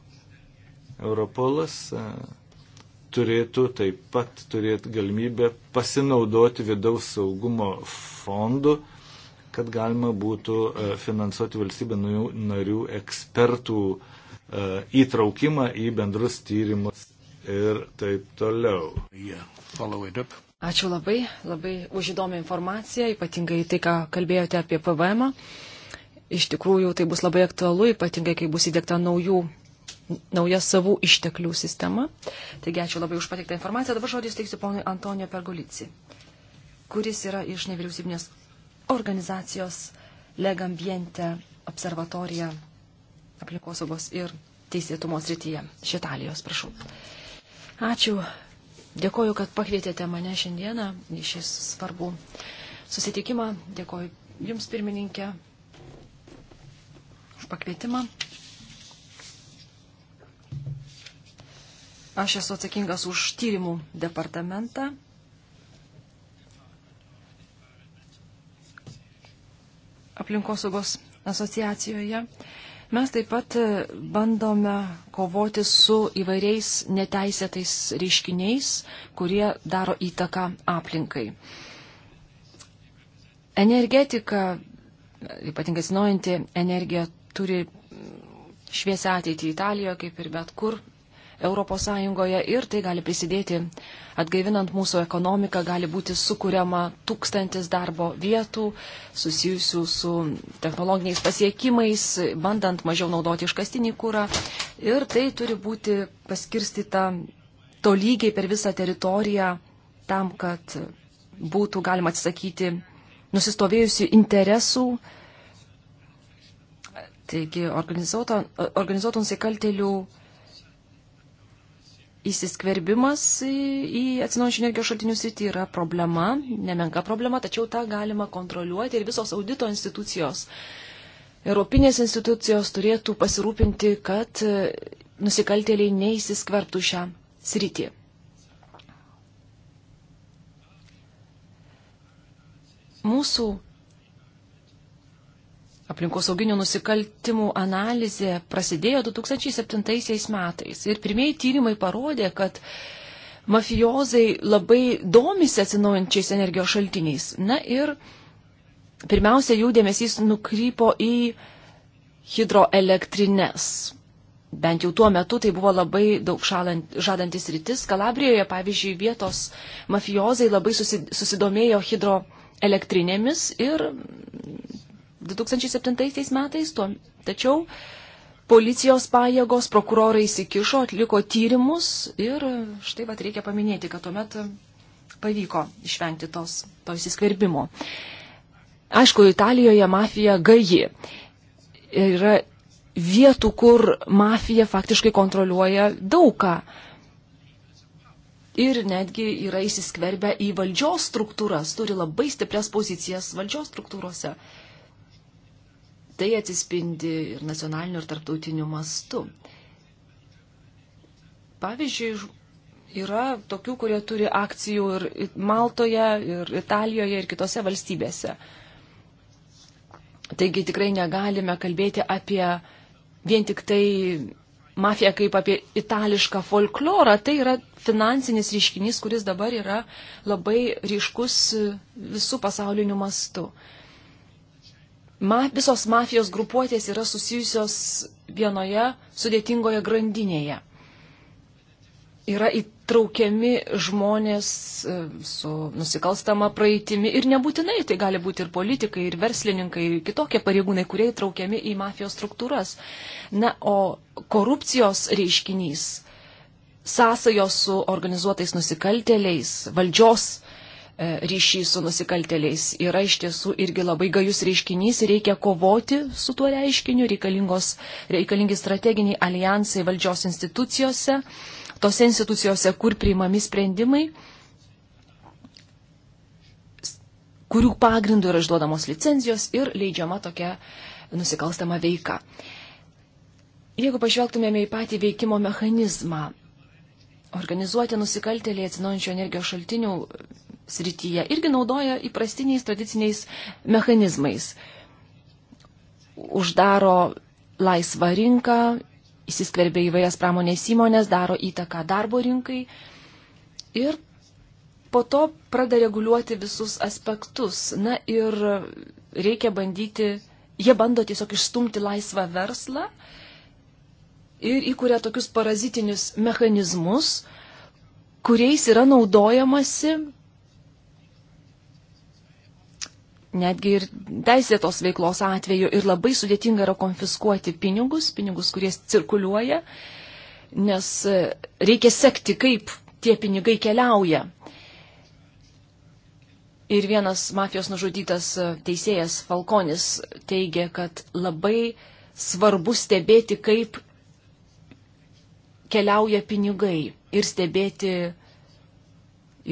Europolas e, turėtų taip pat turėti galimybę pasinaudoti vidaus saugumo fondu, kad galima būtų e, finansuoti valstybė narių ekspertų e, įtraukimą į bendrus tyrimus ir taip toliau. Yeah, Ačiū labai, labai už įdomią informaciją, ypatingai tai, ką kalbėjote apie PVM. -ą. Iš tikrųjų, tai bus labai aktualu, ypatingai, kai bus įdėkta naujų, nauja savų išteklių sistema. Taigi, ačiū labai už pateiktą informaciją. Dabar žodį teiksiu ponui Antonijo Pergolici, kuris yra iš nevyriausybinės organizacijos Legambiente observatorija aplinkosaugos ir teisėtumo srityje iš Italijos, prašau. Ačiū. Dėkoju, kad pakvietėte mane šiandieną į šį svarbų susitikimą. Dėkoju Jums, pirmininkė, už pakvietimą. Aš esu atsakingas už tyrimų departamentą. aplinkosaugos asociacijoje. Mes taip pat bandome kovoti su įvairiais neteisėtais reiškiniais, kurie daro įtaką aplinkai. Energetika, ypatingai atsinaujanti energija, turi šviesę ateitį Italijoje, kaip ir bet kur ES, ir tai gali prisidėti, atgaivinant mūsų ekonomiką, gali būti sukūriama tūkstantis darbo vietų susijusių su technologiniais pasiekimais, bandant mažiau naudoti iškastinį kūrą, ir tai turi būti paskirstita tolygiai per visą teritoriją tam, kad būtų galima atsisakyti nusistovėjusių interesų, Taigi organizuoto, organizuoto nusikaltėlių įsiskverbimas į, į atsinaujančių energijos šaltinius įti yra problema, nemenka problema, tačiau tą galima kontroliuoti ir visos audito institucijos, europinės institucijos turėtų pasirūpinti, kad e, nusikaltėliai neįsiskverbtų šią sritį. Mūsų aplinkosauginių nusikaltimų analizė prasidėjo 2007 metais. Ir pirmieji tyrimai parodė, kad mafijozai labai domisi atsinaujančiais energijos šaltiniais. Na ir pirmiausia, jų dėmesys nukrypo į hidroelektrines. Bent jau tuo metu tai buvo labai daug šalant, žadantis rytis. Kalabrijoje, pavyzdžiui, vietos mafijozai labai susidomėjo hidroelektrinėmis ir 2007 metais, tuo, tačiau policijos pajėgos, prokurorai įsikišo, atliko tyrimus ir štai vat reikia paminėti, kad tuomet pavyko išvengti tos, to įsiskverbimo. Aišku, Italijoje mafija gaji. Yra vietų, kur mafija faktiškai kontroliuoja daugą. Ir netgi yra įsiskverbę į valdžios struktūras, turi labai stiprias pozicijas valdžios struktūrose. Uh, tai atsispindi ir nacionaliniu, ir tarptautiniu mastu. Pavyzdžiui, yra tokių, kurie turi akcijų ir Maltoje, ir Italijoje, ir kitose valstybėse. Taigi tikrai negalime kalbėti apie vien tik tai mafiją kaip apie itališką folklorą. Tai yra finansinis reiškinys, kuris dabar yra labai ryškus visų pasaulinių mastų ma, visos mafijos grupuotės yra susijusios vienoje sudėtingoje grandinėje. Yra įtraukiami žmonės e, su nusikalstama praeitimi ir nebūtinai tai gali būti ir politikai, ir verslininkai, ir kitokie pareigūnai, kurie įtraukiami į mafijos struktūras. Na, o korupcijos reiškinys, sąsajos su organizuotais nusikaltėliais, valdžios E, ryšį su nusikalteliais yra iš tiesų irgi labai gajus reiškinys ir reikia kovoti su tuo reiškiniu, reikalingi strateginiai alijansai valdžios institucijose, tose institucijose, kur priimami sprendimai kurių pagrindų yra išduodamos licenzijos ir leidžiama tokia nusikalstama veika. Jeigu pažvelgtumėme į patį veikimo mechanizmą, organizuoti nusikaltėliai atsinaujančio energijos šaltinių srityje irgi naudoja įprastiniais tradiciniais mechanizmais. Uždaro laisvą rinką, įsiskverbia įvairias pramonės įmonės, daro įtaką darbo rinkai ir po to pradeda reguliuoti visus aspektus. Na ir reikia bandyti, jie bando tiesiog išstumti laisvą verslą ir įkuria tokius parazitinius mechanizmus, kuriais yra naudojamasi netgi ir teisėtos veiklos atveju ir labai sudėtinga yra konfiskuoti pinigus, pinigus, kurie cirkuliuoja, nes e, reikia sekti, kaip tie pinigai keliauja. Ir vienas mafijos nužudytas e, teisėjas Falkonis teigia, kad labai svarbu stebėti, kaip keliauja pinigai ir stebėti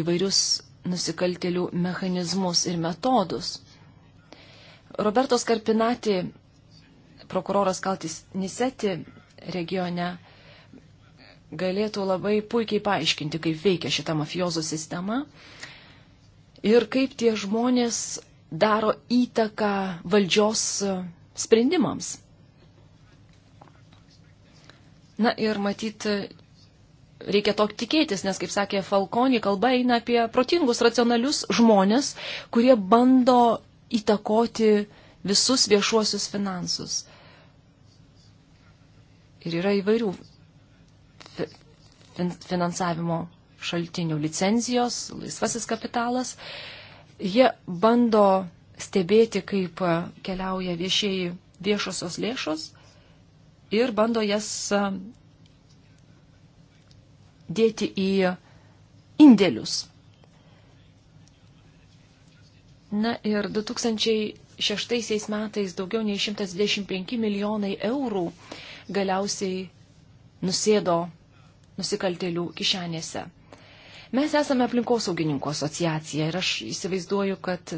įvairius nusikaltelių mechanizmus ir metodus. Roberto Skarpinati, prokuroras Kaltis Niseti regione, galėtų labai puikiai paaiškinti, kaip veikia šita mafiozo sistema ir kaip tie žmonės daro įtaką valdžios sprendimams. Na ir matyt, reikia to tikėtis, nes, kaip sakė Falkonį, kalba eina apie protingus, racionalius žmonės, kurie bando įtakoti visus viešuosius finansus. Ir yra įvairių finansavimo šaltinių licenzijos, laisvasis kapitalas. Jie bando stebėti, kaip keliauja viešieji viešosios lėšos ir bando jas dėti į indėlius. Na ir 2006 metais daugiau nei 125 milijonai eurų galiausiai nusėdo nusikaltėlių kišenėse. Mes esame aplinkosaugininkų asociacija ir aš įsivaizduoju, kad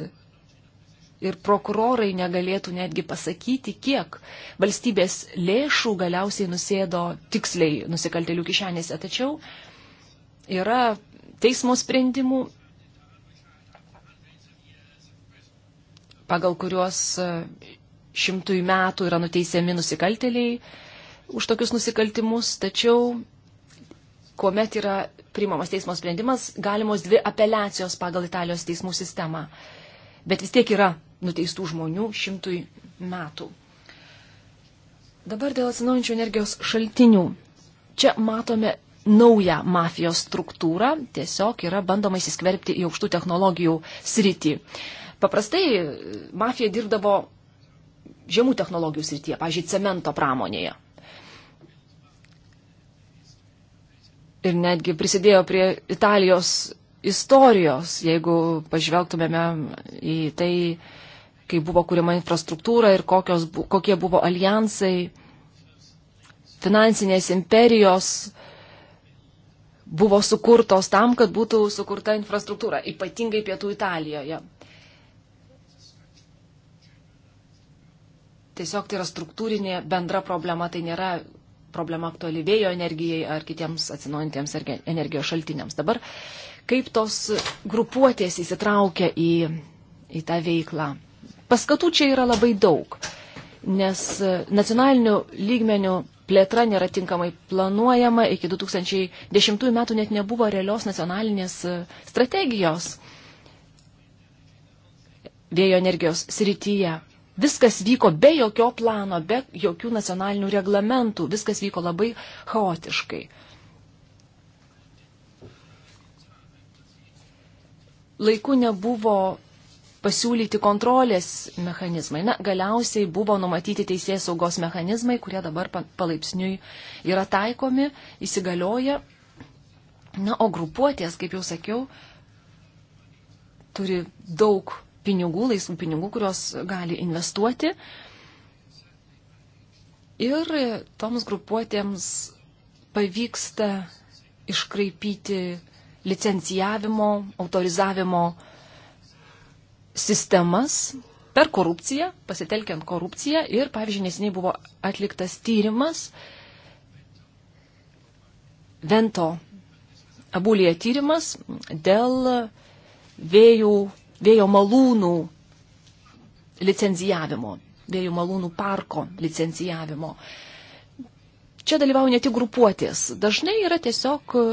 ir prokurorai negalėtų netgi pasakyti, kiek valstybės lėšų galiausiai nusėdo tiksliai nusikaltelių kišenėse. Tačiau yra teismo sprendimų pagal kuriuos e, šimtųjų metų yra nuteisiami nusikaltėliai už tokius nusikaltimus, tačiau kuomet yra priimamas teismo sprendimas, galimos dvi apeliacijos pagal Italijos teismų sistemą. Bet vis tiek yra nuteistų žmonių šimtui metų. Dabar dėl atsinaujančių energijos šaltinių. Čia matome naują mafijos struktūrą, tiesiog yra bandoma įsiskverbti į aukštų technologijų sritį. Uh, Paprastai e, mafija dirbdavo žemų technologijų srityje, pažiūrėjau, cemento pramonėje. Ir netgi prisidėjo prie Italijos istorijos, jeigu pažvelgtumėme į tai, kai buvo kuriama infrastruktūra ir kokios, kokie buvo alijansai, finansinės imperijos buvo sukurtos tam, kad būtų sukurta infrastruktūra, ypatingai pietų Italijoje. Tiesiog tai yra struktūrinė bendra problema, tai nėra problema aktuali vėjo energijai ar kitiems atsinaujantiems energijos šaltiniams. Dabar kaip tos grupuotės įsitraukia į, į tą veiklą? Paskatų čia yra labai daug, nes nacionalinių lygmenių plėtra nėra tinkamai planuojama, iki 2010 metų net nebuvo realios nacionalinės strategijos vėjo energijos srityje viskas vyko be jokio plano, be jokių nacionalinių reglamentų, viskas vyko labai chaotiškai. Laiku nebuvo pasiūlyti kontrolės mechanizmai. Na, galiausiai buvo numatyti teisės saugos mechanizmai, kurie dabar palaipsniui yra taikomi, įsigalioja. Na, o grupuotės, kaip jau sakiau, turi daug pinigų, laisvų pinigų, kuriuos gali investuoti. Ir toms grupuotėms pavyksta iškraipyti licencijavimo, autorizavimo sistemas per korupciją, pasitelkiant korupciją. Ir, pavyzdžiui, nesiniai buvo atliktas tyrimas, Vento abulėje tyrimas dėl vėjų vėjo malūnų licenzijavimo, vėjo malūnų parko licenzijavimo. Čia dalyvauja ne tik grupuotės, dažnai yra tiesiog e,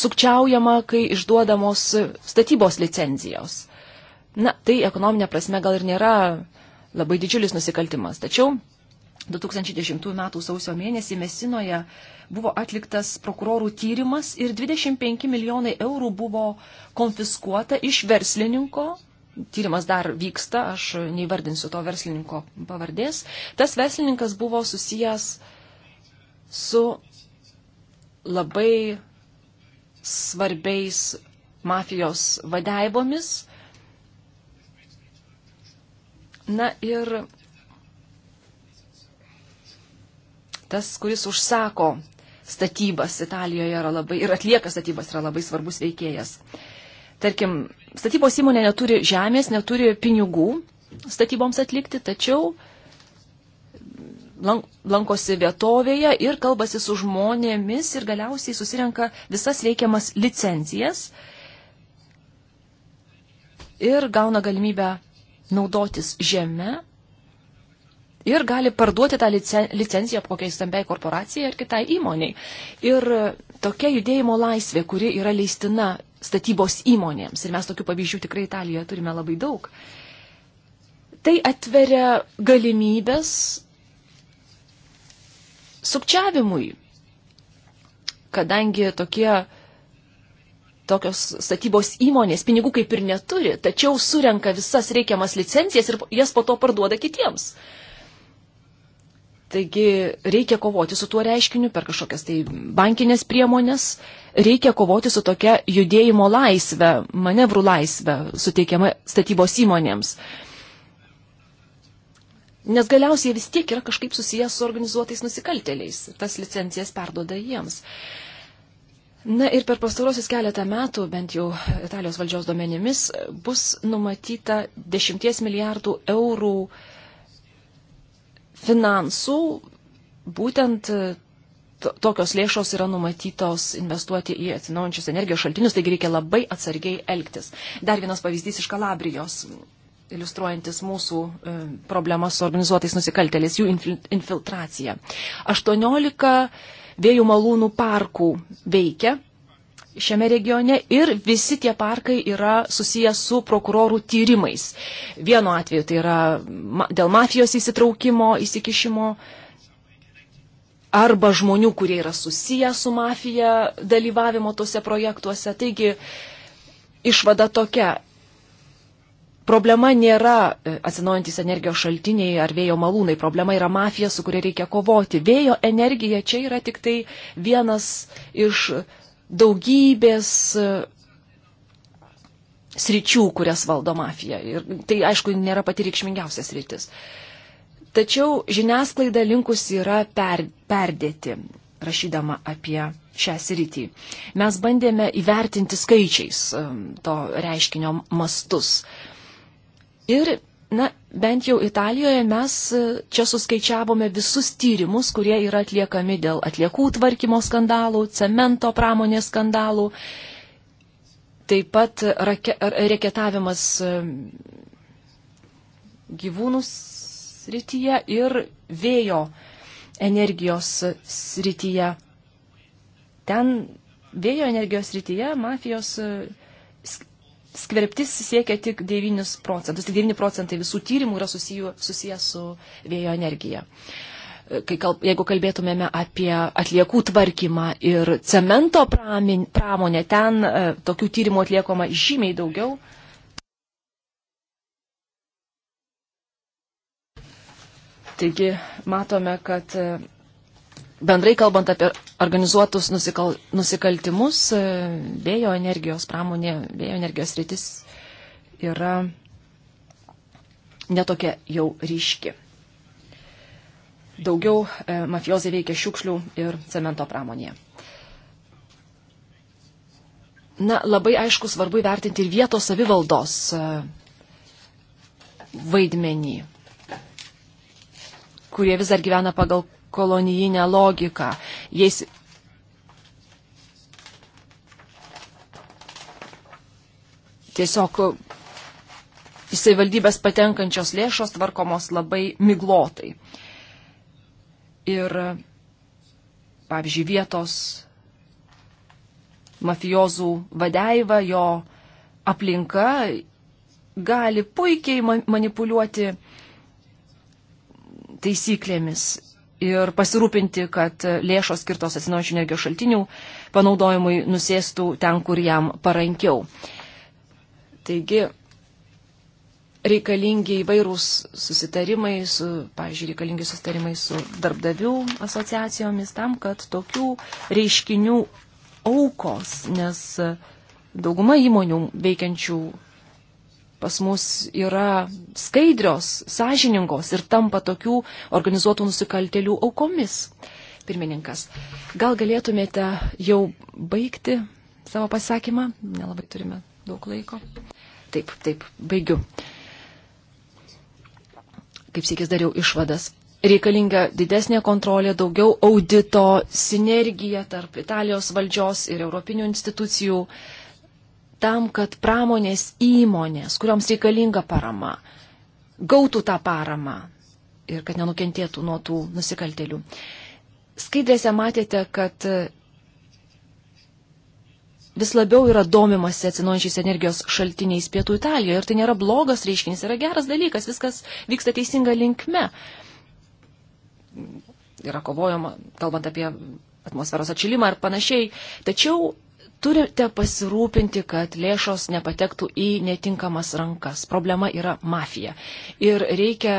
sukčiaujama, kai išduodamos statybos licenzijos. Na, tai ekonominė prasme gal ir nėra labai didžiulis nusikaltimas, tačiau 2010 m. sausio mėnesį Mesinoje buvo atliktas prokurorų tyrimas ir 25 milijonai eurų buvo konfiskuota iš verslininko. Tyrimas dar vyksta, aš neįvardinsiu to verslininko pavardės. Tas verslininkas buvo susijęs su labai svarbiais mafijos vadeibomis. Na ir tas, kuris užsako statybas Italijoje yra labai, ir atlieka statybas yra labai svarbus veikėjas. Tarkim, statybos įmonė neturi žemės, neturi pinigų statyboms atlikti, tačiau lankosi vietovėje ir kalbasi su žmonėmis ir galiausiai susirenka visas reikiamas licencijas ir gauna galimybę naudotis žemę ir gali parduoti tą licen licenciją kokiai stambiai korporacijai ar kitai įmoniai. Ir tokia judėjimo laisvė, kuri yra leistina statybos įmonėms, ir mes tokių pavyzdžių tikrai Italijoje turime labai daug, tai atveria galimybės sukčiavimui, kadangi tokie tokios statybos įmonės pinigų kaip ir neturi, tačiau surenka visas reikiamas licencijas ir jas po to parduoda kitiems. Uh, Taigi reikia kovoti su tuo reiškiniu per kažkokias tai bankinės priemonės, reikia kovoti su tokia judėjimo laisvė, manevrų laisvė suteikiama statybos įmonėms. Nes galiausiai vis tiek yra kažkaip susijęs su organizuotais nusikalteliais. Tas licencijas perdoda jiems. Na ir per pastarosius keletą metų, bent jau Italijos valdžios duomenimis, bus numatyta 10 milijardų eurų uh, finansų būtent e, tokios lėšos yra numatytos investuoti į atsinaujančius energijos šaltinius, taigi reikia labai atsargiai elgtis. Dar vienas pavyzdys iš Kalabrijos, iliustruojantis mūsų e, problemas su organizuotais nusikaltėliais, jų infiltracija. 18 vėjų malūnų parkų veikia šiame regione ir visi tie parkai yra susijęs su prokurorų tyrimais. Vienu atveju tai yra dėl mafijos įsitraukimo, įsikišimo arba žmonių, kurie yra susiję su mafija, dalyvavimo tuose projektuose. Taigi, išvada tokia. Problema nėra e, atsinaujantis energijos šaltiniai ar vėjo malūnai, problema yra mafija, su kuria reikia kovoti. Vėjo energija čia yra tik tai vienas iš daugybės e, sričių, kurias valdo mafija. Ir tai, aišku, nėra pati reikšmingiausia sritis. Tačiau žiniasklaida linkus yra per, perdėti, rašydama apie šią sritį. Mes bandėme įvertinti skaičiais e, to reiškinio mastus. Ir Na, bent jau Italijoje mes e, čia suskaičiavome visus tyrimus, kurie yra atliekami dėl atliekų tvarkymo skandalų, cemento pramonės skandalų, taip pat rake, reketavimas e, gyvūnų srityje ir vėjo energijos srityje. Ten vėjo energijos srityje mafijos e, skverbtis siekia tik 9 procentus, tik 9 procentai visų tyrimų yra susijęs su vėjo energija. Kai kalb, jeigu kalbėtumėme apie atliekų tvarkymą ir cemento pramin, pramonę, ten e, tokių tyrimų atliekama žymiai daugiau. Taigi matome, kad e, bendrai kalbant apie organizuotus nusikal, nusikaltimus, e, vėjo energijos pramonė, vėjo energijos rytis yra netokia jau ryški. Daugiau e, mafijozai veikia šiukšlių ir cemento pramonėje. Na, labai aišku, svarbu įvertinti ir vietos savivaldos e, vaidmenį, kurie vis dar gyvena pagal kolonijinę logiką. Jais tiesiog į savivaldybės patenkančios lėšos tvarkomos labai miglotai. Ir, pavyzdžiui, vietos mafijozų vadeiva, jo aplinka gali puikiai manipuliuoti taisyklėmis ir pasirūpinti, kad lėšos skirtos atsinaujančių energijos šaltinių panaudojimui nusėstų ten, kur jam parankiau. Taigi reikalingi įvairūs susitarimai, su, pavyzdžiui, reikalingi susitarimai su darbdavių asociacijomis tam, kad tokių reiškinių aukos, nes dauguma įmonių veikiančių pas mus yra skaidrios, sąžiningos ir tampa tokių organizuotų nusikaltelių aukomis. Pirmininkas, gal galėtumėte jau baigti savo pasakymą? Nelabai turime daug laiko. Taip, taip, baigiu. Kaip sėkis dariau išvadas. Reikalinga didesnė kontrolė, daugiau audito, sinergija tarp Italijos valdžios ir europinių institucijų. Uh, tam, kad pramonės įmonės, kurioms reikalinga parama, gautų tą paramą ir kad nenukentėtų nuo tų nusikaltelių. Skaidrėse matėte, kad vis labiau yra domimasi atsinaujančiais energijos šaltiniais pietų Italijoje ir tai nėra blogas reiškinys, yra geras dalykas, viskas vyksta teisinga linkme. Yra kovojama, kalbant apie atmosferos atšilimą ir panašiai. Tačiau turite pasirūpinti, kad lėšos nepatektų į netinkamas rankas. Problema yra mafija. Ir reikia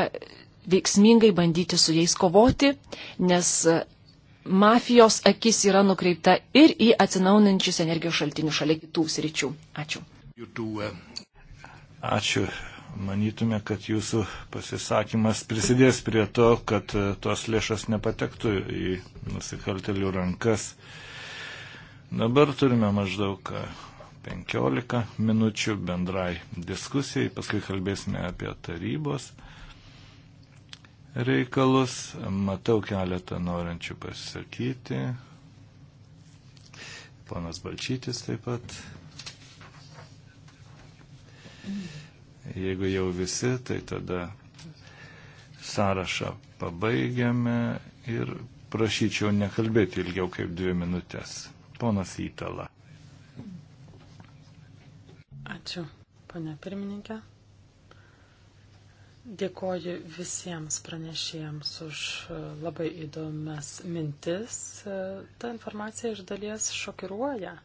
veiksmingai bandyti su jais kovoti, nes mafijos akis yra nukreipta ir į atsinaunančius energijos šaltinių šalia kitų sričių. Ačiū. Uh, Ačiū. Manytume, kad jūsų pasisakymas prisidės prie to, kad uh, tos lėšas nepatektų į nusikaltelių rankas. Dabar turime maždaug 15 e, minučių bendrai diskusijai, paskui kalbėsime apie tarybos reikalus. Matau keletą norinčių pasisakyti. Ponas Balčytis taip pat. Jeigu jau visi, tai tada sąrašą pabaigiame ir prašyčiau nekalbėti ilgiau kaip dvi minutės ponas Įtala. Ačiū, pane pirmininkė. Dėkoju visiems pranešėjams už e, labai įdomias mintis. E, ta informacija iš dalies šokiruoja.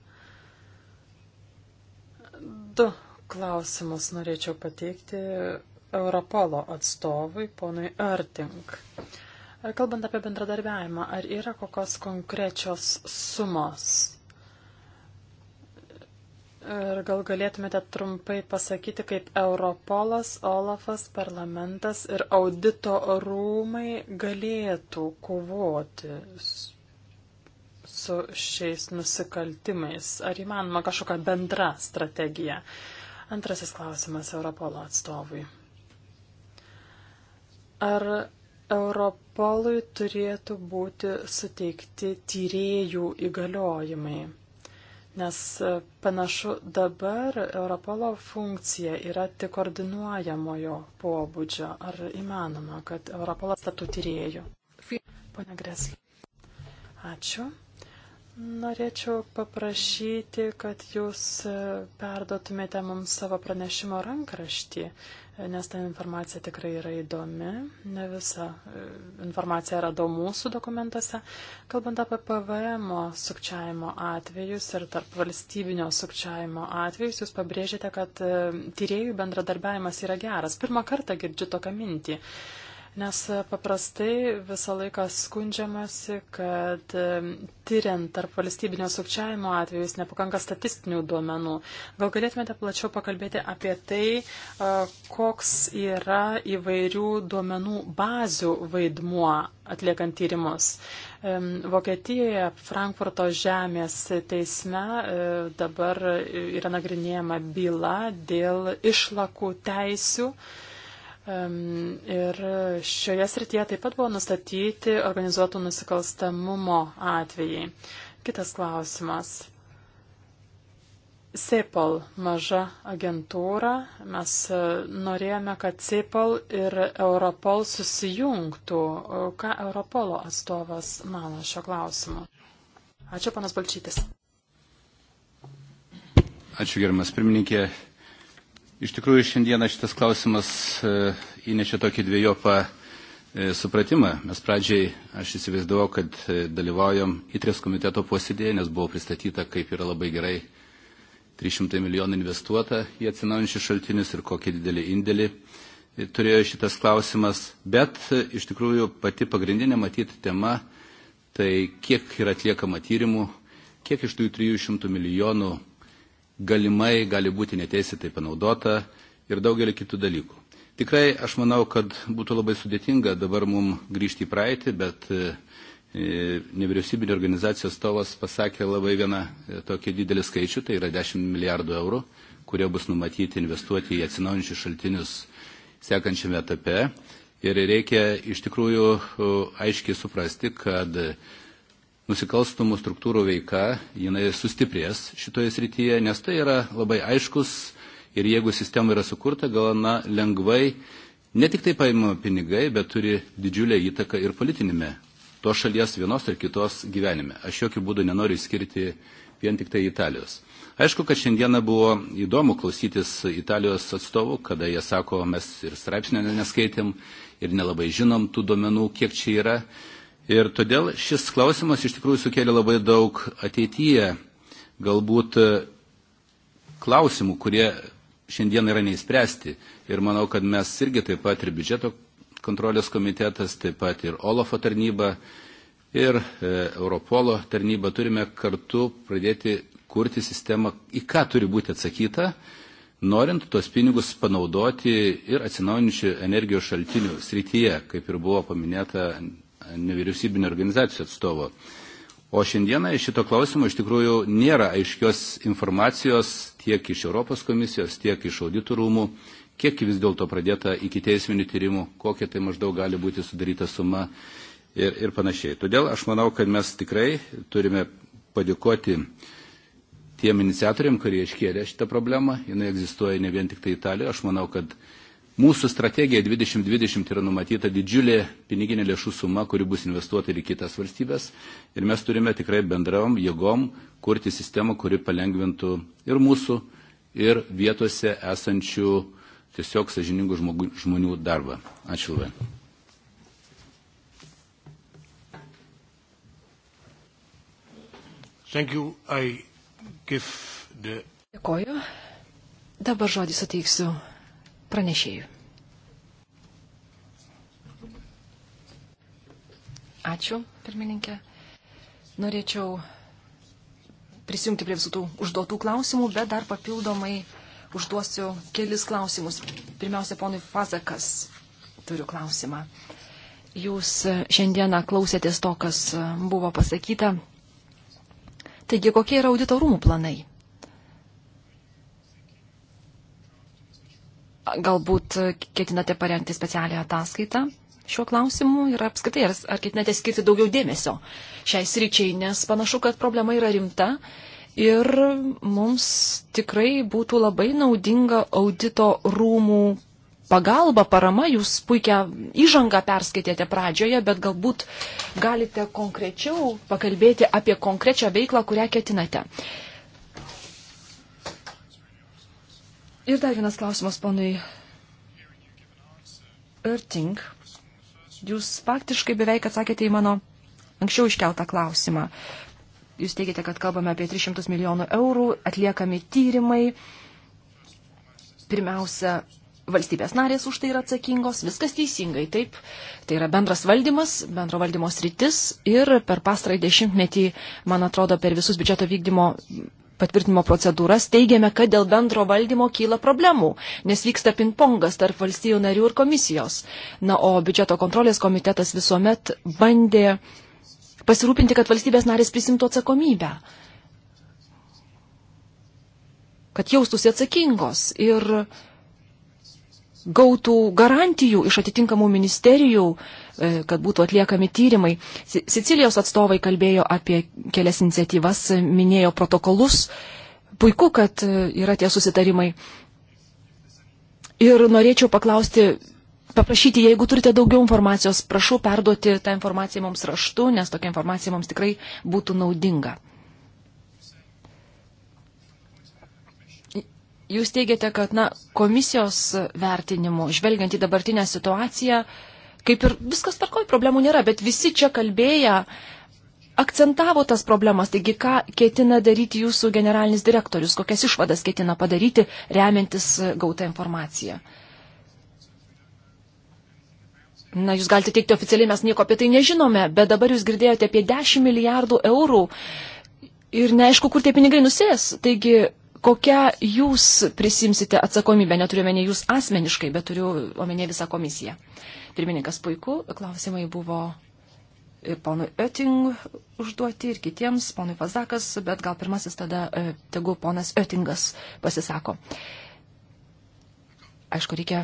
Du klausimus norėčiau pateikti Europolo atstovui, ponui Arting. Kalbant apie bendradarbiavimą, ar yra kokios konkrečios sumos? Ir gal galėtumėte trumpai pasakyti, kaip Europolas, Olafas, parlamentas ir audito rūmai galėtų kovoti su šiais nusikaltimais? Ar įmanoma kažkokia bendra strategija? Antrasis klausimas Europolo atstovui. Ar Europolui turėtų būti suteikti tyriejų įgaliojimai. Nes panašu dabar Europolo funkcija yra tik koordinuojamojo pobūdžio. Ar įmanoma, kad Europolas taptų tyriejų? Pone Greslė. Ačiū. Norėčiau paprašyti, kad jūs perdotumėte mums savo pranešimo rankraštį, nes ta informacija tikrai yra įdomi. Ne visa e, informacija radau mūsų dokumentuose. Kalbant apie PVM sukčiavimo atvejus ir tarp valstybinio sukčiavimo atvejus, jūs pabrėžėte, kad e, tyriejų bendradarbiavimas yra geras. Pirmą kartą girdžiu tokią mintį. Nes paprastai visą laiką skundžiamasi, kad tyriant tarp valstybinio sukčiavimo atvejus nepakanka statistinių duomenų. Gal galėtumėte plačiau pakalbėti apie tai, koks yra įvairių duomenų bazių vaidmuo atliekant tyrimus. Vokietijoje Frankfurto žemės teisme e, dabar yra nagrinėjama byla dėl išlakų teisių. Ir šioje srityje taip pat buvo nustatyti organizuotų nusikalstamumo atvejai. Kitas klausimas. CEPOL maža agentūra. Mes e, norėjome, kad CEPOL ir Europol susijungtų. Ką Europolo atstovas mano šio klausimu? Ačiū, panas Balčytis. Ačiū, gerbiamas pirmininkė. Iš tikrųjų, šiandieną šitas klausimas e, įnešė tokį dviejopą e, supratimą. Mes pradžiai, aš įsivaizdavau, kad e, dalyvaujam įtrės komiteto posėdėje, nes buvo pristatyta, kaip yra labai gerai 300 milijonų investuota į atsinaujančius šaltinius ir kokį didelį indėlį turėjo šitas klausimas. Bet iš tikrųjų pati pagrindinė matyti tema, tai kiek yra atliekama tyrimų, kiek iš tų 300 milijonų galimai gali būti neteisėtai panaudota ir daugelį kitų dalykų. Tikrai aš manau, kad būtų labai sudėtinga dabar mums grįžti į praeitį, bet e, e, nevyriausybinio organizacijos stovas pasakė labai vieną e, tokį didelį skaičių, tai yra 10 milijardų eurų, kurie bus numatyti investuoti į atsinaujančius šaltinius sekančiame etape. Ir reikia iš tikrųjų aiškiai suprasti, kad nusikalstamų struktūrų veika, jinai sustiprės šitoje srityje, nes tai yra labai aiškus ir jeigu sistema yra sukurta, galana lengvai ne tik tai paima pinigai, bet turi didžiulę įtaką ir politinėme to šalies vienos ar kitos gyvenime. Aš jokių būdų nenoriu išskirti vien tik tai Italijos. Aišku, kad šiandieną buvo įdomu klausytis Italijos atstovų, kada jie sako, mes ir straipsnio neskaitėm ir nelabai žinom tų duomenų, kiek čia yra. Ir todėl šis klausimas iš tikrųjų sukėlė labai daug ateityje galbūt e, klausimų, kurie šiandien yra neįspręsti. Ir manau, kad mes irgi taip pat ir biudžeto kontrolės komitetas, taip pat ir OLAFO tarnyba ir e, Europolo tarnyba turime kartu pradėti kurti sistemą, į ką turi būti atsakyta, norint tuos pinigus panaudoti ir atsinaujinčių energijos šaltinių srityje, kaip ir buvo paminėta nevyriausybinio organizacijų atstovo. O šiandieną iš šito klausimo iš tikrųjų nėra aiškios informacijos tiek iš Europos komisijos, tiek iš auditų rūmų, kiek vis dėlto pradėta iki teisminių tyrimų, kokia tai maždaug gali būti sudaryta suma ir, ir panašiai. Todėl aš manau, kad mes tikrai turime padėkoti tiem iniciatoriam, kurie iškėlė šitą problemą. Jis egzistuoja ne vien tik tai Italijoje. Aš manau, kad Mūsų strategija 2020 yra numatyta didžiulė piniginė lėšų suma, kuri bus investuota ir į kitas valstybės. Ir mes turime tikrai bendram jėgom kurti sistemą, kuri palengvintų ir mūsų, ir vietose esančių tiesiog sažiningų žmogų, žmonių darbą. Ačiū labai. The... Dėkoju. Dabar žodį suteiksiu pranešėjų. Ačiū, pirmininkė. Norėčiau prisijungti prie visų tų užduotų klausimų, bet dar papildomai užduosiu kelis klausimus. Pirmiausia, ponui Fazakas turiu klausimą. Jūs šiandieną klausėtės to, kas buvo pasakyta. Taigi, kokie yra auditorumų planai? Galbūt ketinate parengti specialią ataskaitą šiuo klausimu ir apskaitai, ar, ar ketinate skirti daugiau dėmesio šiai sričiai, nes panašu, kad problema yra rimta ir mums tikrai būtų labai naudinga audito rūmų pagalba, parama, jūs puikią įžangą perskaitėte pradžioje, bet galbūt galite konkrečiau pakalbėti apie konkrečią veiklą, kurią ketinate. Uh, Ir dar vienas klausimas, ponui Irting. Jūs faktiškai beveik atsakėte į mano anksčiau iškeltą klausimą. Jūs teigiate, kad kalbame apie 300 milijonų eurų, atliekami tyrimai. Pirmiausia, valstybės narės už tai yra atsakingos, viskas teisingai, taip. Tai yra bendras valdymas, bendro valdymo sritis ir per pastarąjį dešimtmetį, man atrodo, per visus biudžeto vykdymo patvirtinimo procedūras, teigiame, kad dėl bendro valdymo kyla problemų, nes vyksta pingpongas tarp valstybių narių ir komisijos. Na, o biudžeto kontrolės komitetas visuomet bandė pasirūpinti, kad valstybės narės prisimtų atsakomybę, kad jaustųsi atsakingos ir gautų garantijų iš atitinkamų ministerijų, uh, E, kad būtų atliekami tyrimai. Sicilijos atstovai kalbėjo apie kelias iniciatyvas, minėjo protokolus. Puiku, kad e, yra tie susitarimai. Ir norėčiau paklausti, paprašyti, jeigu turite daugiau informacijos, prašau perduoti tą informaciją mums raštu, nes tokia informacija mums tikrai būtų naudinga. Jūs teigiate, kad na, komisijos vertinimu, žvelgiant į dabartinę situaciją, uh, kaip ir viskas tvarkoj, problemų nėra, bet visi čia kalbėję akcentavo tas problemas. Taigi, ką ketina daryti jūsų generalinis direktorius, kokias išvadas ketina padaryti, remiantis e, gautą informaciją. Na, jūs galite teikti oficialiai, mes nieko apie tai nežinome, bet dabar jūs girdėjote apie 10 milijardų eurų ir neaišku, kur tie pinigai nusės. Taigi, kokią jūs prisimsite atsakomybę, neturime ne jūs asmeniškai, bet turiu omenyje visą komisiją. Uh, Pirmininkas puiku, klausimai buvo ir ponui Oetting užduoti ir kitiems, ponui Fazakas, bet gal pirmasis tada e, tegu ponas Oettingas pasisako. Aišku, reikia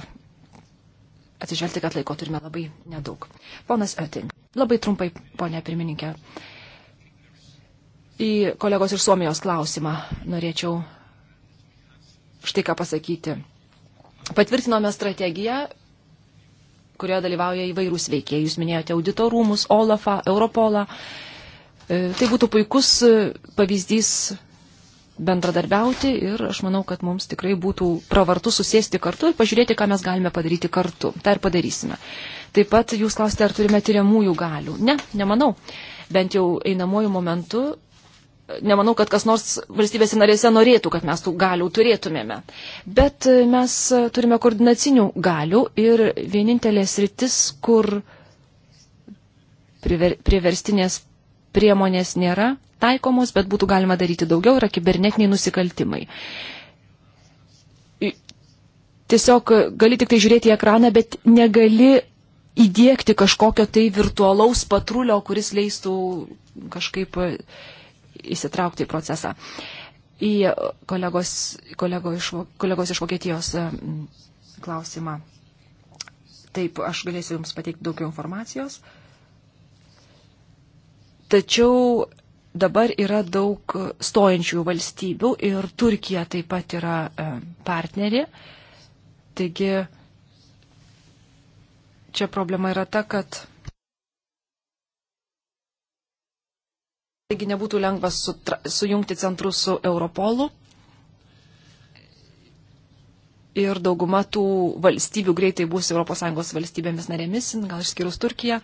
atsižvelgti, kad laiko turime labai nedaug. Ponas Oetting, labai trumpai, ponė pirmininkė, į kolegos iš Suomijos klausimą norėčiau štai ką pasakyti. Patvirtinome strategiją kurioje dalyvauja įvairūs veikėjai. Jūs minėjote auditorumus, Olafą, Europolą. E, tai būtų puikus e, pavyzdys bendradarbiauti ir aš manau, kad mums tikrai būtų pravartu susėsti kartu ir pažiūrėti, ką mes galime padaryti kartu. Tai ir padarysime. Taip pat jūs klausite, ar turime tyriamųjų galių. Ne, nemanau. Bent jau einamojų momentų nemanau, kad kas nors valstybėse narėse norėtų, kad mes tų galių turėtumėme. Bet e, mes e, turime koordinacinių galių ir vienintelė sritis, kur priver, priverstinės priemonės nėra taikomos, bet būtų galima daryti daugiau, yra kibernetiniai nusikaltimai. Tiesiog e, gali tik tai žiūrėti į ekraną, bet negali įdėkti kažkokio tai virtualaus patrulio, kuris leistų kažkaip įsitraukti į procesą. Į kolegos, kolego iš, kolegos iš Vokietijos mm, klausimą. Taip, aš galėsiu Jums pateikti daugiau informacijos. Tačiau dabar yra daug stojančių valstybių ir Turkija taip pat yra e, partnerė. Taigi čia problema yra ta, kad Taigi nebūtų lengva sujungti centrus su Europolu. Ir dauguma tų valstybių greitai bus ES valstybėmis narėmis, gal išskyrus Turkiją.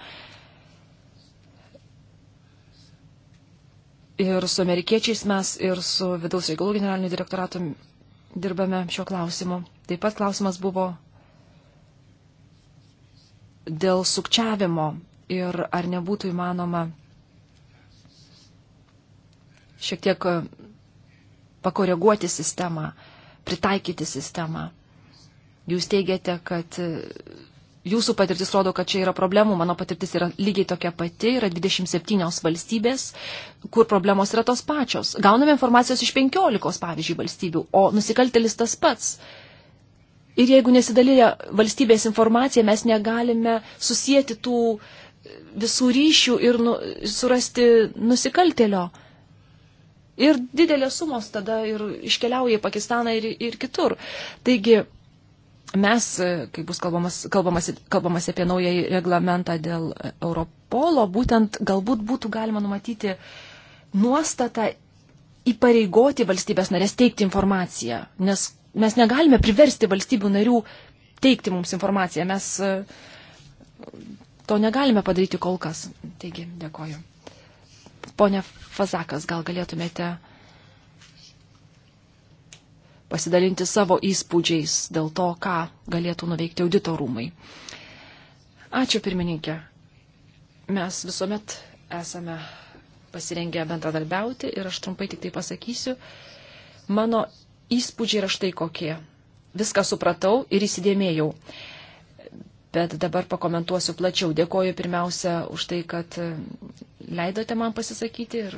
Ir su amerikiečiais mes ir su vidaus reikalų generaliniu direktoratu dirbame šio klausimu. Taip pat klausimas buvo dėl sukčiavimo ir ar nebūtų įmanoma šiek tiek e, pakoreguoti sistemą, pritaikyti sistemą. Jūs teigiate, kad e, jūsų patirtis rodo, kad čia yra problemų, mano patirtis yra lygiai tokia pati, yra 27 valstybės, kur problemos yra tos pačios. Gauname informacijos iš 15, pavyzdžiui, valstybių, o nusikaltelis tas pats. Ir jeigu nesidalyja valstybės informacija, mes negalime susijęti tų visų ryšių ir nu, surasti nusikaltelio. Uh, Ir didelės sumos tada ir iškeliauja į Pakistaną ir, ir kitur. Taigi mes, e, kai bus kalbamas, kalbamas, kalbamas apie naują reglamentą dėl Europolo, būtent galbūt būtų galima numatyti nuostatą įpareigoti valstybės narės teikti informaciją, nes mes negalime priversti valstybių narių teikti mums informaciją. Mes e, to negalime padaryti kol kas. Taigi, dėkoju. Pone Fazakas, gal galėtumėte pasidalinti savo įspūdžiais dėl to, ką galėtų nuveikti audito rūmai. Ačiū pirmininkė. Mes visuomet esame pasirengę bendradarbiauti ir aš trumpai tik tai pasakysiu. Mano įspūdžiai yra štai kokie. Viską supratau ir įsidėmėjau bet dabar pakomentuosiu plačiau. Dėkoju pirmiausia už tai, kad e, leidote man pasisakyti ir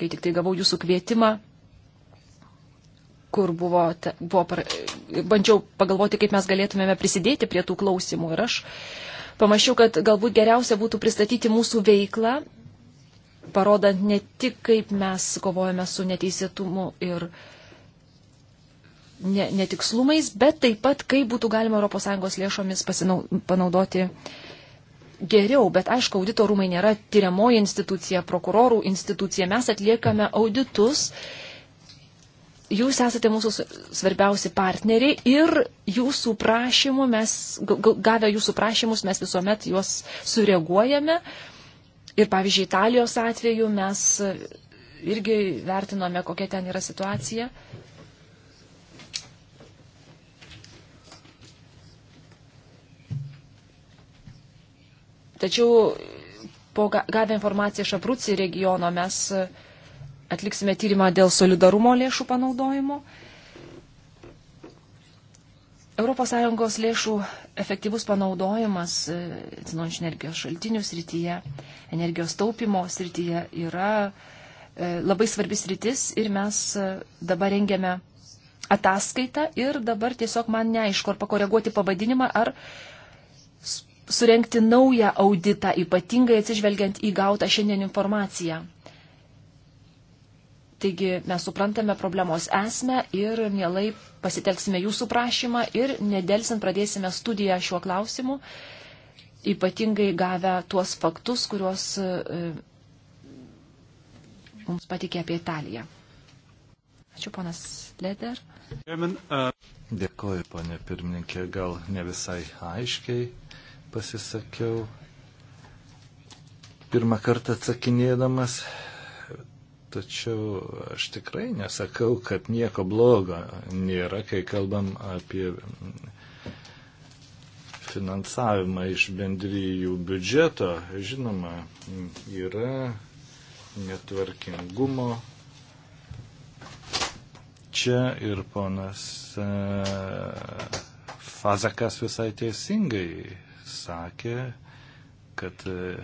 kai tik tai gavau jūsų kvietimą, kur buvo, buvo par, e, bandžiau pagalvoti, kaip mes galėtumėme prisidėti prie tų klausimų ir aš pamačiau, kad galbūt geriausia būtų pristatyti mūsų veiklą, parodant ne tik, kaip mes kovojame su neteisėtumu ir uh, netikslumais, bet taip pat, kaip būtų galima ES lėšomis pasinau, panaudoti geriau. Bet aišku, audito rūmai nėra tyriamoji institucija, prokurorų institucija. Mes atliekame auditus. Jūs esate mūsų svarbiausi partneriai ir jūsų prašymų mes, gavę jūsų prašymus, mes visuomet juos sureaguojame. Ir pavyzdžiui, Italijos atveju mes irgi vertinome, kokia ten yra situacija. Uh, Tačiau po gavę informaciją iš Aprūcijų regiono mes e, atliksime tyrimą dėl solidarumo lėšų panaudojimo. ES lėšų efektyvus panaudojimas e, atsinaujančių energijos šaltinių srityje, energijos taupimo srityje yra e, labai svarbis rytis ir mes dabar rengiame ataskaitą ir dabar tiesiog man neaišku, ar pakoreguoti pavadinimą, ar surenkti naują auditą, ypatingai atsižvelgiant į gautą šiandien informaciją. Taigi mes suprantame problemos esmę ir mielai pasitelksime jūsų prašymą ir nedelsint pradėsime studiją šiuo klausimu, ypatingai gavę tuos faktus, kuriuos e, mums patikė apie Italiją. Ačiū, ponas Leder. Uh, Dėkoju, ponė pirmininkė, gal ne visai aiškiai pasisakiau pirmą kartą atsakinėdamas, tačiau aš tikrai nesakau, kad nieko blogo nėra, kai kalbam apie finansavimą iš bendryjų biudžeto. Žinoma, yra netvarkingumo. Čia ir ponas e, Fazakas visai teisingai sakė, kad e,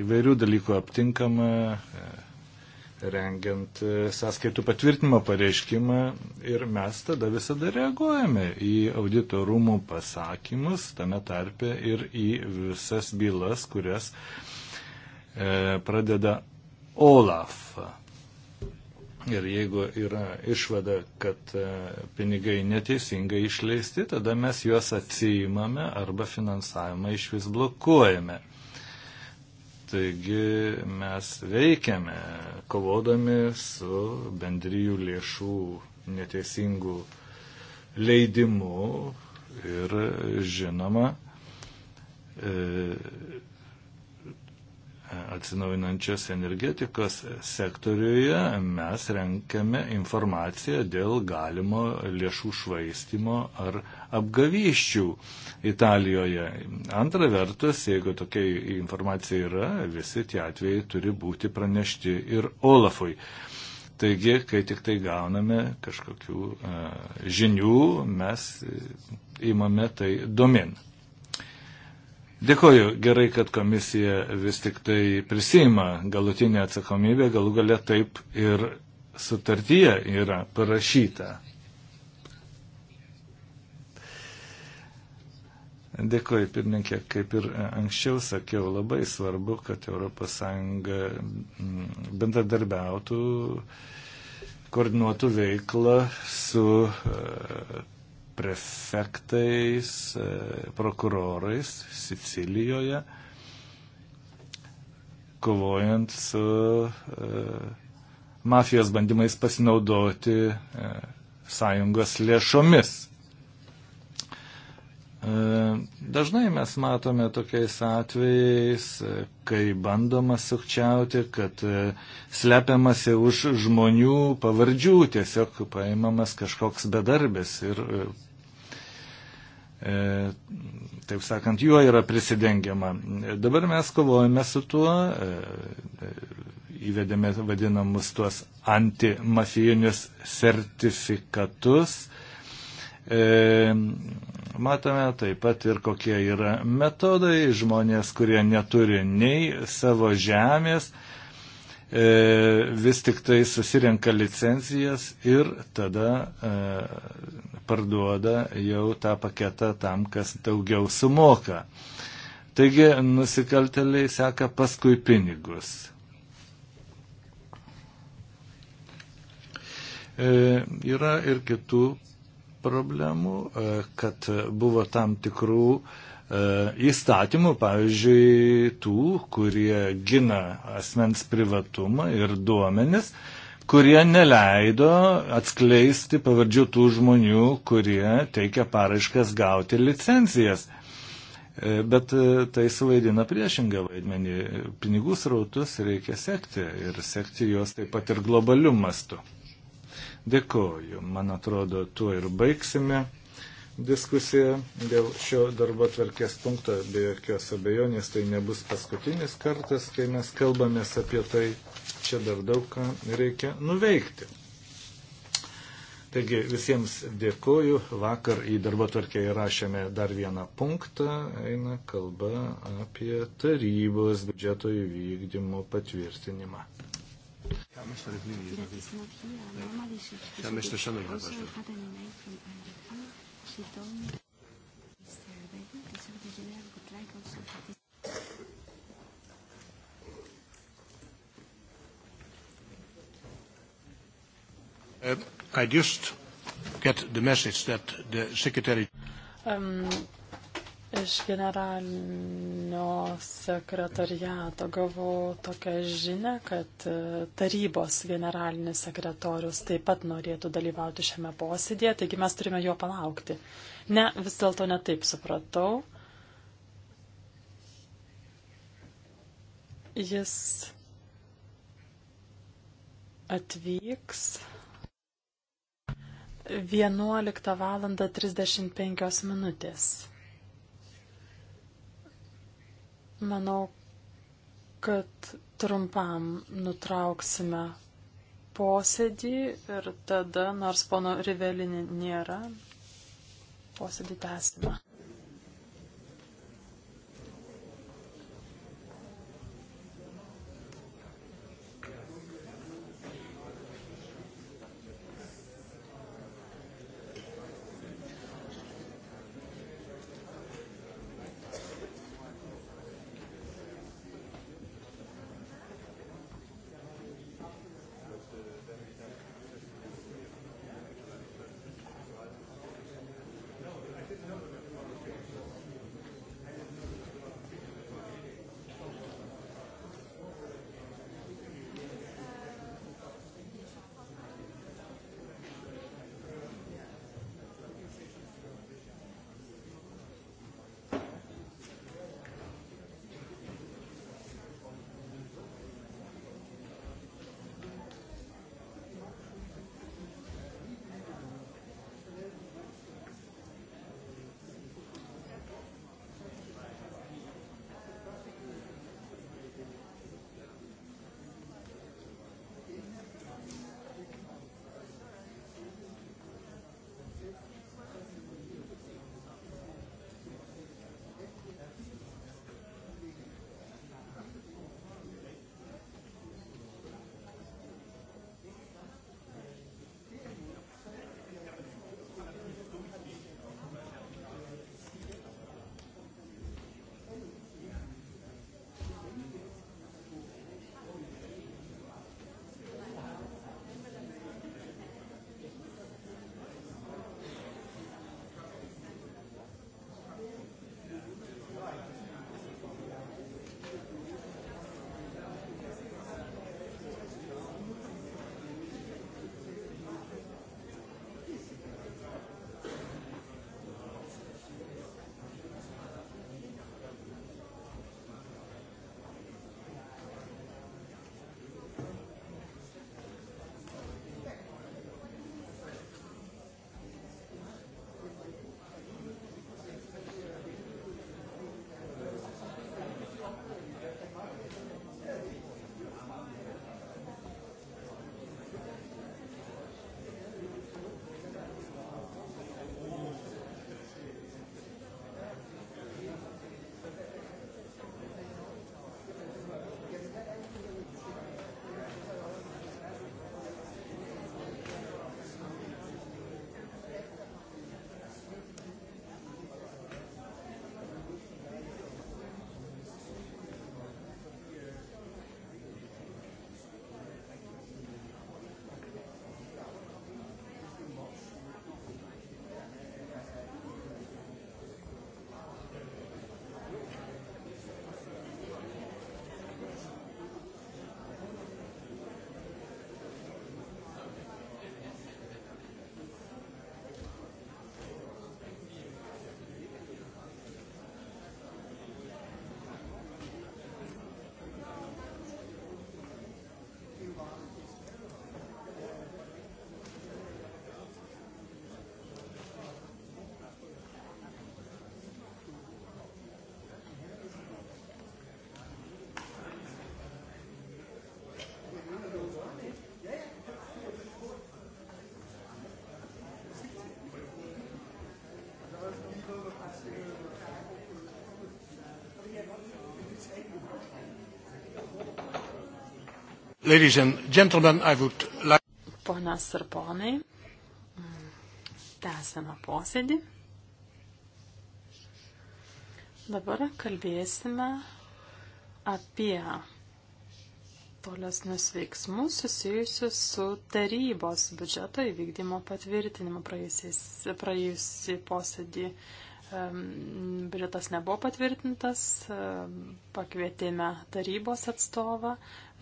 įvairių dalykų aptinkama e, rengiant e, sąskaitų patvirtinimo pareiškimą ir mes tada visada reaguojame į audito rūmų pasakymus, tame tarpe ir į visas bylas, kurias e, pradeda Olaf. Ir jeigu yra išvada, kad e, pinigai neteisingai išleisti, tada mes juos atsijimame arba finansavimą iš vis blokuojame. Taigi mes veikiame, kovodami su bendryjų lėšų neteisingų leidimu ir žinoma, e, atsinaujinančios energetikos sektoriuje mes renkame informaciją dėl galimo lėšų švaistimo ar apgavyščių Italijoje. Antra vertus, jeigu tokia informacija yra, visi tie atvejai turi būti pranešti ir Olafui. Taigi, kai tik tai gauname kažkokių a, e, žinių, mes įmame e, tai domin. Dėkoju, gerai, kad komisija vis tik tai prisima galutinę atsakomybę, galų galia taip ir sutartyje yra parašyta. Dėkoju, pirmininkė, kaip ir anksčiau sakiau, labai svarbu, kad ES mm, bendradarbiautų, koordinuotų veiklą su e, prefektais, e, prokurorais Sicilijoje, kovojant su e, mafijos bandymais pasinaudoti e, sąjungos lėšomis. Dažnai mes matome tokiais atvejais, kai bandoma sukčiauti, kad slepiamasi už žmonių pavardžių, tiesiog paimamas kažkoks bedarbis ir E, taip sakant, juo yra prisidengiama. Dabar mes kovojame su tuo, e, e, įvedėme vadinamus tuos antimafijinius sertifikatus. Matome taip pat ir kokie yra metodai, žmonės, kurie neturi nei savo žemės, vis tik tai susirenka licencijas ir tada parduoda jau tą paketą tam, kas daugiau sumoka. Taigi nusikalteliai seka paskui pinigus. E, yra ir kitų problemų, e, kad buvo tam tikrų e, įstatymų, pavyzdžiui, tų, kurie gina asmens privatumą ir duomenis, e, kurie neleido atskleisti pavardžių tų žmonių, kurie teikia paraiškas gauti licencijas. E, bet e, tai suvaidina priešingą vaidmenį. Pinigų srautus reikia sekti ir sekti juos taip pat ir globaliu mastu. Dėkoju. Man atrodo, tuo ir baigsime diskusiją dėl šio darbo tvarkės punkto. Be jokios abejonės tai nebus paskutinis kartas, kai mes kalbamės apie tai čia dar daug ką reikia nuveikti. Taigi visiems dėkoju. Vakar į darbo tvarkę įrašėme dar vieną punktą. Eina kalba apie tarybos biudžeto įvykdymo patvirtinimą. Ja, Uh, I just get the message that the secretary. Um, iš generalinio sekretariato gavau tokią žinę, kad e, tarybos generalinis sekretorius taip pat norėtų dalyvauti šiame posėdėje, taigi mes turime jo palaukti. Ne, vis dėlto netaip supratau. Jis atvyks. 11 val. 35 minutės. Manau, kad trumpam nutrauksime posėdį ir tada, nors pono Rivelinį nėra, posėdį tęsime. Like... Ponas ir ponai, tęsime posėdį. Dabar kalbėsime apie tolesnius veiksmus susijusius su tarybos biudžeto įvykdymo patvirtinimu praėjusį posėdį Britas nebuvo patvirtintas, pakvietėme tarybos atstovą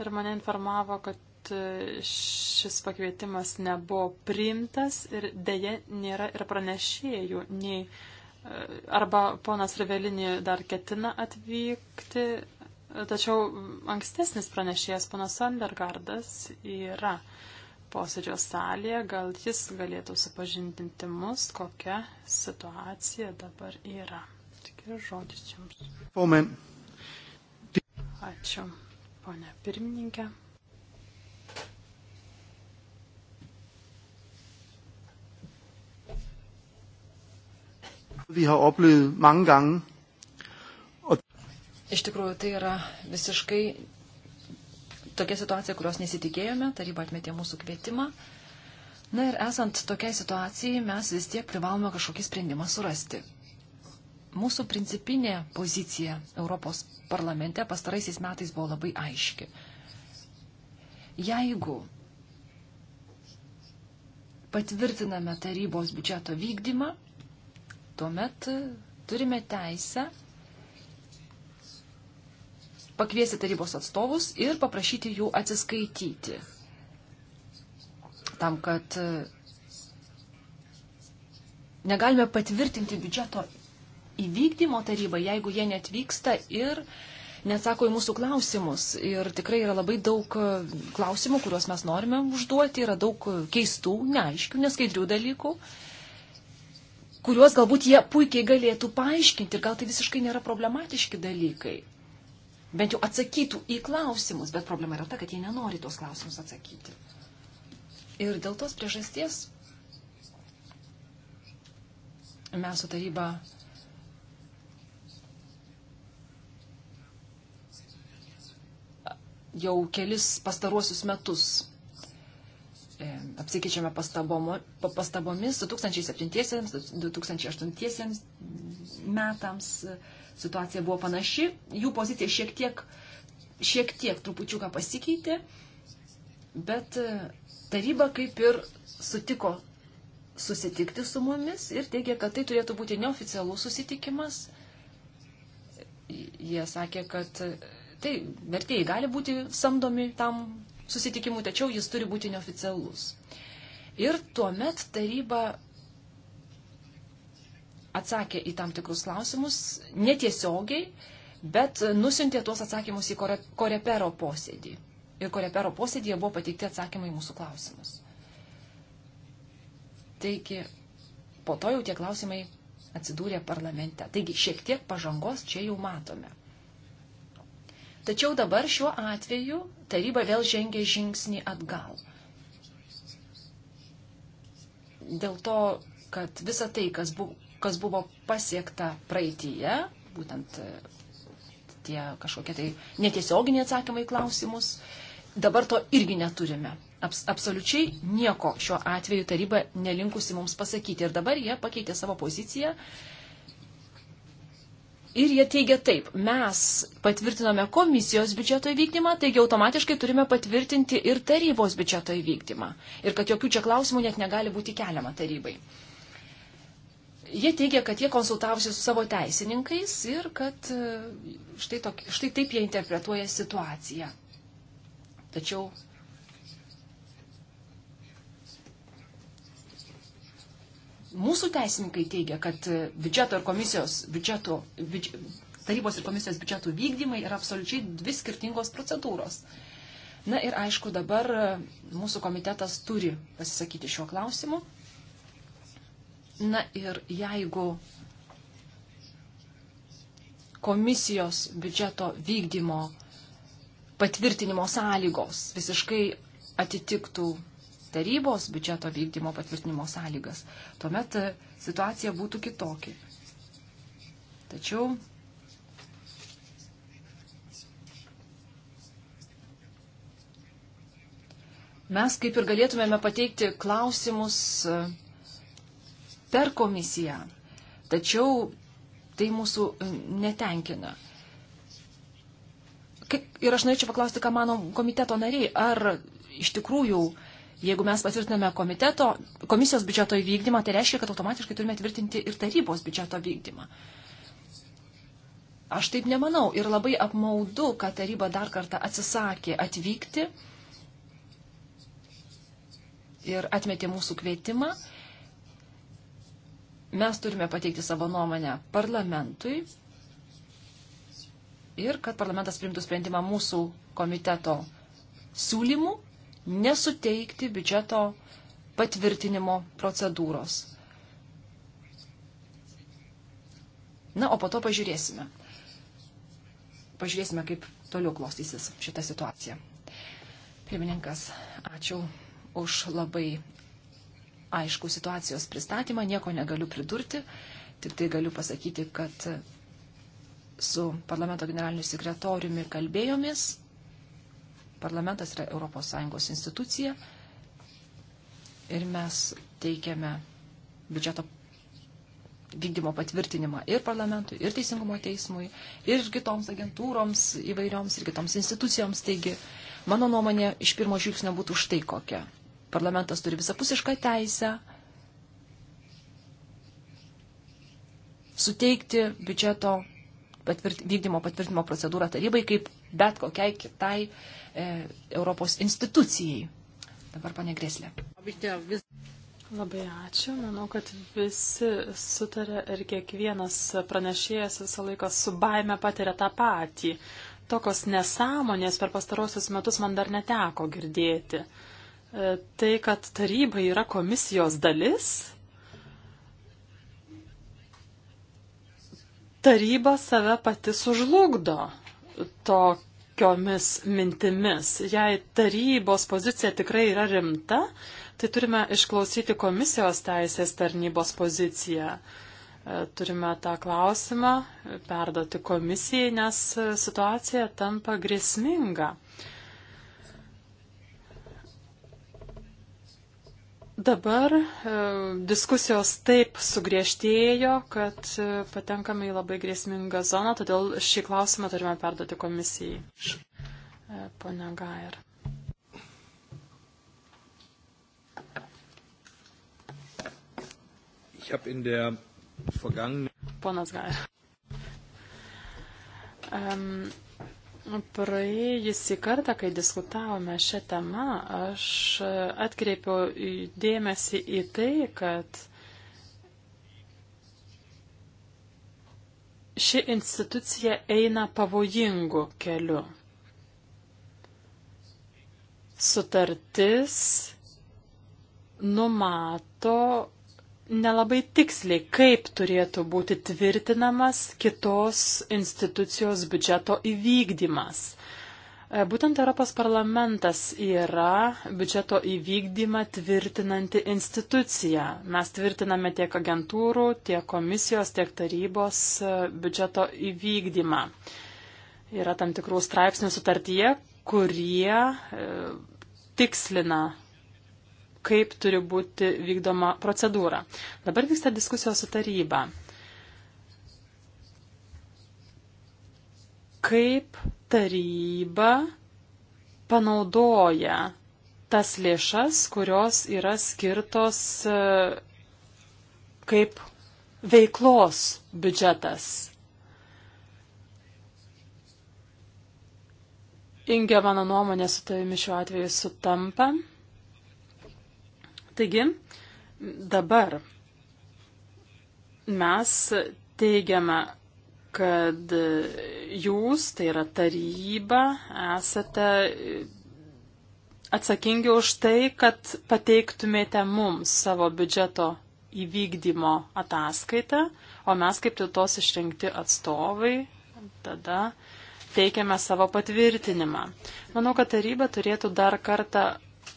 ir mane informavo, kad e, šis pakvietimas nebuvo priimtas ir dėje nėra ir pranešėjų, nei e, arba ponas Rivelinį dar ketina atvykti, tačiau ankstesnis pranešėjas ponas Andergardas yra. Uh, posėdžio salėje, gal jis galėtų supažindinti mus, kokia situacija dabar yra. Tik ir žodis jums. Pomen. Ačiū, ponia pirmininkė. Vi har oplevet mange gange. Iš tikrųjų, tai yra visiškai tokia situacija, kurios nesitikėjome, taryba atmetė mūsų kvietimą. Na ir esant tokiai situacijai, mes vis tiek privalome kažkokį sprendimą surasti. Mūsų principinė pozicija Europos parlamente pastaraisiais metais buvo labai aiški. Jeigu patvirtiname tarybos biudžeto vykdymą, tuomet turime teisę pakviesti tarybos atstovus ir paprašyti jų atsiskaityti. Tam, kad e, negalime patvirtinti biudžeto įvykdymo tarybai, jeigu jie netvyksta ir neatsako į mūsų klausimus. Ir tikrai yra labai daug e, klausimų, kuriuos mes norime užduoti, yra daug keistų, neaiškių, neskaidrių dalykų, kuriuos galbūt jie puikiai galėtų paaiškinti ir gal tai visiškai nėra problematiški dalykai bent jau atsakytų į klausimus, bet problema yra ta, kad jie nenori tuos klausimus atsakyti. Ir dėl tos priežasties mes su taryba jau kelis pastaruosius metus e, apsikeičiame pastabomis 2007-2008 metams situacija buvo panaši, jų pozicija šiek tiek, šiek tiek trupučiuką pasikeitė, bet e, taryba kaip ir sutiko susitikti su mumis ir teigia, kad tai turėtų būti neoficialus susitikimas. Jie sakė, kad e, tai vertėjai gali būti samdomi tam susitikimui, tačiau jis turi būti neoficialus. Ir tuomet taryba atsakė į tam tikrus klausimus netiesiogiai, bet nusintė tuos atsakymus į korepero posėdį. Ir korepero posėdėje buvo pateikti atsakymai į mūsų klausimus. Taigi, po to jau tie klausimai atsidūrė parlamente. Taigi, šiek tiek pažangos čia jau matome. Tačiau dabar šiuo atveju taryba vėl žengia žingsnį atgal. Dėl to, kad visa tai, kas buvo, kas buvo pasiekta praeitįje, būtent e, tie kažkokie tai netiesioginiai atsakymai klausimus. Dabar to irgi neturime. Abs absoliučiai nieko šiuo atveju taryba nelinkusi mums pasakyti. Ir dabar jie pakeitė savo poziciją. Ir jie teigia taip, mes patvirtinome komisijos biudžeto įvykdymą, taigi automatiškai turime patvirtinti ir tarybos biudžeto įvykdymą. Ir kad jokių čia klausimų net negali būti keliama tarybai. Jie teigia, kad jie konsultavosi su savo teisininkais ir kad e, štai, tok, štai taip jie interpretuoja situaciją. Tačiau mūsų teisininkai teigia, kad e, biudžeto ir komisijos biudžeto, biudž, tarybos ir komisijos biudžetų vykdymai yra absoliučiai dvi skirtingos procedūros. Na ir aišku, dabar e, mūsų komitetas turi pasisakyti šiuo klausimu. Na ir jeigu komisijos biudžeto vykdymo patvirtinimo sąlygos visiškai atitiktų tarybos biudžeto vykdymo patvirtinimo sąlygas, tuomet e, situacija būtų kitokia. Tačiau mes kaip ir galėtumėme pateikti klausimus e, per komisiją. Tačiau tai mūsų e, netenkina. Kaip, ir aš norėčiau paklausti, ką mano komiteto nariai, ar iš tikrųjų, jeigu mes patvirtiname komiteto, komisijos biudžeto įvykdymą, tai reiškia, kad automatiškai turime tvirtinti ir tarybos biudžeto vykdymą. Aš taip nemanau ir labai apmaudu, kad taryba dar kartą atsisakė atvykti ir atmetė mūsų kvietimą mes turime pateikti savo nuomonę parlamentui ir kad parlamentas priimtų sprendimą mūsų komiteto siūlymų nesuteikti biudžeto patvirtinimo procedūros. Na, o po to pažiūrėsime. Pažiūrėsime, kaip toliau klostysis šita situacija. Pirmininkas, ačiū už labai aišku situacijos pristatymą, nieko negaliu pridurti, tik tai galiu pasakyti, kad su parlamento generaliniu sekretoriumi kalbėjomis, parlamentas yra ES institucija ir mes teikiame biudžeto vykdymo patvirtinimą ir parlamentui, ir teisingumo teismui, ir kitoms agentūroms įvairioms, ir kitoms institucijoms. Taigi, mano nuomonė iš pirmo žvilgsnio būtų štai kokia parlamentas turi visapusišką teisę suteikti biudžeto patvirt, vykdymo patvirtinimo procedūrą tarybai kaip bet kokiai kitai e, Europos institucijai. Dabar pane Greslė. Labai ačiū. Manau, kad visi sutarė ir kiekvienas pranešėjas visą laiką su baime patiria tą patį. Tokios nesąmonės per pastarosius metus man dar neteko girdėti. E, tai, kad taryba yra komisijos dalis, taryba save pati sužlugdo tokiomis mintimis. Jei tarybos pozicija tikrai yra rimta, tai turime išklausyti komisijos teisės tarnybos poziciją. E, turime tą klausimą perduoti komisijai, nes situacija tampa grėsminga. Dabar e, diskusijos taip sugriežtėjo, kad e, patenkame į labai grėsmingą zoną, todėl šį klausimą turime perduoti komisijai. E, Pone Gair. Ponas Gair. Um, e, Praėjusį kartą, kai diskutavome šią temą, aš atkreipiau dėmesį į tai, kad ši institucija eina pavojingu keliu. Sutartis numato nelabai tiksliai, kaip turėtų būti tvirtinamas kitos institucijos biudžeto įvykdymas. E, būtent Europos parlamentas yra biudžeto įvykdymą tvirtinanti institucija. Mes tvirtiname tiek agentūrų, tiek komisijos, tiek tarybos e, biudžeto įvykdymą. Yra tam tikrų straipsnių sutartyje, kurie e, tikslina kaip turi būti vykdoma procedūra. Dabar vyksta diskusijos su taryba. Kaip taryba panaudoja tas lėšas, kurios yra skirtos e, kaip veiklos biudžetas Inge, mano nuomonė su tavimi šiuo atveju sutampa. Taigi, dabar mes teigiame, kad jūs, tai yra taryba, esate atsakingi už tai, kad pateiktumėte mums savo biudžeto įvykdymo ataskaitą, o mes kaip tautos išrinkti atstovai tada teikiame savo patvirtinimą. Manau, kad taryba turėtų dar kartą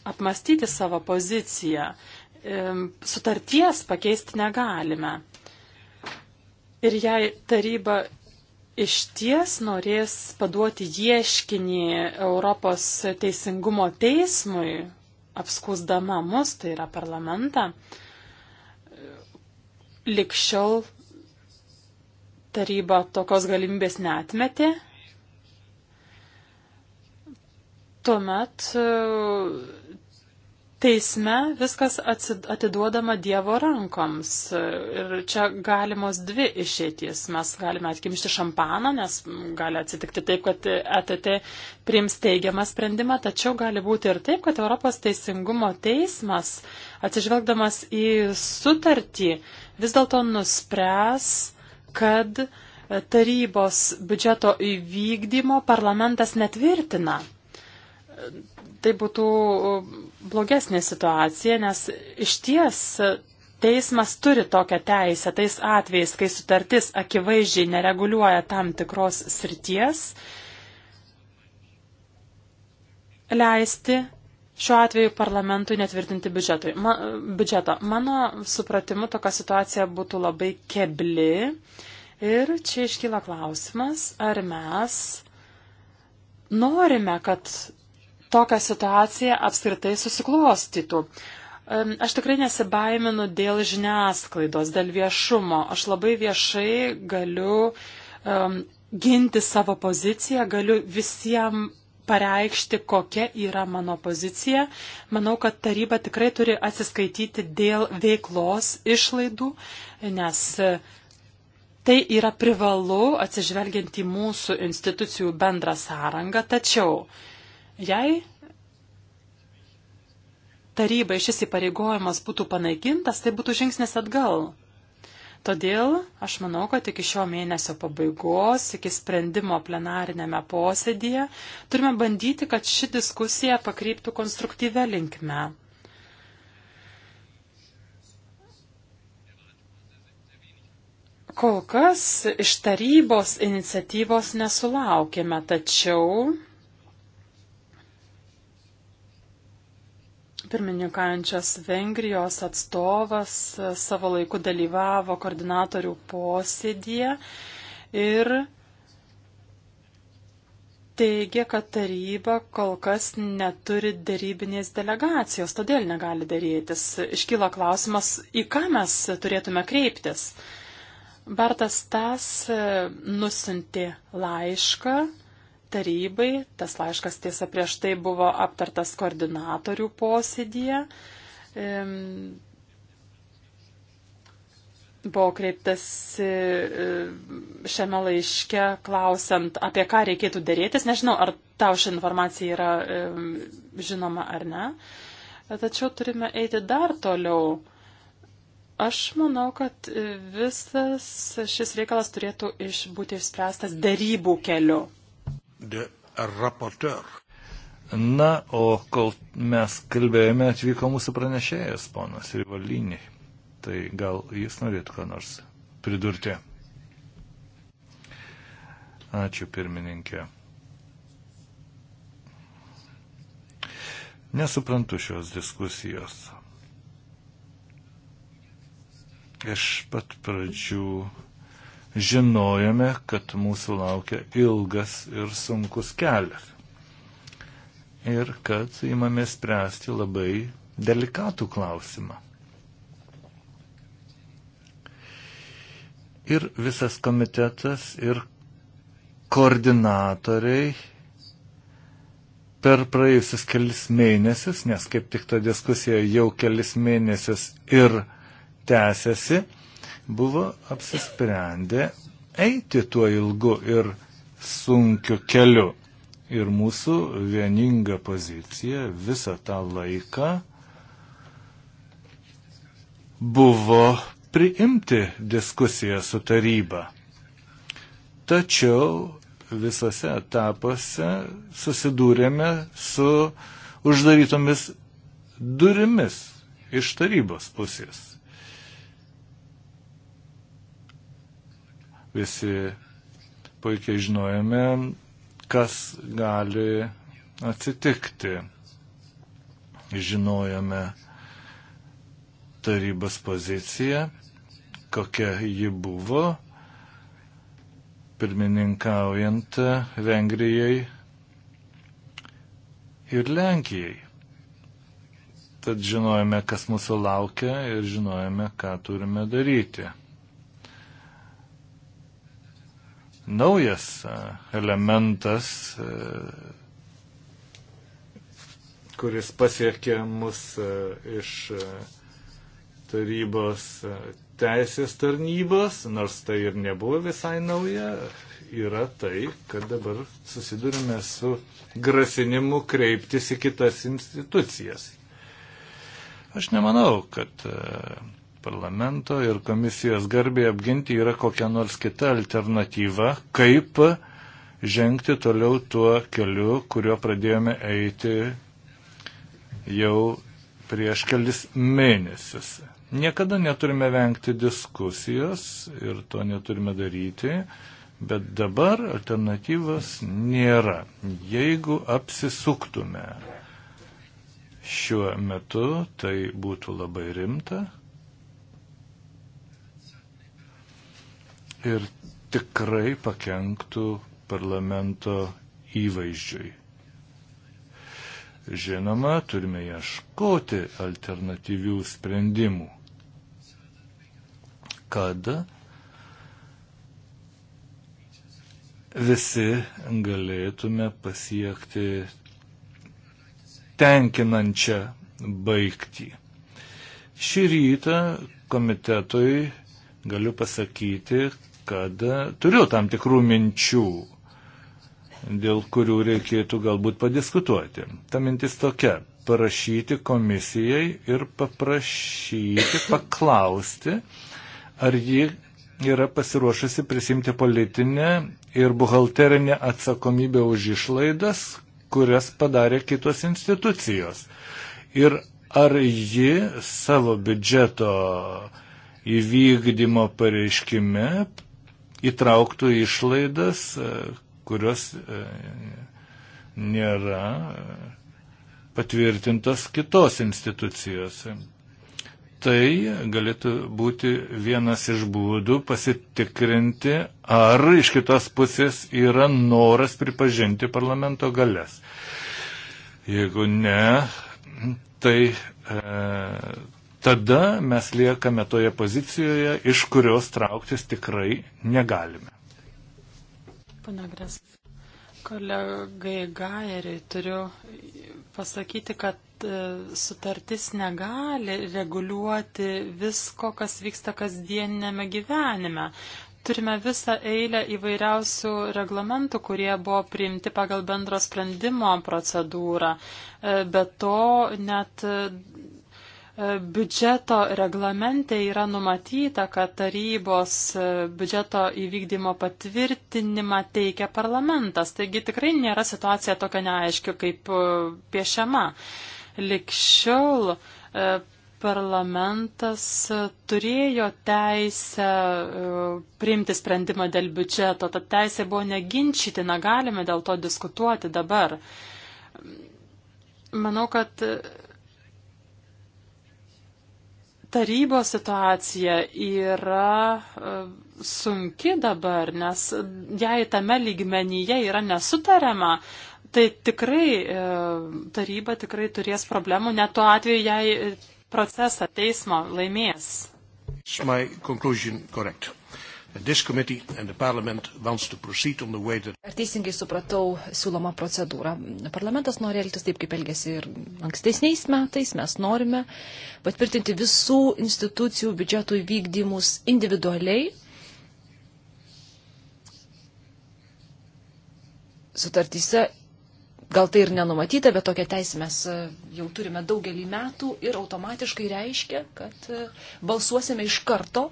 apmastyti savo poziciją. Sutarties pakeisti negalime. Ir jei taryba iš ties norės paduoti ieškinį Europos teisingumo teismui, apskusdama mus, tai yra parlamentą, likščiau taryba tokios galimybės netmetė. Tuomet Teisme viskas atiduodama Dievo rankoms. Ir čia galimos dvi išėtys. Mes galime atkimšti šampaną, nes gali atsitikti taip, kad ETT priims teigiamą sprendimą, tačiau gali būti ir taip, kad Europos teisingumo teismas, atsižvelgdamas į sutartį, vis dėlto nuspręs, kad tarybos biudžeto įvykdymo parlamentas netvirtina. Tai būtų blogesnė situacija, nes iš ties teismas turi tokią teisę tais atvejais, kai sutartis akivaizdžiai nereguliuoja tam tikros srities, leisti šiuo atveju parlamentui netvirtinti biudžetui. Ma, biudžeto. Mano supratimu, tokia situacija būtų labai kebli. Ir čia iškyla klausimas, ar mes norime, kad tokia situacija apskritai susiklostytų. Aš tikrai nesibaiminu dėl žiniasklaidos, dėl viešumo. Aš labai viešai galiu um, ginti savo poziciją, galiu visiems pareikšti, kokia yra mano pozicija. Manau, kad taryba tikrai turi atsiskaityti dėl veiklos išlaidų, nes e, tai yra privalu atsižvelgiant į mūsų institucijų bendrą sąrangą, tačiau uh, Jei tarybai šis įpareigojimas būtų panaikintas, tai būtų žingsnis atgal. Todėl aš manau, kad iki šio mėnesio pabaigos, iki sprendimo plenarinėme posėdėje, turime bandyti, kad ši diskusija pakryptų konstruktyvę linkme. Kol kas iš tarybos iniciatyvos nesulaukėme, tačiau pirmininkaujančios Vengrijos atstovas e, savo laiku dalyvavo koordinatorių posėdėje ir teigia, kad taryba kol kas neturi dėrybinės delegacijos, todėl negali dėrėtis. Iškyla klausimas, į ką mes turėtume kreiptis. Bartas Tas e, nusintė laišką tarybai. Tas laiškas tiesa prieš tai buvo aptartas koordinatorių posėdėje. Buvo kreiptas e, šiame laiške klausiant, apie ką reikėtų dėrėtis. Nežinau, ar tau ši informacija yra e, žinoma ar ne. Tačiau turime eiti dar toliau. Aš manau, kad e, visas šis reikalas turėtų išbūti išspręstas darybų keliu. Na, o kol mes kalbėjome, atvyko mūsų pranešėjas, ponas Rivaliniai. Tai gal jis norėtų ką nors pridurti. Ačiū pirmininkė. Nesuprantu šios diskusijos. Iš pat pradžių žinojome, kad mūsų laukia ilgas ir sunkus kelias. Ir kad įmame spręsti labai delikatų klausimą. Ir visas komitetas, ir koordinatoriai per praėjusius kelis mėnesius, nes kaip tik ta diskusija jau kelis mėnesius ir tęsiasi, buvo apsisprendę eiti tuo ilgu ir sunkiu keliu. Ir mūsų vieninga pozicija visą tą laiką buvo priimti diskusiją su taryba. Tačiau visose etapuose susidūrėme su uždarytomis durimis iš tarybos pusės. Visi puikiai žinojame, kas gali atsitikti. Žinojame tarybos poziciją, kokia ji buvo, pirmininkaujant Vengrijai ir Lenkijai. Tad žinojame, kas mūsų laukia ir žinojame, ką turime daryti. naujas elementas, kuris pasiekė mus iš tarybos teisės tarnybos, nors tai ir nebuvo visai nauja, yra tai, kad dabar susidurime su grasinimu kreiptis į kitas institucijas. Aš nemanau, kad parlamento ir komisijos garbiai apginti yra kokia nors kita alternatyva, kaip žengti toliau tuo keliu, kuriuo pradėjome eiti jau prieš kelis mėnesius. Niekada neturime vengti diskusijos ir to neturime daryti, bet dabar alternatyvos nėra. Jeigu apsisuktume šiuo metu, tai būtų labai rimta ir tikrai pakenktų parlamento įvaizdžiui. Žinoma, turime ieškoti alternatyvių sprendimų, kad visi galėtume pasiekti tenkinančią baigtį. Šį rytą komitetui galiu pasakyti, kad turiu tam tikrų minčių, dėl kurių reikėtų galbūt padiskutuoti. Ta mintis tokia - parašyti komisijai ir paprašyti, paklausti, ar ji yra pasiruošusi prisimti politinę ir buhalterinę atsakomybę už išlaidas, kurias padarė kitos institucijos. Ir ar ji savo biudžeto įvykdymo pareiškime įtrauktų išlaidas, e, kurios e, nėra e, patvirtintos kitos institucijos. Tai galėtų būti vienas iš būdų pasitikrinti, ar iš kitos pusės yra noras pripažinti parlamento galės. Jeigu ne, tai e, tada mes liekame toje pozicijoje, iš kurios trauktis tikrai negalime. Panagras, kolegai Gaeriai turiu pasakyti, kad e, sutartis negali reguliuoti visko, kas vyksta kasdieninėme gyvenime. Turime visą eilę įvairiausių reglamentų, kurie buvo priimti pagal bendro sprendimo procedūrą. E, be to, net E, biudžeto reglamente yra numatyta, kad tarybos e, biudžeto įvykdymo patvirtinimą teikia parlamentas. Taigi tikrai nėra situacija tokia neaiški, kaip e, piešiama. Likščiol parlamentas turėjo teisę priimti sprendimą dėl biudžeto, ta teisė buvo neginčytina, galime dėl to diskutuoti dabar. Manau, kad tarybos situacija yra e, sunki dabar, nes jei tame lygmenyje yra nesutariama, tai tikrai e, taryba tikrai turės problemų, net tuo atveju, jei procesą teismo laimės. This committee and the parliament wants to proceed on the way that... Ar teisingai supratau siūlomą procedūrą? Parlamentas nori elgtis taip, kaip elgėsi ir ankstesniais metais. Mes norime patvirtinti visų institucijų biudžetų įvykdymus individualiai. Sutartyse gal tai ir nenumatyta, bet tokia teisė mes e, jau turime daugelį metų ir automatiškai reiškia, kad e, balsuosime iš karto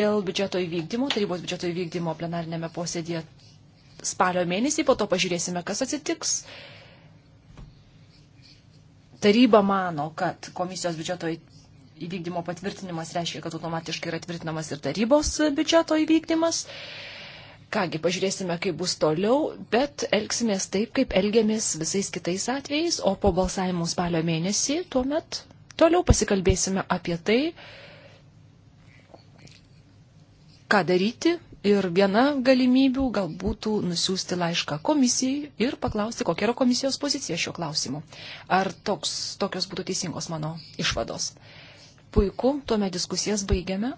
dėl biudžeto įvykdymo, tarybos biudžeto įvykdymo plenarinėme posėdėje spalio mėnesį, po to pažiūrėsime, kas atsitiks. Taryba mano, kad komisijos biudžeto įvykdymo patvirtinimas reiškia, kad automatiškai yra tvirtinamas ir tarybos biudžeto įvykdymas. Kągi, pažiūrėsime, kaip bus toliau, bet elgsimės taip, kaip elgiamės visais kitais atvejais, o po balsavimo spalio mėnesį tuomet toliau pasikalbėsime apie tai, ką daryti. Ir viena galimybių galbūt nusiųsti laišką komisijai ir paklausti, kokia yra komisijos pozicija šiuo klausimu. Ar toks, tokios būtų teisingos mano išvados. Puiku, tuomet diskusijas baigiame.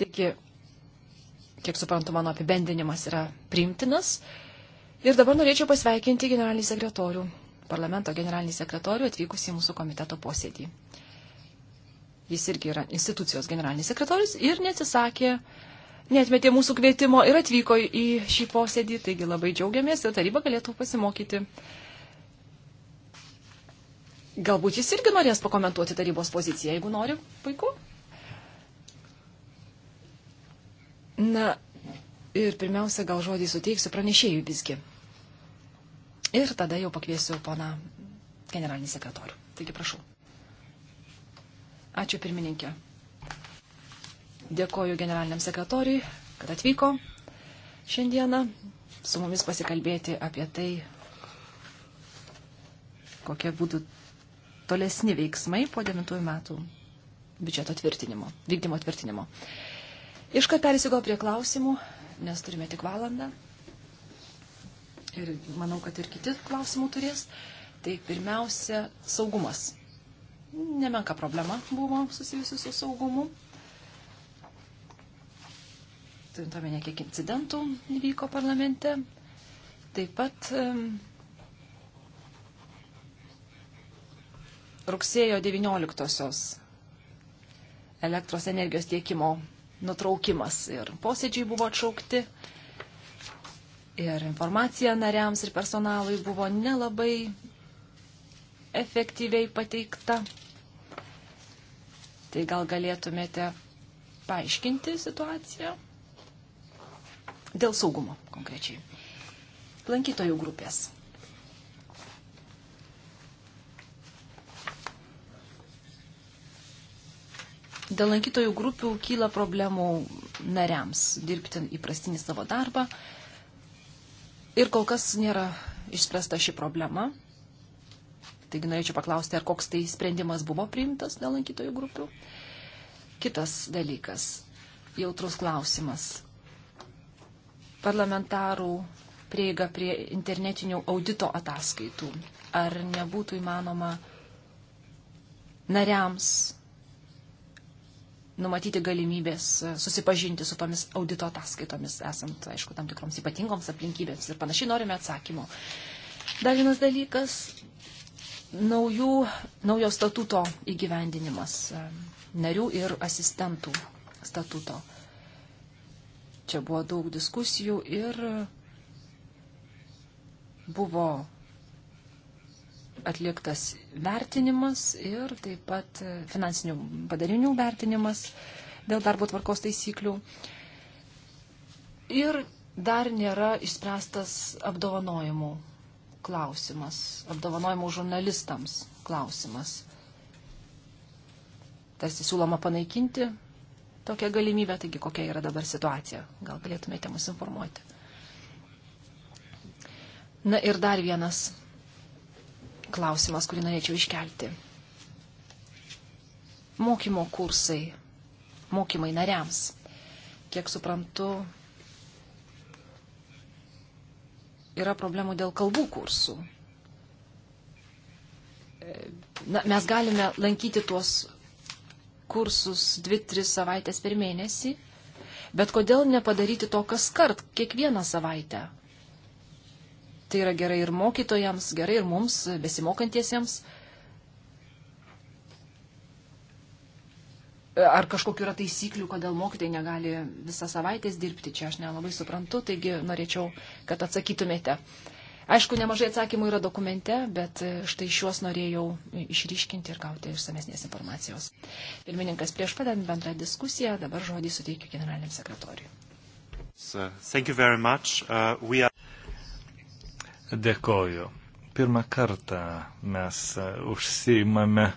Taigi, kiek suprantu, mano apibendinimas yra priimtinas. Ir dabar norėčiau pasveikinti generalinį sekretorių, parlamento generalinį sekretorių atvykusį į mūsų komiteto posėdį. Jis irgi yra institucijos generalinis sekretorius ir neatsisakė, netmetė mūsų kvietimo ir atvyko į šį posėdį, taigi labai džiaugiamės ir taryba galėtų pasimokyti. Galbūt jis irgi norės pakomentuoti tarybos poziciją, jeigu nori, puiku. Na, ir pirmiausia, gal žodį suteiksiu pranešėjui visgi. Ir tada jau pakviesiu pana generalinį sekretorių. Taigi prašau. Ačiū pirmininkė. Dėkoju generaliniam sekretoriui, kad atvyko šiandieną su mumis pasikalbėti apie tai, kokie būtų tolesni veiksmai po 9 metų biudžeto tvirtinimo, vykdymo tvirtinimo. Uh, Iškart perėsiu gal prie klausimų, nes turime tik valandą. Ir manau, kad ir kiti klausimų turės. Tai pirmiausia, saugumas. Nemenka problema buvo susijusi su saugumu. Turintome ne kiek incidentų įvyko parlamente. Taip pat rugsėjo 19-osios elektros energijos tiekimo nutraukimas. Ir posėdžiai buvo atšaukti, ir informacija nariams ir personalui buvo nelabai efektyviai pateikta. Tai gal galėtumėte paaiškinti situaciją dėl saugumo konkrečiai. Lankytojų grupės. Dėl lankytojų grupių kyla problemų nariams dirbti įprastinį savo darbą. Ir kol kas nėra išspręsta ši problema. Taigi norėčiau paklausti, ar koks tai sprendimas buvo priimtas dėl lankytojų grupių. Kitas dalykas, jautrus klausimas. Parlamentarų prieiga prie internetinių audito ataskaitų. Ar nebūtų įmanoma nariams numatyti galimybės e, susipažinti su tomis audito ataskaitomis, esant, aišku, tam tikroms ypatingoms aplinkybėms ir panašiai norime atsakymų. Dar vienas dalykas - naujų, naujo statuto įgyvendinimas e, narių ir asistentų statuto. Čia buvo daug diskusijų ir buvo atliktas vertinimas ir taip pat finansinių padarinių vertinimas dėl darbo tvarkos taisyklių. Ir dar nėra išspręstas apdovanojimų klausimas, apdovanojimų žurnalistams klausimas. Tarsi siūloma panaikinti tokią galimybę, taigi kokia yra dabar situacija. Gal galėtumėte mus informuoti. Na ir dar vienas klausimas, kurį norėčiau iškelti. Mokymo kursai, mokymai nariams. Kiek suprantu, yra problemų dėl kalbų kursų. Na, mes galime lankyti tuos kursus 2-3 savaitės per mėnesį, bet kodėl nepadaryti to kas kart, kiekvieną savaitę? Tai yra gerai ir mokytojams, gerai ir mums, besimokantiesiems. Ar kažkokiu yra taisyklių, kodėl mokytojai negali visą savaitę dirbti, čia aš nelabai suprantu, taigi norėčiau, kad atsakytumėte. Aišku, nemažai atsakymų yra dokumente, bet e, štai šiuos norėjau išryškinti ir gauti išsamesnės informacijos. Pirmininkas, prieš padant bendrą diskusiją, dabar žodį suteikiu generaliniam sekretoriui. So, uh, are... Dėkoju. Pirmą kartą mes e, užsiimame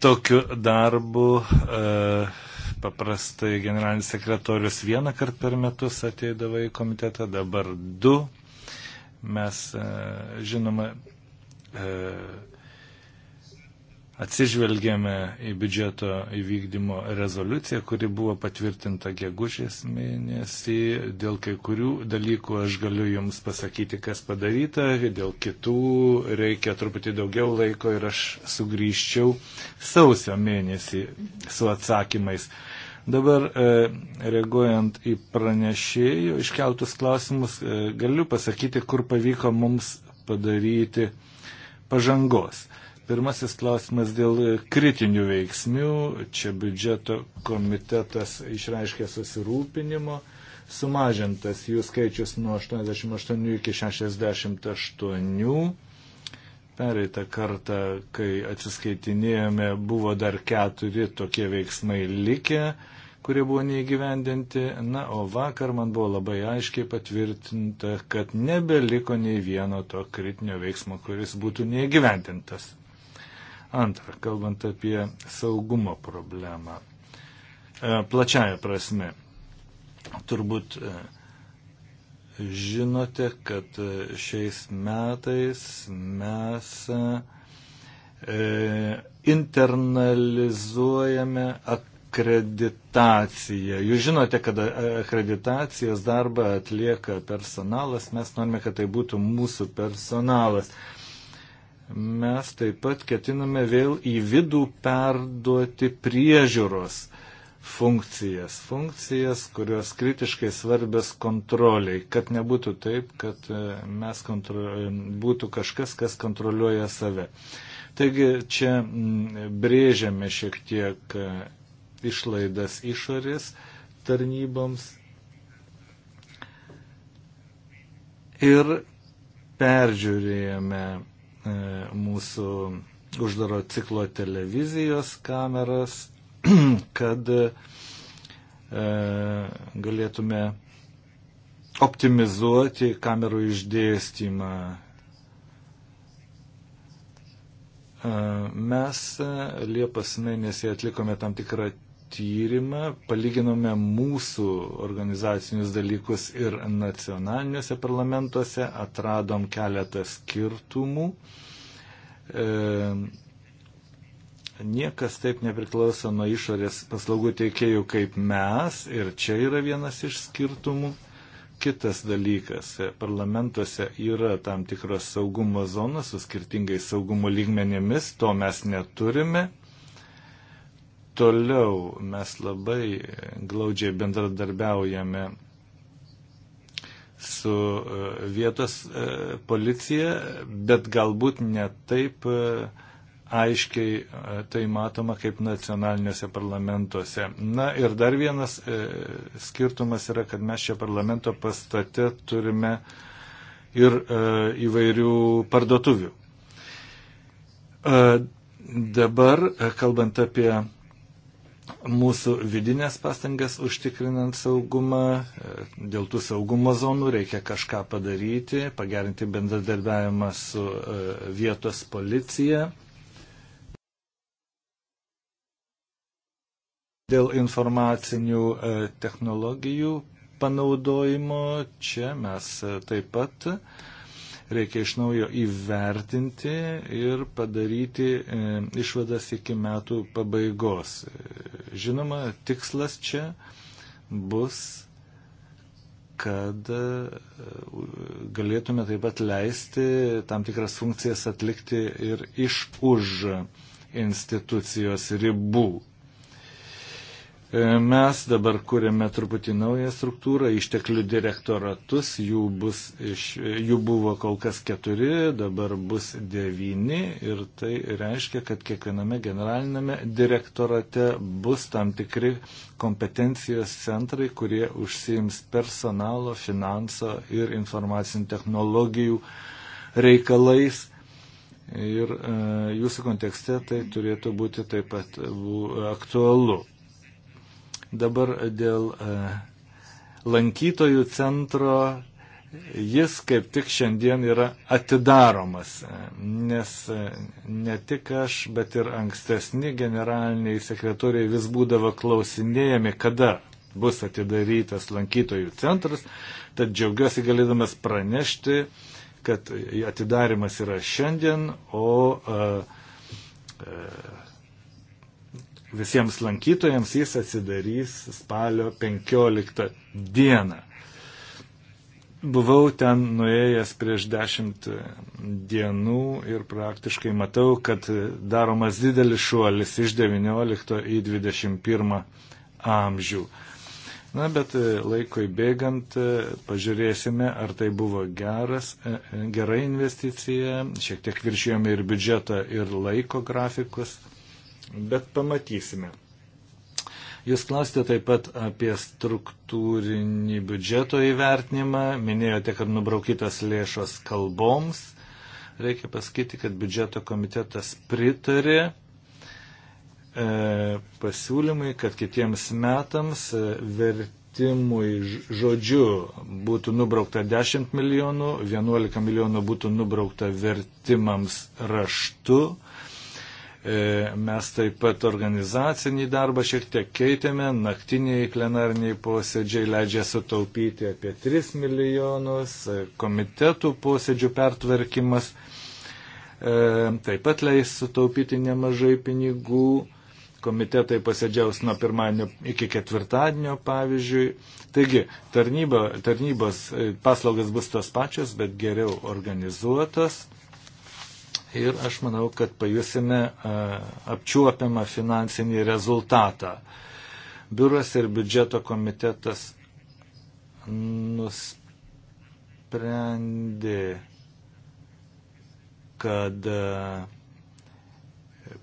tokiu darbu. E, paprastai generalinis sekretorius vieną kartą per metus ateidavo į komitetą, dabar du. Mes, e, žinoma, atsižvelgėme į biudžeto įvykdymo rezoliuciją, kuri buvo patvirtinta gegužės mėnesį. Dėl kai kurių dalykų aš galiu Jums pasakyti, kas padaryta, dėl kitų reikia truputį daugiau laiko ir aš sugrįžčiau sausio mėnesį su atsakymais. Dabar e, reaguojant į pranešėjų iškeltus klausimus, e, galiu pasakyti, kur pavyko mums padaryti pažangos. Pirmasis klausimas dėl kritinių veiksnių. Čia biudžeto komitetas išreiškė susirūpinimo. Sumažintas jų skaičius nuo 88 iki 68. Pereitą kartą, kai atsiskaitinėjome, buvo dar keturi tokie veiksmai likę, kurie buvo neįgyvendinti. Na, o vakar man buvo labai aiškiai patvirtinta, kad nebeliko nei vieno to kritinio veiksmo, kuris būtų neįgyvendintas. Antra, kalbant apie saugumo problemą, e, plačiaja prasme, turbūt e, žinote, kad e, šiais metais mes internalizuojame akreditaciją. Jūs žinote, kad akreditacijos darbą atlieka personalas, mes norime, kad tai būtų mūsų personalas mes taip pat ketiname vėl į vidų perduoti priežiūros funkcijas, funkcijas, kurios kritiškai svarbios kontroliai, kad nebūtų taip, kad e, mes kontro... E, būtų kažkas, kas kontroliuoja save. Taigi čia brėžiame šiek tiek e, išlaidas išorės tarnyboms ir peržiūrėjome E, mūsų uždaro ciklo televizijos kameras, kad e, galėtume optimizuoti kamerų išdėstymą. E, mes Liepos mėnesį atlikome tam tikrą tyrimą, palyginome mūsų organizacinius dalykus ir nacionaliniuose parlamentuose, atradom keletą skirtumų. E, niekas taip nepriklauso nuo išorės paslaugų teikėjų kaip mes ir čia yra vienas iš skirtumų. Kitas dalykas, e, parlamentuose yra tam tikros saugumo zonos su skirtingais saugumo lygmenėmis, to mes neturime Toliau mes labai glaudžiai bendradarbiaujame su e, vietos e, policija, bet galbūt ne taip e, aiškiai tai matoma kaip nacionaliniuose parlamentuose. Na ir dar vienas skirtumas yra, kad mes čia parlamento pastate turime ir įvairių parduotuvių. Dabar, kalbant apie mūsų vidinės pastangas užtikrinant saugumą. E, dėl tų saugumo zonų reikia kažką padaryti, pagerinti bendradarbiavimą su e, vietos policija. Dėl informacinių e, technologijų panaudojimo čia mes taip pat reikia iš naujo įvertinti ir padaryti e, išvadas iki metų pabaigos. E, žinoma, tikslas čia bus, kad e, galėtume taip pat leisti tam tikras funkcijas atlikti ir iš už institucijos ribų. E, mes dabar kūrėme truputį naują struktūrą, išteklių direktoratus, jų, bus, iš, jų buvo kol kas keturi, dabar bus devyni ir tai reiškia, kad kiekviename generalinėme direktorate bus tam tikri kompetencijos centrai, kurie užsiims personalo, finanso ir informacinių technologijų reikalais. Ir e, jūsų kontekste tai turėtų būti taip pat aktualu. Dabar dėl e, lankytojų centro jis kaip tik šiandien yra atidaromas, e, nes e, ne tik aš, bet ir ankstesni generaliniai sekretoriai vis būdavo klausinėjami, kada bus atidarytas lankytojų centras, tad džiaugiuosi galėdamas pranešti, kad atidarimas yra šiandien, o a, a, visiems lankytojams jis atsidarys spalio 15 dieną. Buvau ten nuėjęs prieš dešimt dienų ir praktiškai matau, kad daromas didelis šuolis iš 19 į 21 amžių. Na, bet e, laikui bėgant e, pažiūrėsime, ar tai buvo geras, e, gera investicija, šiek tiek viršėjome ir biudžetą, ir laiko grafikus bet pamatysime. Jūs klausėte taip pat apie struktūrinį biudžeto įvertinimą, minėjote, kad nubraukytas lėšos kalboms. Reikia pasakyti, kad biudžeto komitetas pritarė e, pasiūlymui, kad kitiems metams e, vertimui žodžiu būtų nubraukta 10 milijonų, 11 milijonų būtų nubraukta vertimams raštu E, mes taip pat organizacinį darbą šiek tiek keitėme, naktiniai plenariniai posėdžiai leidžia sutaupyti apie 3 milijonus, e, komitetų posėdžių pertvarkimas e, taip pat leis sutaupyti nemažai pinigų, komitetai posėdžiaus nuo pirmadienio iki ketvirtadienio, pavyzdžiui. Taigi, tarnyba, tarnybos paslaugas bus tos pačios, bet geriau organizuotos ir aš manau, kad pajusime apčiuopiamą finansinį rezultatą. Biuras ir biudžeto komitetas nusprendė, kad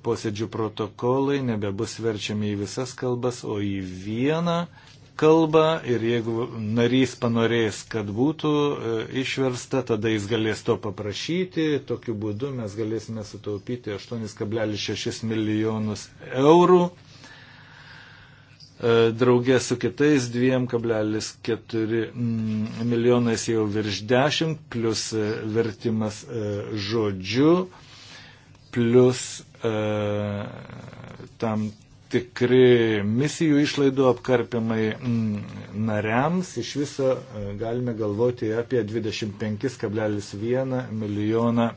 posėdžių protokolai nebebus verčiami į visas kalbas, o į vieną kalbą ir jeigu narys panorės, kad būtų e, išversta, tada jis galės to paprašyti. Tokiu būdu mes galėsime sutaupyti 8,6 milijonus eurų e, draugė su kitais 2,4 mm, milijonais jau virš 10, plus e, vertimas žodžiu, plus tam tikri misijų išlaidų apkarpimai mm, nariams. Iš viso e, galime galvoti apie 25,1 milijoną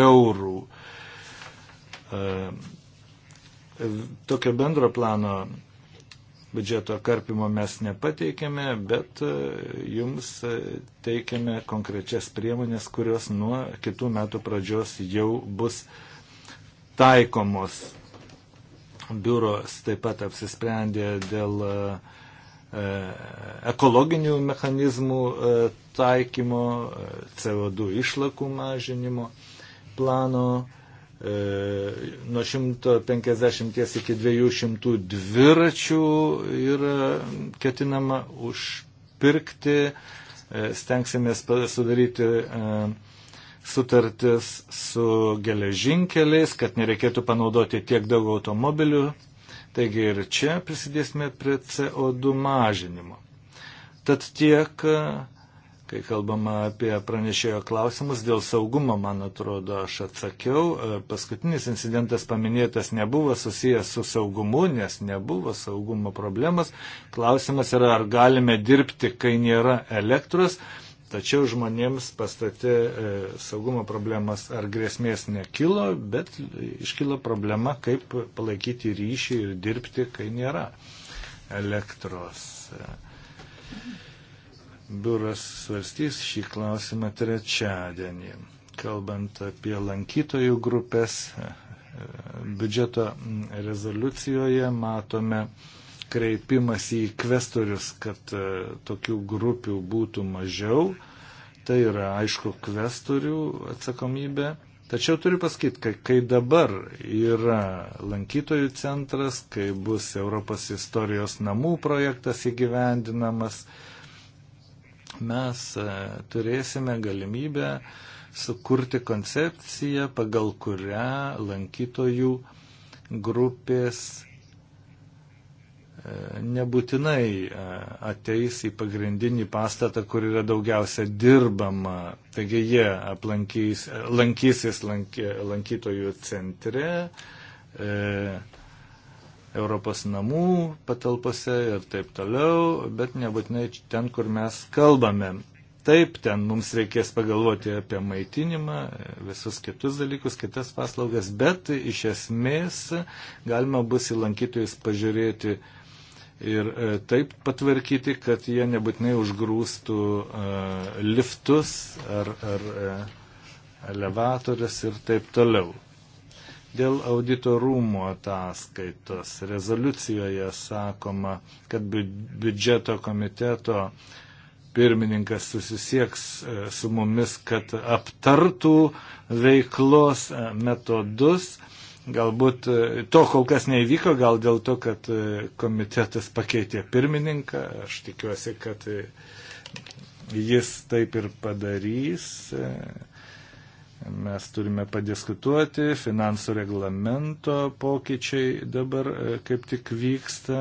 eurų. E, e, tokio bendro plano biudžeto karpimo mes nepateikėme, bet jums teikėme konkrečias priemonės, kurios nuo kitų metų pradžios jau bus taikomos biuros taip pat apsisprendė dėl e, e, ekologinių mechanizmų e, taikymo, CO2 išlakų mažinimo plano nuo 150 iki 200 dviračių yra ketinama užpirkti. Stengsimės sudaryti sutartis su geležinkeliais, kad nereikėtų panaudoti tiek daug automobilių. Taigi ir čia prisidėsime prie CO2 mažinimo. Tad tiek, kai kalbama apie pranešėjo klausimus dėl saugumo, man atrodo, aš atsakiau. Paskutinis incidentas paminėtas nebuvo susijęs su saugumu, nes nebuvo saugumo problemas. Klausimas yra, ar galime dirbti, kai nėra elektros. Tačiau žmonėms pastate e, saugumo problemas ar grėsmės nekilo, bet iškilo problema, kaip palaikyti ryšį ir dirbti, kai nėra elektros. Biuras svarstys šį klausimą trečiadienį. Kalbant apie lankytojų grupės, e, biudžeto rezoliucijoje matome, kreipimas į kvestorius, kad e, tokių grupių būtų mažiau. Tai yra, aišku, kvestorių atsakomybė. Tačiau turiu pasakyti, kai, kai dabar yra lankytojų centras, kai bus Europos istorijos namų projektas įgyvendinamas, mes e, turėsime galimybę sukurti koncepciją, pagal kurią lankytojų grupės nebūtinai e, ateis į pagrindinį pastatą, kur yra daugiausia dirbama. Taigi jie aplankys, lankysis lanky, lankytojų centre, e, Europos namų patalpose ir taip toliau, bet nebūtinai ten, kur mes kalbame. Taip, ten mums reikės pagalvoti apie maitinimą, visus kitus dalykus, kitas paslaugas, bet iš esmės galima bus į lankytojus pažiūrėti ir e, taip patvarkyti, kad jie nebūtinai užgrūstų e, liftus ar, ar e, elevatorius ir taip toliau. Dėl audito rūmų ataskaitos rezoliucijoje sakoma, kad biudžeto komiteto pirmininkas susisieks su mumis, kad aptartų veiklos metodus Galbūt e, to kol kas neįvyko, gal dėl to, kad e, komitetas pakeitė pirmininką. Aš tikiuosi, kad e, jis taip ir padarys. Mes turime padiskutuoti, finansų reglamento pokyčiai dabar kaip tik vyksta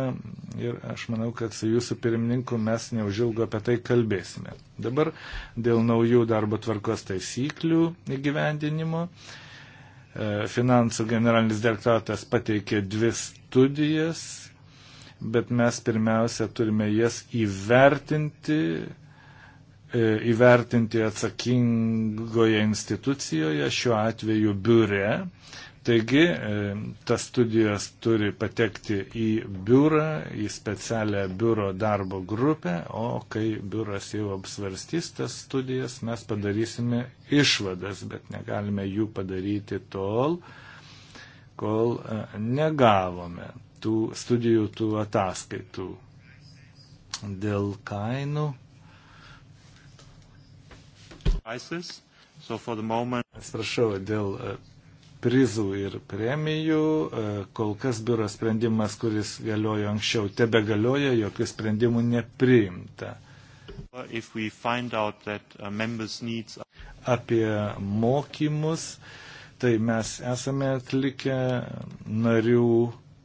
ir aš manau, kad su jūsų pirmininku mes neužilgo apie tai kalbėsime. Dabar dėl naujų darbo tvarkos taisyklių įgyvendinimo. E, E, finansų generalinis direktoratas pateikė dvi studijas, bet mes pirmiausia turime jas įvertinti, e, įvertinti atsakingoje institucijoje, šiuo atveju biure Taigi, e, tas studijas turi patekti į biurą, į specialią biuro darbo grupę, o kai biuras jau apsvarstys tas studijas, mes padarysime išvadas, bet negalime jų padaryti tol, kol e, negavome tų studijų, tų ataskaitų dėl kainų. ISIS. So moment... Atsiprašau, dėl e, prizų ir premijų. E, kol kas biuro sprendimas, kuris galiojo anksčiau, tebe galioja, jokių sprendimų nepriimta. Uh, needs... Apie mokymus, tai mes esame atlikę narių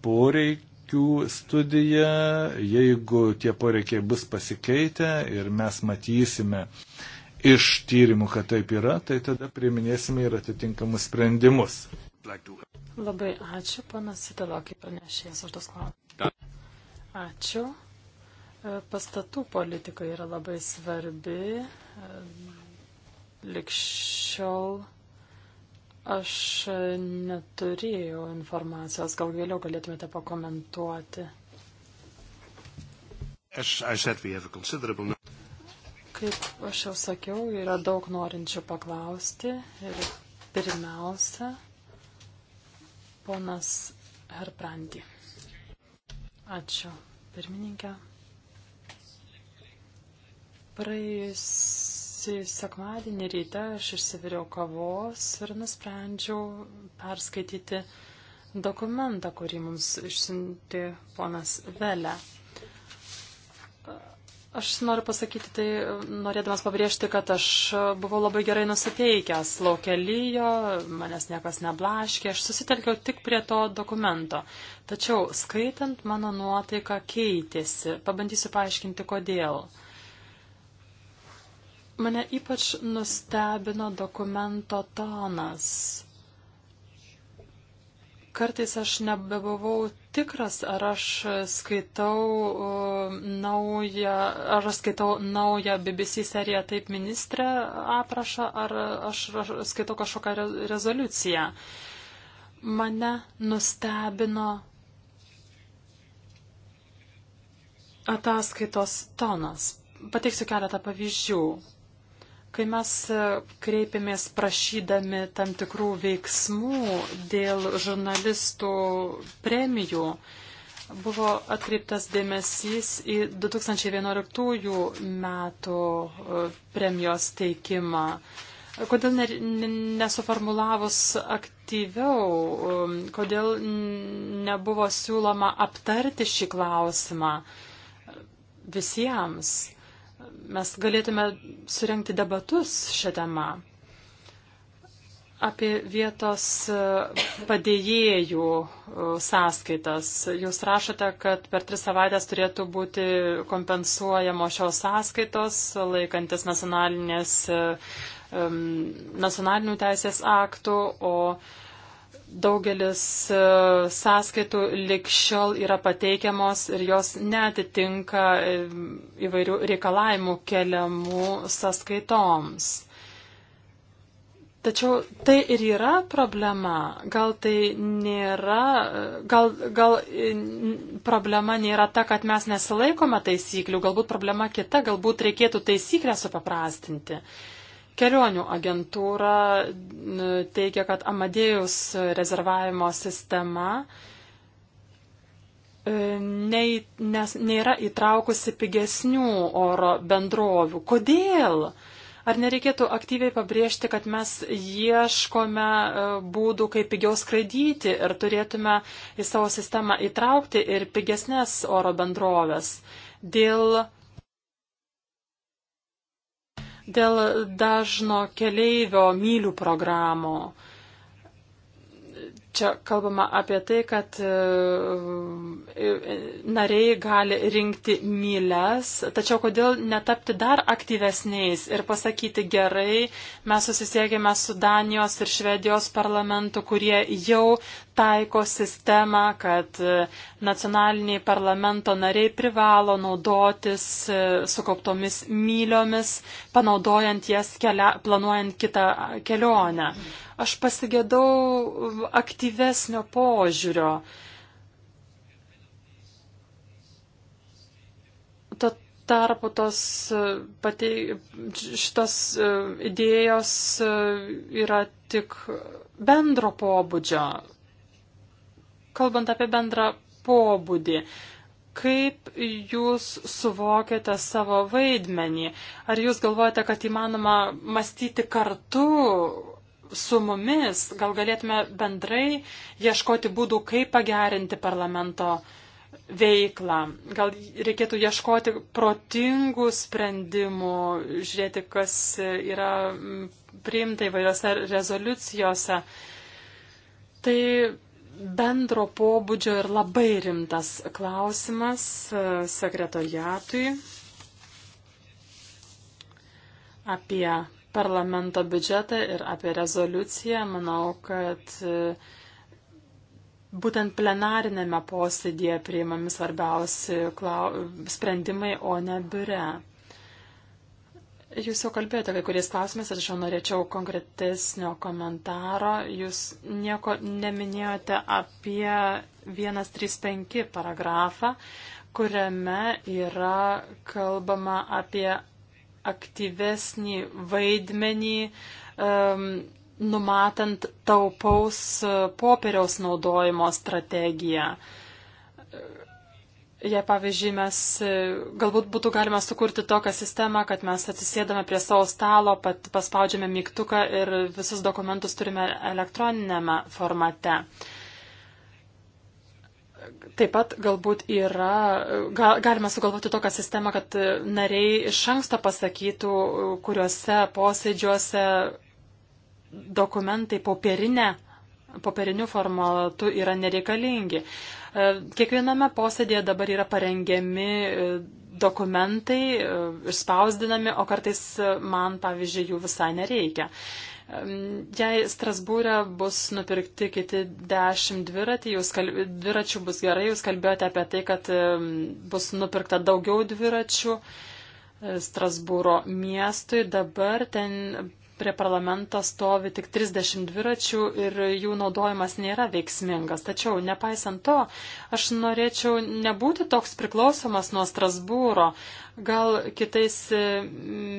poreikių studiją, jeigu tie poreikiai bus pasikeitę ir mes matysime, uh, iš tyrimų, kad taip yra, tai tada priminėsime ir atitinkamus sprendimus. Labai ačiū, panas Sitelokį pranešėjas už tos klausimus. Ačiū. E, pastatų politika yra labai svarbi. E, Likščiol aš neturėjau informacijos, gal vėliau galėtumėte pakomentuoti. As I said, we have a considerable Kaip aš jau sakiau, yra daug norinčių paklausti ir pirmiausia, ponas Herbrandi. Ačiū, pirmininkė. Praėjusį sekmadienį ryte aš išsiviriau kavos ir nusprendžiau perskaityti dokumentą, kurį mums išsiuntė ponas Velė. Aš noriu pasakyti, tai norėdamas pabrėžti, kad aš buvau labai gerai nusiteikęs, laukė lyjo, manęs niekas neblaškė, aš susitelkiau tik prie to dokumento. Tačiau skaitant mano nuotaika keitėsi, pabandysiu paaiškinti kodėl. Mane ypač nustebino dokumento tonas kartais aš nebebuvau tikras, ar aš skaitau uh, naują, ar aš skaitau naują BBC seriją taip ministrė aprašą, ar aš skaitau kažkokią rezoliuciją. Mane nustebino ataskaitos tonas. Pateiksiu keletą pavyzdžių. Kai mes e, kreipėmės prašydami tam tikrų veiksmų dėl žurnalistų premijų, buvo atkreiptas dėmesys į 2011 metų e, premijos teikimą. Kodėl ne, nesuformulavus aktyviau, e, kodėl nebuvo siūloma aptarti šį klausimą visiems? Mes galėtume surenkti debatus šią temą apie vietos padėjėjų e, sąskaitas. Jūs rašote, kad per tris savaitės turėtų būti kompensuojamo šios sąskaitos, laikantis nacionalinės, e, nacionalinių teisės aktų, o daugelis e, sąskaitų likščiol yra pateikiamos ir jos netitinka e, įvairių reikalavimų keliamų sąskaitoms. Tačiau tai ir yra problema. Gal tai nėra, gal, gal e, problema nėra ta, kad mes nesilaikome taisyklių, galbūt problema kita, galbūt reikėtų taisyklę supaprastinti. Uh, Kelionių agentūra teigia, kad Amadėjus rezervavimo sistema e, nei, nes, nėra įtraukusi pigesnių oro bendrovių. Kodėl? Ar nereikėtų aktyviai pabrėžti, kad mes ieškome e, būdų, kaip pigiau skraidyti ir turėtume į savo sistemą įtraukti ir pigesnės oro bendrovės? Dėl Dėl dažno keleivio mylių programų Čia kalbama apie tai, kad e, e, nariai gali rinkti myles, tačiau kodėl netapti dar aktyvesniais ir pasakyti gerai, mes susisiekėme su Danijos ir Švedijos parlamentu, kurie jau taiko sistemą, kad e, nacionaliniai parlamento nariai privalo naudotis sukauptomis myliomis, panaudojant jas kelia, planuojant kitą kelionę. Aš pasigėdau aktyvesnio požiūrio. Tad tarpu tos e, patei, šitos e, idėjos e, yra tik bendro pobūdžio. Kalbant apie bendrą pobūdį, kaip jūs suvokiate savo vaidmenį? Ar jūs galvojate, kad įmanoma mąstyti kartu su mumis, gal galėtume bendrai ieškoti būdų, kaip pagerinti parlamento veiklą. Gal reikėtų ieškoti protingų sprendimų, žiūrėti, kas yra priimta įvairiose rezoliucijose. Tai bendro pobūdžio ir labai rimtas klausimas e, sekretoriatui apie parlamento biudžetą ir apie rezoliuciją. Manau, kad e, būtent plenarinėme posėdėje priimami svarbiausi klau... sprendimai, o ne biure. Jūs jau kalbėjote kai kuriais klausimais, aš jau norėčiau konkretesnio komentaro. Jūs nieko neminėjote apie 135 paragrafą, kuriame yra kalbama apie aktyvesnį vaidmenį um, numatant taupaus e, popieriaus naudojimo strategiją. Jei, pavyzdžiui, mes e, galbūt būtų galima sukurti tokią sistemą, kad mes atsisėdame prie savo stalo, pat paspaudžiame mygtuką ir visus dokumentus turime elektroninėme formate. Uh, taip pat galbūt yra, gal, galima sugalvoti tokią sistemą, kad nariai iš anksto pasakytų, kuriuose posėdžiuose dokumentai popierinė, popieriniu formatu yra nereikalingi. E, kiekviename posėdėje dabar yra parengiami e, dokumentai, e, išspausdinami, o kartais man, pavyzdžiui, jų visai nereikia. Jei Strasbūrė bus nupirkti kiti dešimt dviratį, jūs kalb... dviračių bus gerai, jūs kalbėjote apie tai, kad bus nupirkta daugiau dviračių e, Strasbūro miestui, dabar ten prie parlamento stovi tik 30 dviračių ir jų naudojimas nėra veiksmingas. Tačiau, nepaisant to, aš norėčiau nebūti toks priklausomas nuo Strasbūro. Gal kitais e,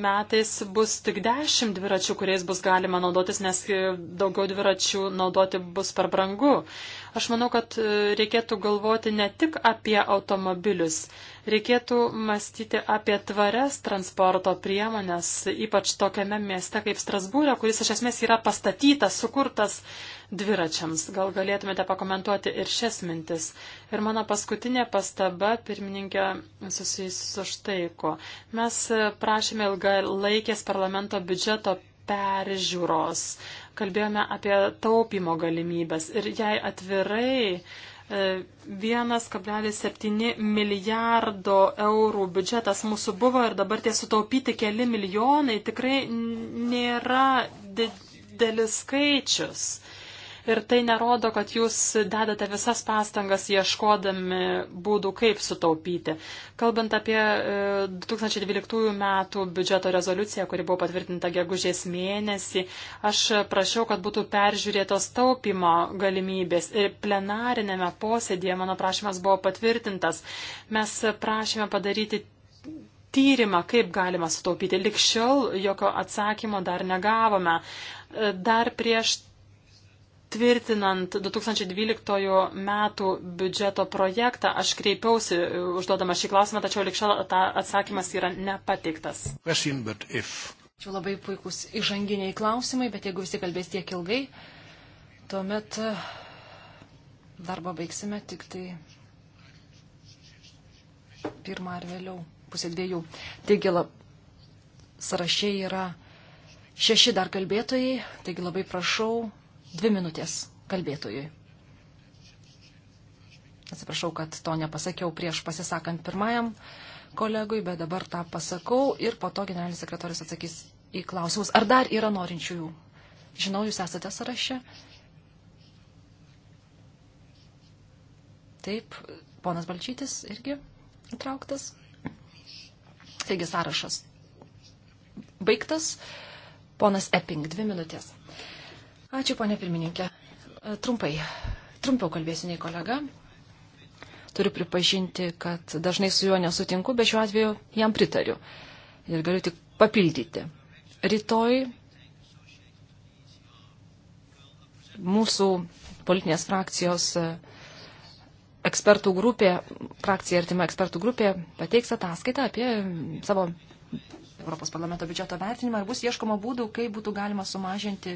metais bus tik 10 dviračių, kuriais bus galima naudotis, nes e, daugiau dviračių naudoti bus per brangu. Aš manau, kad e, reikėtų galvoti ne tik apie automobilius. Reikėtų mąstyti apie tvarias transporto priemonės, ypač tokiame mieste kaip Strasbūrė, kuris iš esmės yra pastatytas, sukurtas dviračiams. Gal galėtumėte pakomentuoti ir šias mintis. Ir mano paskutinė pastaba, pirmininkė, susijusi su štai ko. Mes prašėme ilgalaikės parlamento biudžeto peržiūros. Kalbėjome apie taupimo galimybės. Ir jei atvirai 1,7 milijardo eurų biudžetas mūsų buvo ir dabar tie sutaupyti keli milijonai tikrai nėra didelis skaičius ir tai nerodo, kad jūs dedate visas pastangas ieškodami būdų, kaip sutaupyti. Kalbant apie 2012 e, metų biudžeto rezoliuciją, kuri buvo patvirtinta gegužės mėnesį, aš prašiau, kad būtų peržiūrėtos taupimo galimybės ir plenarinėme posėdėje mano prašymas buvo patvirtintas. Mes prašėme padaryti tyrimą, kaip galima sutaupyti. Likščiau jokio atsakymo dar negavome. E, dar prieš tvirtinant 2012 metų biudžeto projektą, aš kreipiausi e, užduodama šį klausimą, tačiau likščiau atsakymas yra nepateiktas. Čia labai puikus įžanginiai klausimai, bet jeigu visi kalbės tiek ilgai, tuomet e, darbą baigsime tik tai pirmą ar vėliau, pusė dviejų. Taigi, lab, sąrašė yra šeši dar kalbėtojai, taigi labai prašau Dvi minutės kalbėtojui. Atsiprašau, kad to nepasakiau prieš pasisakant pirmajam kolegui, bet dabar tą pasakau ir po to generalinis sekretorius atsakys į klausimus. Ar dar yra norinčiųjų? Žinau, jūs esate sąraše. Taip, ponas Balčytis irgi įtrauktas. Taigi sąrašas baigtas. Ponas Epping, dvi minutės. Ačiū, ponė pirmininkė. E, trumpai, trumpiau kalbėsiu nei kolega. Turiu pripažinti, kad dažnai su juo nesutinku, bet šiuo atveju jam pritariu. Ir galiu tik papildyti. Rytoj mūsų politinės frakcijos e, ekspertų grupė, frakcija artima ekspertų grupė pateiks ataskaitą apie savo Europos parlamento biudžeto vertinimą ir bus ieškoma būdų, kaip būtų galima sumažinti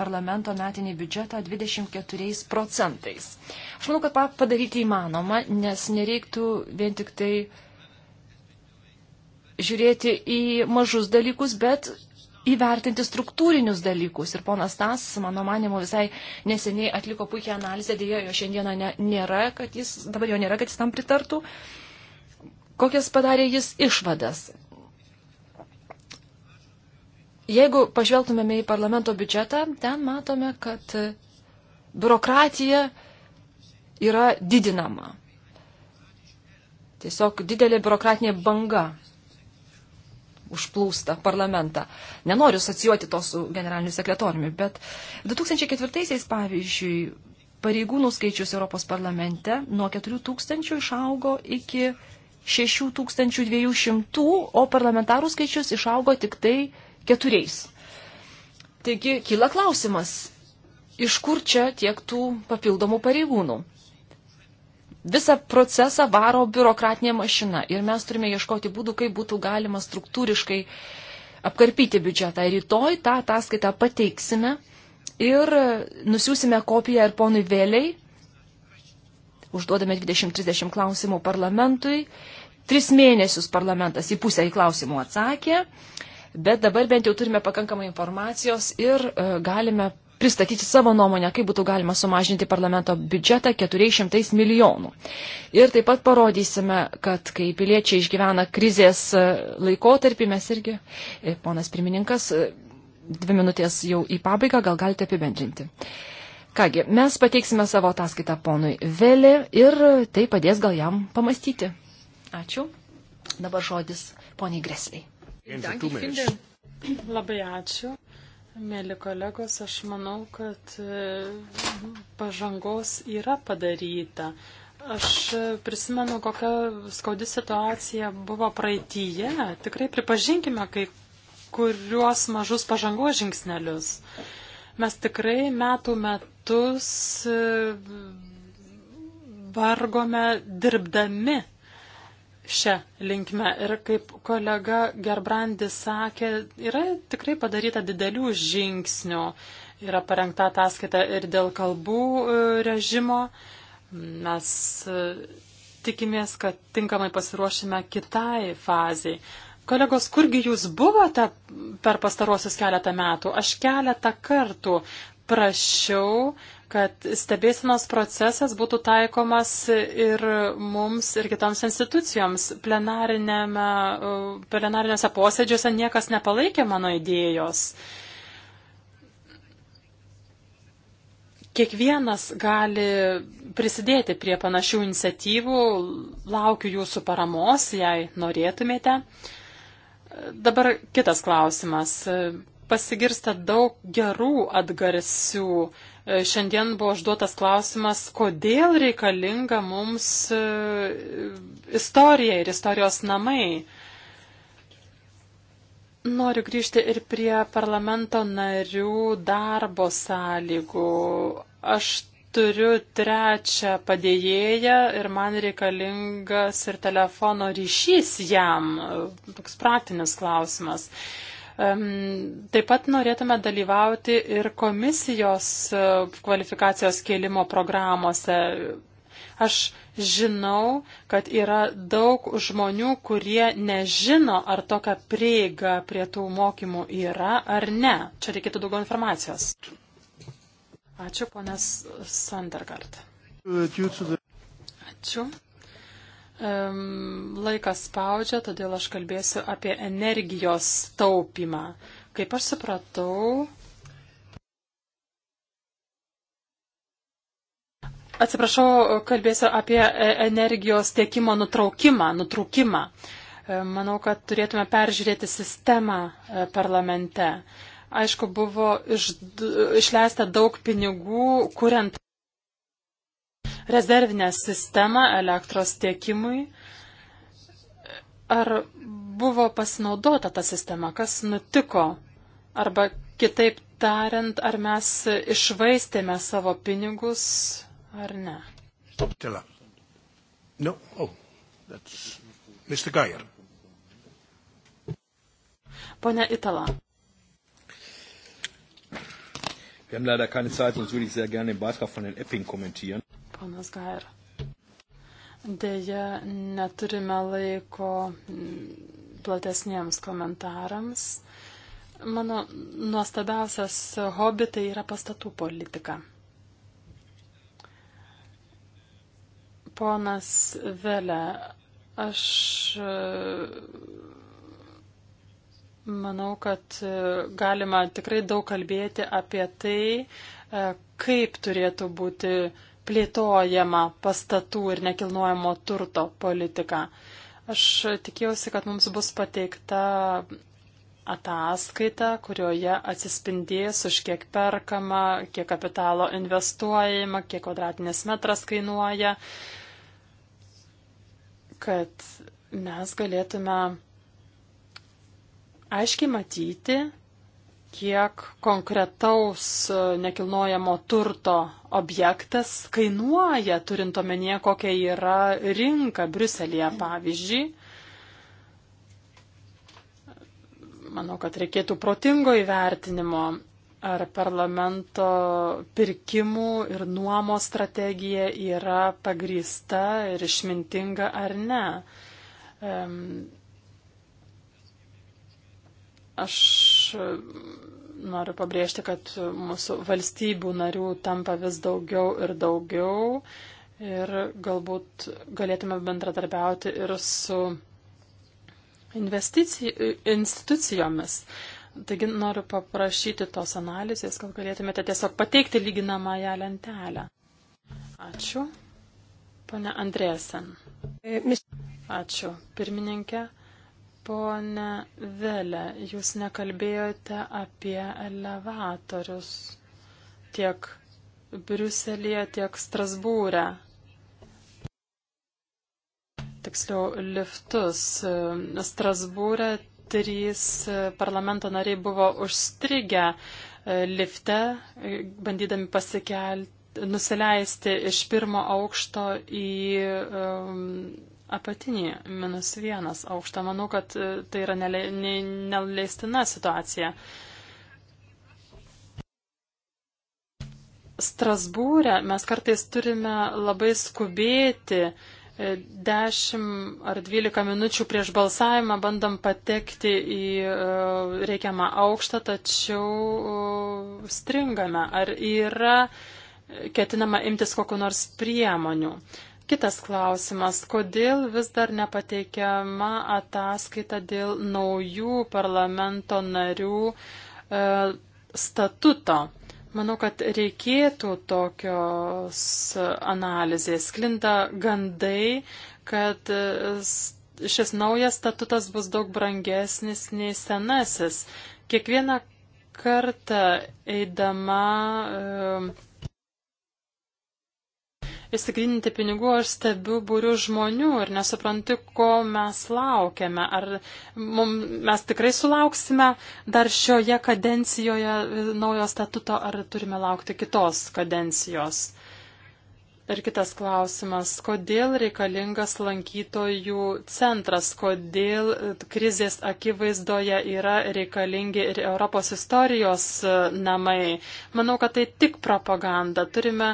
parlamento metinį biudžetą 24 procentais. Aš manau, kad padaryti įmanoma, nes nereiktų vien tik tai žiūrėti į mažus dalykus, bet įvertinti struktūrinius dalykus. Ir ponas Tas, mano manimo, visai neseniai atliko puikia analizė, dėja jo šiandieną ne, nėra, kad jis, dabar jo nėra, kad jis tam pritartų. Kokias padarė jis išvadas? Jeigu pažvelgtumėme į parlamento biudžetą, ten matome, kad biurokratija yra didinama. Tiesiog didelė biurokratinė banga užplūsta parlamentą. Nenoriu asocijuoti to su generaliniu sekretoriumi, bet 2004-aisiais, pavyzdžiui, pareigūnų skaičius Europos parlamente nuo 4 tūkstančių išaugo iki 6 200, o parlamentarų skaičius išaugo tik tai keturiais. Taigi kyla klausimas, iš kur čia tiek tų papildomų pareigūnų? Visą procesą varo biurokratinė mašina ir mes turime ieškoti būdų, kaip būtų galima struktūriškai apkarpyti biudžetą. Rytoj tą ataskaitą pateiksime ir nusiųsime kopiją ir ponui vėliai, užduodame 20-30 klausimų parlamentui. Tris mėnesius parlamentas į pusę į klausimų atsakė bet dabar bent jau turime pakankamai informacijos ir e, galime pristatyti savo nuomonę, kaip būtų galima sumažinti parlamento biudžetą 400 milijonų. Ir taip pat parodysime, kad kai piliečiai išgyvena krizės e, laikotarpį, mes irgi, e, ponas pirmininkas, dvi minutės jau į pabaigą, gal galite apibendrinti. Kągi, mes pateiksime savo ataskaitą ponui Vėlė ir tai padės gal jam pamastyti. Ačiū. Dabar žodis poniai Gresliai. Labai ačiū. Mėly kolegos, aš manau, kad e, pažangos yra padaryta. Aš e, prisimenu, kokia skaudi situacija buvo praeitįje. Tikrai pripažinkime kai kuriuos mažus pažangos žingsnelius. Mes tikrai metų metus e, vargome dirbdami šią linkmę. Ir kaip kolega Gerbrandis sakė, yra tikrai padaryta didelių žingsnių. Yra parengta ataskaita ir dėl kalbų e, režimo. Mes e, tikimės, kad tinkamai pasiruošime kitai fazai. Kolegos, kurgi jūs buvote per pastarosius keletą metų? Aš keletą kartų prašiau kad stebėsenos procesas būtų taikomas ir mums, ir kitoms institucijoms. Uh, plenariniuose posėdžiuose niekas nepalaikė mano idėjos. Kiekvienas gali prisidėti prie panašių iniciatyvų, laukiu jūsų paramos, jei norėtumėte. Dabar kitas klausimas. Pasigirsta daug gerų atgarsių Šiandien buvo užduotas klausimas, kodėl reikalinga mums e, istorija ir istorijos namai. Noriu grįžti ir prie parlamento narių darbo sąlygų. Aš turiu trečią padėjėją ir man reikalingas ir telefono ryšys jam. Toks praktinis klausimas. Taip pat norėtume dalyvauti ir komisijos e, kvalifikacijos kėlimo programuose. Aš žinau, kad yra daug žmonių, kurie nežino, ar tokia prieiga prie tų mokymų yra ar ne. Čia reikėtų daugiau informacijos. Ačiū, ponas Sandergard. Ačiū. Laikas spaudžia, todėl aš kalbėsiu apie energijos taupimą. Kaip aš supratau, atsiprašau, kalbėsiu apie e, energijos tiekimo nutraukimą, nutraukimą. Manau, kad turėtume peržiūrėti sistemą e, parlamente. Aišku, buvo iš, išleista daug pinigų, kuriant rezervinę sistemą elektros tiekimui. Ar buvo pasinaudota ta sistema, kas nutiko? Arba kitaip tariant, ar mes išvaistėme savo pinigus ar ne? Tela. No, oh, that's Mr. Geyer. Pone Itala. Wir haben leider keine Zeit, sonst würde ich sehr gerne den Beitrag von Herrn Epping kommentieren. Ponas Gair. Deja, neturime laiko platesniems komentarams. Mano nuostabiausias hobi tai yra pastatų politika. Ponas Vele, aš e, manau, kad e, galima tikrai daug kalbėti apie tai, e, kaip turėtų būti plėtojama pastatų ir nekilnojamo turto politika. Aš tikėjausi, kad mums bus pateikta ataskaita, kurioje atsispindės, už kiek perkama, kiek kapitalo investuojama, kiek kvadratinės metras kainuoja, kad mes galėtume aiškiai matyti, kiek konkretaus e, nekilnojamo turto objektas kainuoja, turint omenyje, kokia yra rinka Bruselėje, pavyzdžiui. Manau, kad reikėtų protingo įvertinimo, ar parlamento pirkimų ir nuomos strategija yra pagrįsta ir išmintinga ar ne. Um, aš noriu pabrėžti, kad mūsų valstybių narių tampa vis daugiau ir daugiau ir galbūt galėtume bendradarbiauti ir su institucijomis. Taigi noriu paprašyti tos analizės, gal galėtumėte tiesiog pateikti lyginamąją lentelę. Ačiū. Pane Andrėsen. E, Ačiū, pirmininkė. Pone Vėlė, jūs nekalbėjote apie elevatorius tiek Briuselėje, tiek Strasbūrė. Tiksliau, liftus. Strasbūrė trys parlamento nariai buvo užstrigę lifte, bandydami pasikelti, nusileisti iš pirmo aukšto į um, apatinį minus vienas aukštą. Manau, kad e, tai yra nele, ne, neleistina situacija. Strasbūrė mes kartais turime labai skubėti, 10 e, ar 12 minučių prieš balsavimą bandom patekti į e, reikiamą aukštą, tačiau stringame. Ar yra ketinama imtis kokiu nors priemonių? Kitas klausimas. Kodėl vis dar nepateikiama ataskaita dėl naujų parlamento narių e, statuto? Manau, kad reikėtų tokios analizės. Klinda gandai, kad e, šis naujas statutas bus daug brangesnis nei senasis. Kiekvieną kartą eidama. E, įsigrininti pinigų, aš stebiu būrių žmonių ir nesuprantu, ko mes laukiame. Ar mum, mes tikrai sulauksime dar šioje kadencijoje naujo statuto, ar turime laukti kitos kadencijos? Ir kitas klausimas, kodėl reikalingas lankytojų centras, kodėl krizės akivaizdoje yra reikalingi ir Europos istorijos namai. Manau, kad tai tik propaganda. Turime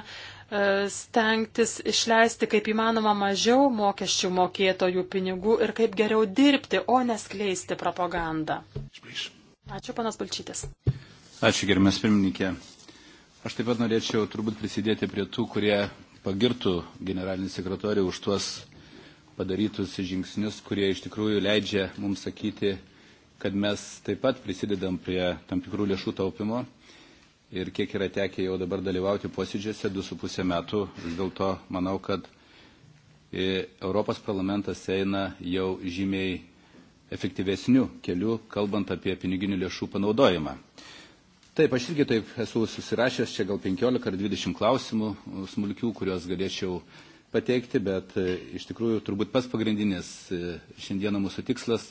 E, stengtis išleisti kaip įmanoma mažiau mokesčių mokėtojų pinigų ir kaip geriau dirbti, o neskleisti propagandą. Ačiū, panas Balčytis. Ačiū, gerbiamas pirmininkė. Aš taip pat norėčiau turbūt prisidėti prie tų, kurie pagirtų generalinį sekretorių už tuos padarytus žingsnius, kurie iš tikrųjų leidžia mums sakyti, kad mes taip pat prisidedam prie tam tikrų lėšų taupimo ir kiek yra tekę jau dabar dalyvauti posėdžiuose 2,5 metų, vis dėlto manau, kad e, Europos parlamentas eina jau žymiai efektyvesnių kelių, kalbant apie piniginių lėšų panaudojimą. Taip, aš irgi taip esu susirašęs, čia gal 15 ar 20 klausimų smulkių, kuriuos galėčiau pateikti, bet e, iš tikrųjų turbūt pas pagrindinis e, šiandieną mūsų tikslas,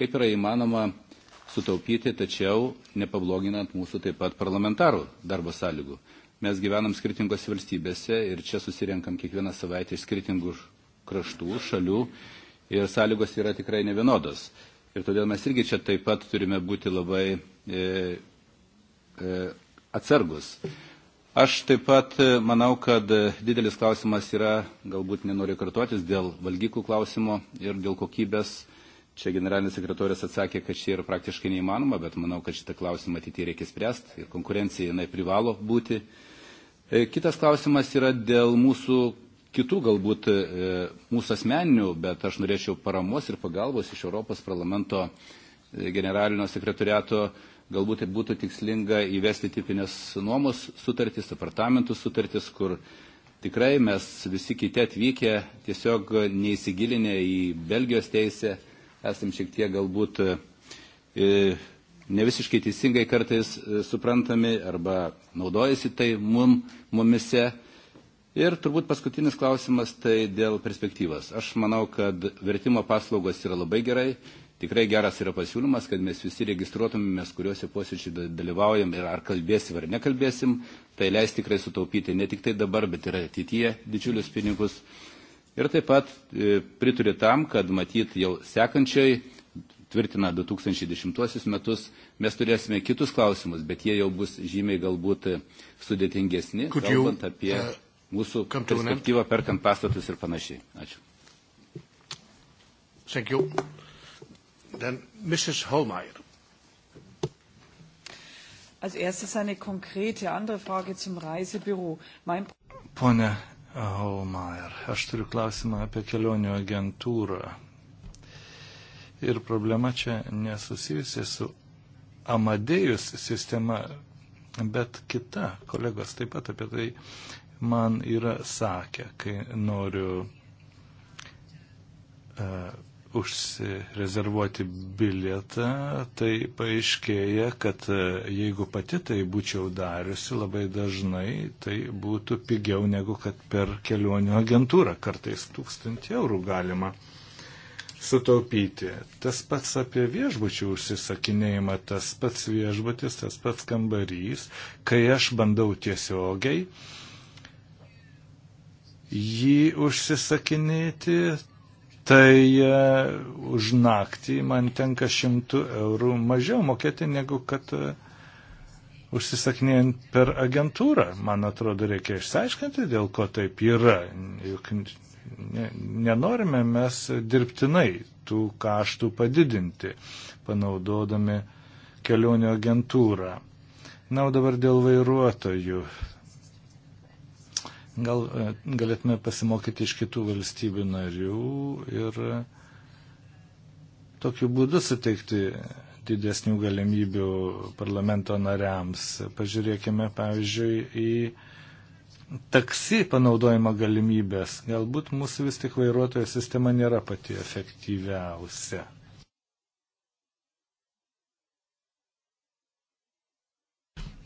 kaip yra įmanoma sutaupyti, tačiau nepabloginant mūsų taip pat parlamentarų darbo sąlygų. Mes gyvenam skirtingose valstybėse ir čia susirenkam kiekvieną savaitę iš skirtingų kraštų, šalių ir sąlygos yra tikrai nevienodos. Ir todėl mes irgi čia taip pat turime būti labai e, e, atsargus. Aš taip pat e, manau, kad e, didelis klausimas yra, galbūt nenoriu kartuotis, dėl valgyklų klausimo ir dėl kokybės Čia generalinis sekretorius atsakė, kad čia yra praktiškai neįmanoma, bet manau, kad šitą klausimą ateityje reikia spręsti ir konkurencija jinai privalo būti. E, kitas klausimas yra dėl mūsų kitų galbūt e, mūsų asmeninių, bet aš norėčiau paramos ir pagalbos iš Europos parlamento e, generalinio sekretoriato. Galbūt tai būtų tikslinga įvesti tipinės nuomos sutartys, apartamentų sutartys, kur tikrai mes visi kiti atvykę tiesiog neįsigilinę į Belgijos teisę esam šiek tiek galbūt e, ne visiškai teisingai kartais e, suprantami arba naudojasi tai mum, mumise. Ir turbūt paskutinis klausimas tai dėl perspektyvas. Aš manau, kad vertimo paslaugos yra labai gerai. Tikrai geras yra pasiūlymas, kad mes visi registruotumėmės, kuriuose posėdžiai dalyvaujam ir ar kalbėsim ar nekalbėsim. Tai leis tikrai sutaupyti ne tik tai dabar, bet ir ateityje didžiulius pinigus. Ir taip pat e, priturė tam, kad matyt jau sekančiai, tvirtina 2010 metus, mes turėsime kitus klausimus, bet jie jau bus žymiai galbūt sudėtingesni, Could kalbant you, apie uh, mūsų perspektyvą perkant pastatus ir panašiai. Ačiū. Thank you. Then Mrs. Holmeyer. Als erstes eine konkrete andere Frage zum Reisebüro. Mein Pone Holmeier. Aš turiu klausimą apie kelionių agentūrą. Ir problema čia nesusijusi su Amadėjus sistema, bet kita kolegos taip pat apie tai man yra sakę, kai noriu uh, užsirezervuoti bilietą, tai paaiškėja, kad e, jeigu pati tai būčiau dariusi labai dažnai, tai būtų pigiau negu kad per kelionių agentūrą. Kartais tūkstantį eurų galima sutaupyti. Tas pats apie viešbučių užsisakinėjimą, tas pats viešbutis, tas pats kambarys, kai aš bandau tiesiogiai jį užsisakinėti, tai e, už naktį man tenka šimtų eurų mažiau mokėti, negu kad e, užsisaknėjant per agentūrą. Man atrodo, reikia išsiaiškinti, dėl ko taip yra. Juk nenorime mes dirbtinai tų kaštų padidinti, panaudodami kelionių agentūrą. Na, o dabar dėl vairuotojų Gal e, galėtume pasimokyti iš kitų valstybių narių ir e, tokiu būdu suteikti didesnių galimybių parlamento nariams. Pažiūrėkime, pavyzdžiui, į taksi panaudojimo galimybės. Galbūt mūsų vis tik vairuotojo sistema nėra pati efektyviausia.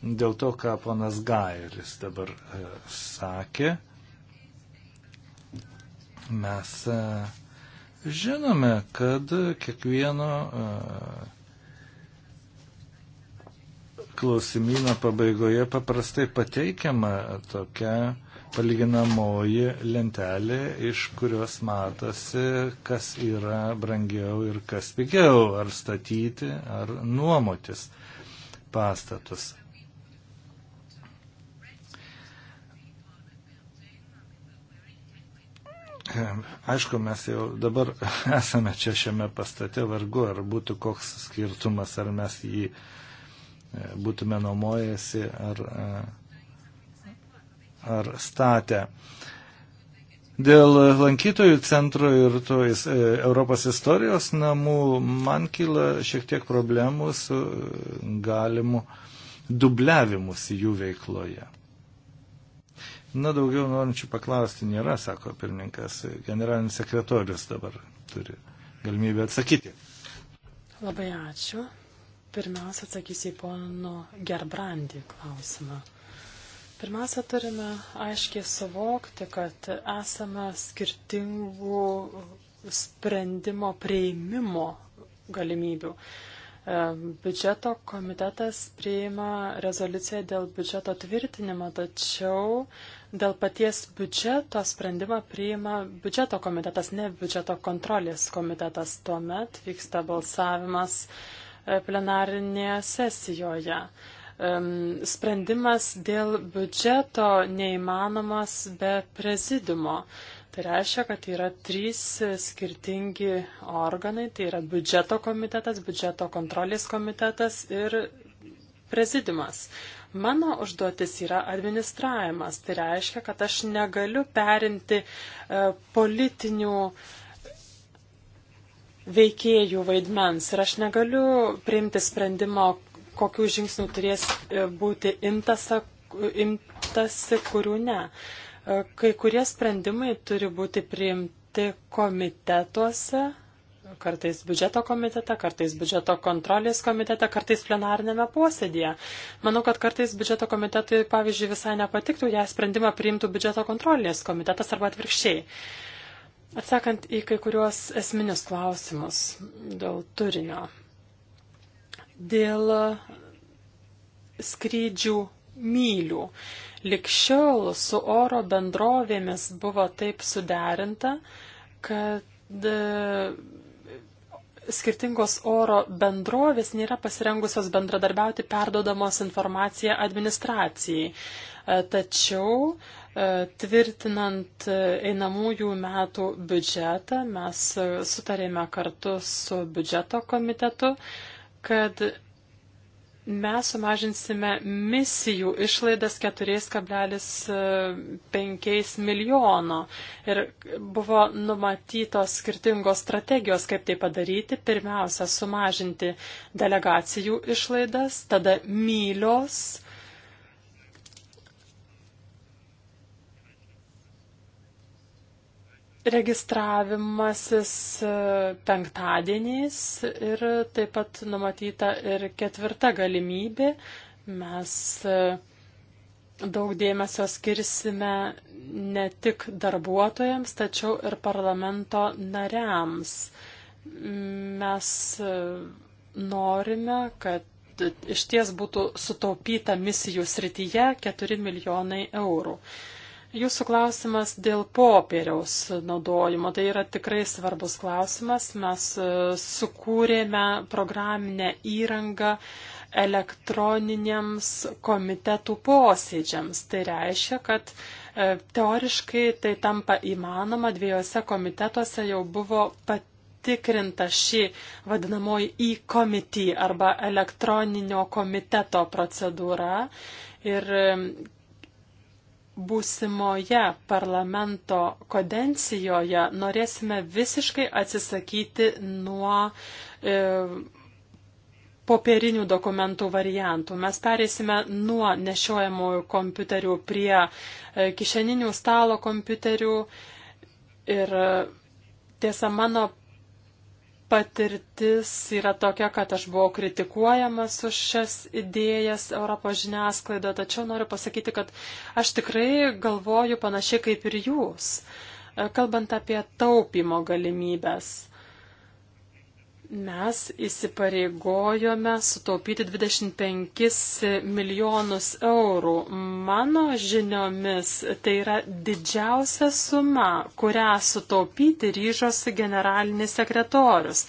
dėl to, ką ponas Gairis dabar e, sakė. Mes e, žinome, kad kiekvieno e, klausimyno pabaigoje paprastai pateikiama tokia palyginamoji lentelė, iš kurios matosi, kas yra brangiau ir kas pigiau, ar statyti, ar nuomotis pastatus. Ehm, aišku, mes jau dabar esame čia šiame pastate, vargu ar būtų koks skirtumas, ar mes jį e, būtume nuomojasi ar, e, ar statę. Dėl lankytojų centro ir to e, Europos istorijos namų man kyla šiek tiek problemų su galimu dubliavimus jų veikloje. Na, daugiau norinčių paklausti nėra, sako pirmininkas. Generalinis sekretorius dabar turi galimybę atsakyti. Labai ačiū. Pirmiausia, atsakysiu į pono Gerbrandį klausimą. Pirmiausia, turime aiškiai suvokti, kad esame skirtingų sprendimo prieimimo galimybių. E, biudžeto komitetas priima rezoliuciją dėl biudžeto tvirtinimo, tačiau uh, Dėl paties biudžeto sprendimą priima biudžeto komitetas, ne biudžeto kontrolės komitetas. Tuomet vyksta balsavimas e, plenarinėje sesijoje. Sprendimas dėl biudžeto neįmanomas be prezidimo. Tai reiškia, kad yra trys skirtingi organai, tai yra biudžeto komitetas, biudžeto kontrolės komitetas ir prezidimas. Mano užduotis yra administravimas. Tai reiškia, kad aš negaliu perinti e, politinių veikėjų vaidmens ir aš negaliu priimti sprendimo, kokių žingsnių turės e, būti imtasa, imtasi, kurių ne. E, kai kurie sprendimai turi būti priimti komitetuose kartais biudžeto komitete, kartais biudžeto kontrolės komitete, kartais plenarinėme posėdėje. Manau, kad kartais biudžeto komitetui, pavyzdžiui, visai nepatiktų, jei sprendimą priimtų biudžeto kontrolės komitetas arba atvirkščiai. Atsakant į kai kuriuos esminius klausimus dėl turinio, dėl skrydžių mylių. Likščiau su oro bendrovėmis buvo taip suderinta, kad skirtingos oro bendrovės nėra pasirengusios bendradarbiauti perdodamos informaciją administracijai. E, tačiau e, tvirtinant einamųjų metų biudžetą mes e, sutarėme kartu su biudžeto komitetu, kad Mes sumažinsime misijų išlaidas 4,5 milijono ir buvo numatytos skirtingos strategijos, kaip tai padaryti. Pirmiausia, sumažinti delegacijų išlaidas, tada mylios registravimasis e, penktadieniais ir taip pat numatyta ir ketvirta galimybė. Mes e, daug dėmesio skirsime ne tik darbuotojams, tačiau ir parlamento nariams. Mes e, norime, kad iš ties būtų sutaupyta misijų srityje 4 milijonai eurų. Jūsų klausimas dėl popieriaus naudojimo. Tai yra tikrai svarbus klausimas. Mes e, sukūrėme programinę įrangą elektroniniams komitetų posėdžiams. Tai reiškia, kad e, teoriškai tai tampa įmanoma. Dviejose komitetuose jau buvo patikrinta šį vadinamoji e-committee arba elektroninio komiteto procedūra. Ir būsimoje parlamento kodencijoje norėsime visiškai atsisakyti nuo e, popierinių dokumentų variantų. Mes pereisime nuo nešiojamųjų kompiuterių prie e, kišeninių stalo kompiuterių ir e, tiesa mano patirtis yra tokia, kad aš buvau kritikuojamas už šias idėjas Europos žiniasklaido, tačiau noriu pasakyti, kad aš tikrai galvoju panašiai kaip ir jūs, kalbant apie taupimo galimybės mes įsipareigojome sutaupyti 25 milijonus eurų. Mano žiniomis tai yra didžiausia suma, kurią sutaupyti ryžosi generalinis sekretorius.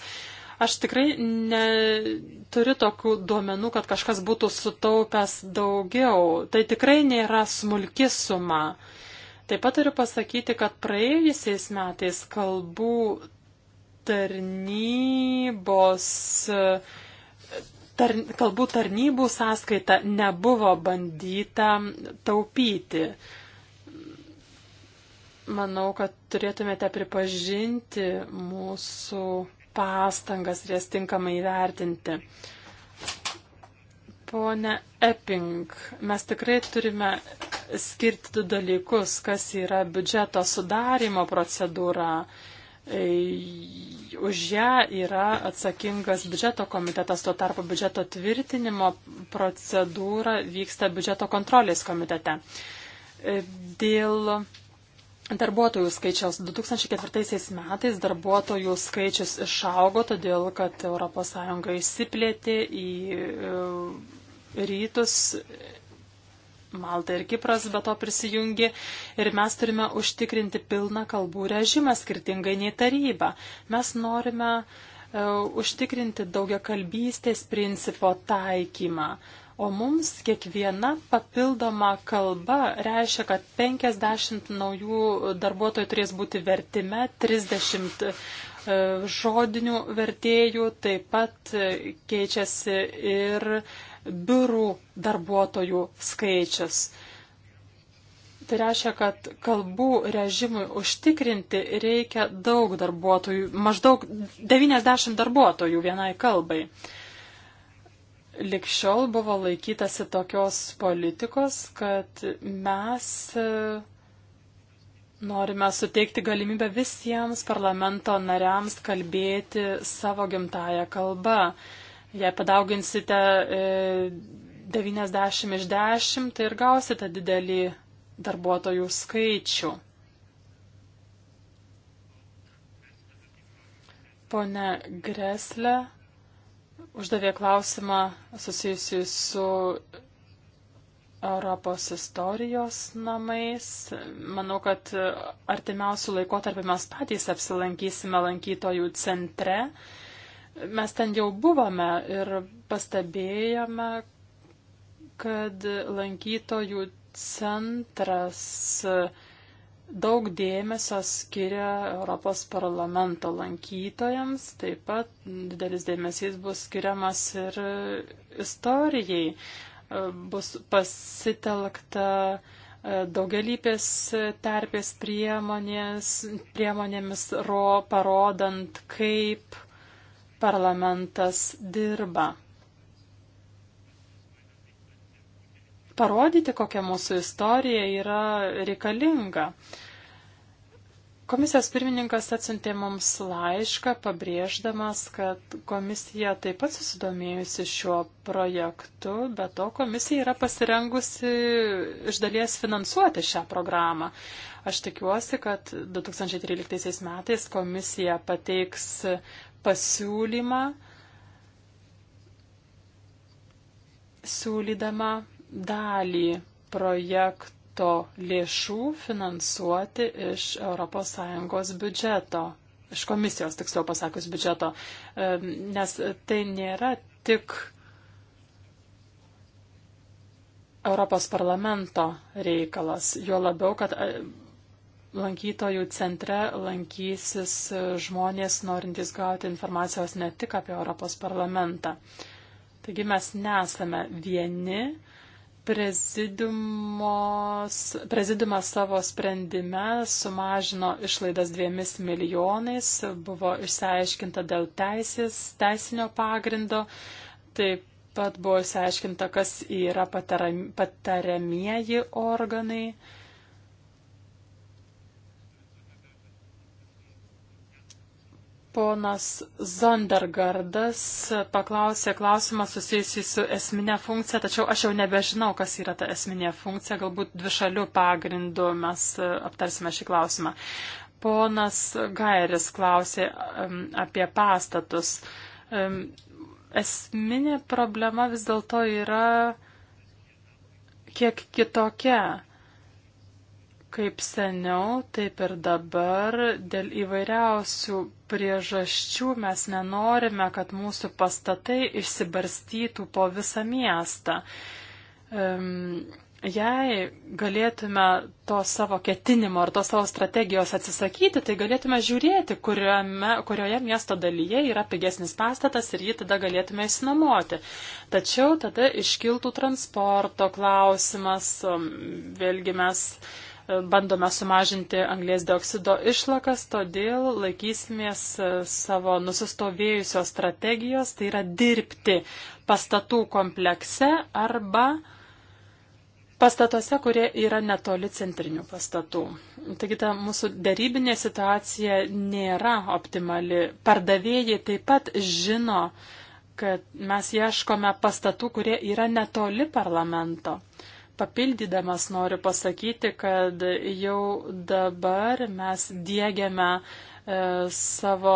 Aš tikrai neturiu tokių duomenų, kad kažkas būtų sutaupęs daugiau. Tai tikrai nėra smulki suma. Taip pat turiu pasakyti, kad praėjusiais metais kalbų tarnybos, tar, kalbų tarnybų sąskaita nebuvo bandyta taupyti. Manau, kad turėtumėte pripažinti mūsų pastangas ir jas tinkamai įvertinti. Pone Epping, mes tikrai turime skirti du dalykus, kas yra biudžeto sudarimo procedūra E, už ją yra atsakingas biudžeto komitetas, tuo tarpu biudžeto tvirtinimo procedūra vyksta biudžeto kontrolės komitete. E, dėl darbuotojų skaičiaus 2004 metais darbuotojų skaičius išaugo, todėl kad ES išsiplėtė į e, rytus Malta ir Kipras be to prisijungi ir mes turime užtikrinti pilną kalbų režimą skirtingai nei taryba. Mes norime uh, užtikrinti daugia kalbystės principo taikymą. O mums kiekviena papildoma kalba reiškia, kad 50 naujų darbuotojų turės būti vertime, 30 uh, e, žodinių vertėjų, taip pat e, keičiasi ir uh, biurų darbuotojų skaičius. Tai reiškia, kad kalbų režimui užtikrinti reikia daug darbuotojų, maždaug 90 darbuotojų vienai kalbai. Likščiol buvo laikytasi tokios politikos, kad mes e, norime suteikti galimybę visiems parlamento nariams kalbėti savo gimtają kalbą. Jei padauginsite 90 e, iš 10, tai ir gausite didelį darbuotojų skaičių. Pone Greslė uždavė klausimą susijusiu su Europos istorijos namais. Manau, kad artimiausių laikotarpį mes patys apsilankysime lankytojų centre Mes ten jau buvome ir pastebėjome, kad lankytojų centras daug dėmesio skiria Europos parlamento lankytojams, taip pat didelis dėmesys bus skiriamas ir istorijai. Bus pasitelkta e, daugelypės terpės priemonės, priemonėmis ro, parodant, kaip parlamentas dirba. Parodyti, kokia mūsų istorija yra reikalinga. Komisijos pirmininkas atsintė mums laišką, pabrėždamas, kad komisija taip pat susidomėjusi šiuo projektu, bet to komisija yra pasirengusi iš dalies finansuoti šią programą. Aš tikiuosi, kad 2013 metais komisija pateiks pasiūlymą, siūlydama dalį projekto lėšų finansuoti iš ES biudžeto, iš komisijos, tiksliau pasakius, biudžeto, e, nes tai nėra tik Europos parlamento reikalas, jo labiau, kad e, lankytojų centre lankysis žmonės norintys gauti informacijos ne tik apie Europos parlamentą. Taigi mes nesame vieni. Prezidiumas savo sprendime sumažino išlaidas dviemis milijonais, buvo išsiaiškinta dėl teisės, teisinio pagrindo, taip pat buvo išsiaiškinta, kas yra patariamieji organai. Ponas Zondergardas paklausė klausimą susijusį su esminė funkcija, tačiau aš jau nebežinau, kas yra ta esminė funkcija, galbūt dvišalių pagrindų mes e, aptarsime šį klausimą. Ponas Gairis klausė apie pastatus. Esminė problema vis dėlto yra kiek kitokia kaip seniau, taip ir dabar dėl įvairiausių priežasčių mes nenorime, kad mūsų pastatai išsibarstytų po visą miestą. Jei galėtume to savo ketinimo ar to savo strategijos atsisakyti, tai galėtume žiūrėti, kuriame, kurioje miesto dalyje yra pigesnis pastatas ir jį tada galėtume įsinuomoti. Tačiau tada iškiltų transporto klausimas, um, vėlgi mes uh, bandome sumažinti anglės dioksido išlakas, todėl laikysimės e, savo nusistovėjusios strategijos, tai yra dirbti pastatų komplekse arba pastatuose, kurie yra netoli centrinių pastatų. Taigi ta mūsų darybinė situacija nėra optimali. Pardavėjai taip pat žino, kad mes ieškome pastatų, kurie yra netoli parlamento. Papildydamas noriu pasakyti, kad jau dabar mes dėgiame e, savo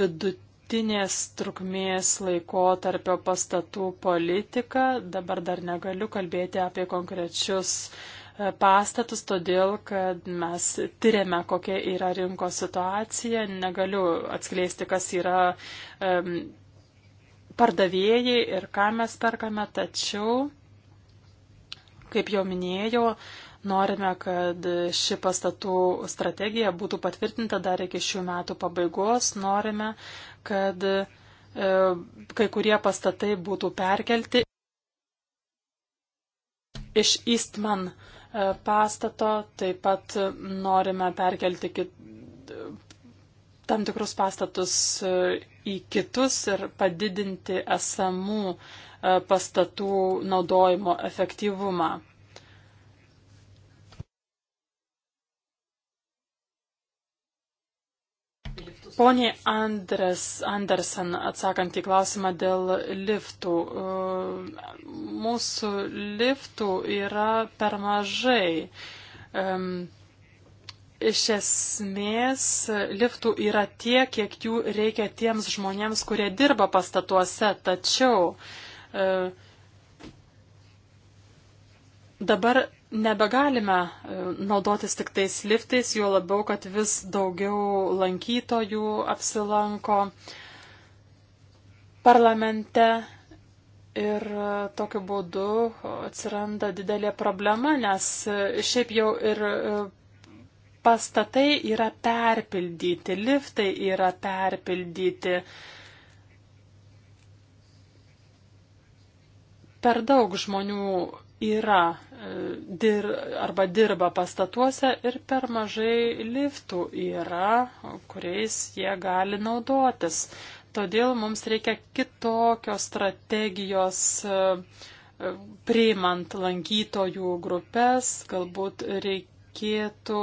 vidutinį vidutinės trukmės laikotarpio pastatų politiką. Dabar dar negaliu kalbėti apie konkrečius e, pastatus, todėl kad mes tyriame, kokia yra rinkos situacija. Negaliu atskleisti, kas yra um, pardavėjai ir ką mes perkame, tačiau Kaip jau minėjau, norime, kad ši pastatų strategija būtų patvirtinta dar iki šių metų pabaigos. Norime, kad e, kai kurie pastatai būtų perkelti iš Eastman e, pastato, taip pat norime perkelti kit, tam tikrus pastatus e, į kitus ir padidinti esamų E, pastatų naudojimo efektyvumą. Pone Andres, Andersen, atsakant į klausimą dėl liftų. E, mūsų liftų yra per mažai. Iš esmės, liftų yra tiek, kiek jų reikia tiems žmonėms, kurie dirba pastatuose, tačiau uh, E, dabar nebegalime e, naudotis tik tais liftais, juo labiau, kad vis daugiau lankytojų apsilanko parlamente. Ir e, tokiu būdu atsiranda didelė problema, nes šiaip jau ir pastatai yra perpildyti, liftai yra perpildyti. per daug žmonių yra e, dir, arba dirba pastatuose ir per mažai liftų yra, kuriais jie gali naudotis. Todėl mums reikia kitokios strategijos e, priimant lankytojų grupės, galbūt reik, reikėtų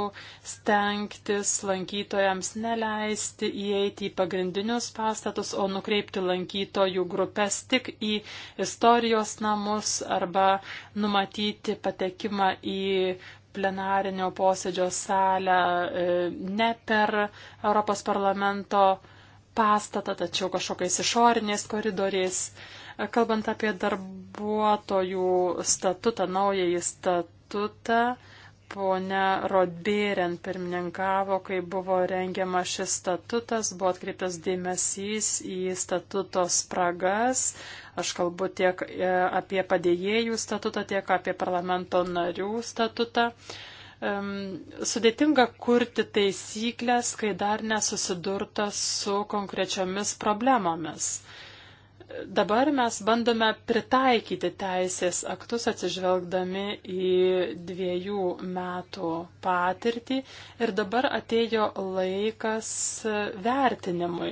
stengtis lankytojams neleisti įeiti į pagrindinius pastatus, o nukreipti lankytojų grupės tik į istorijos namus arba numatyti patekimą į plenarinio posėdžio salę e, ne per Europos parlamento pastatą, tačiau kažkokiais išoriniais koridoriais. E, kalbant apie darbuotojų statutą, naująjį statutą, ponia Rodbėren pirmininkavo, kai buvo rengiama šis statutas, buvo atkreiptas dėmesys į statuto spragas. Aš kalbu tiek e, apie padėjėjų statutą, tiek apie parlamento narių statutą. Sudėtinga kurti taisyklės, kai dar nesusidurta su konkrečiomis problemomis dabar mes bandome pritaikyti teisės aktus atsižvelgdami į dviejų metų patirtį ir dabar atėjo laikas vertinimui.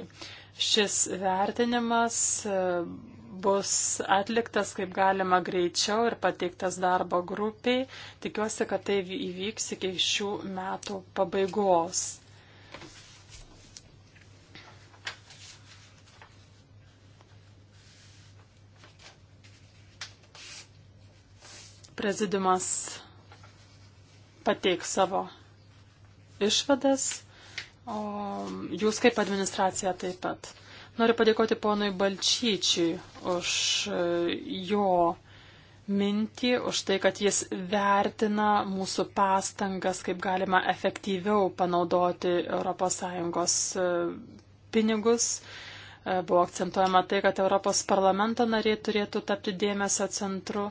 Šis vertinimas e, bus atliktas kaip galima greičiau ir pateiktas darbo grupiai. Tikiuosi, kad tai įvyks iki šių metų pabaigos. prezidimas pateiks savo išvadas, o jūs kaip administracija taip pat. Noriu padėkoti ponui Balčyčiui už e, jo mintį, už tai, kad jis vertina mūsų pastangas, kaip galima efektyviau panaudoti ES e, pinigus. E, buvo akcentuojama tai, kad Europos parlamento nariai turėtų tapti dėmesio centru.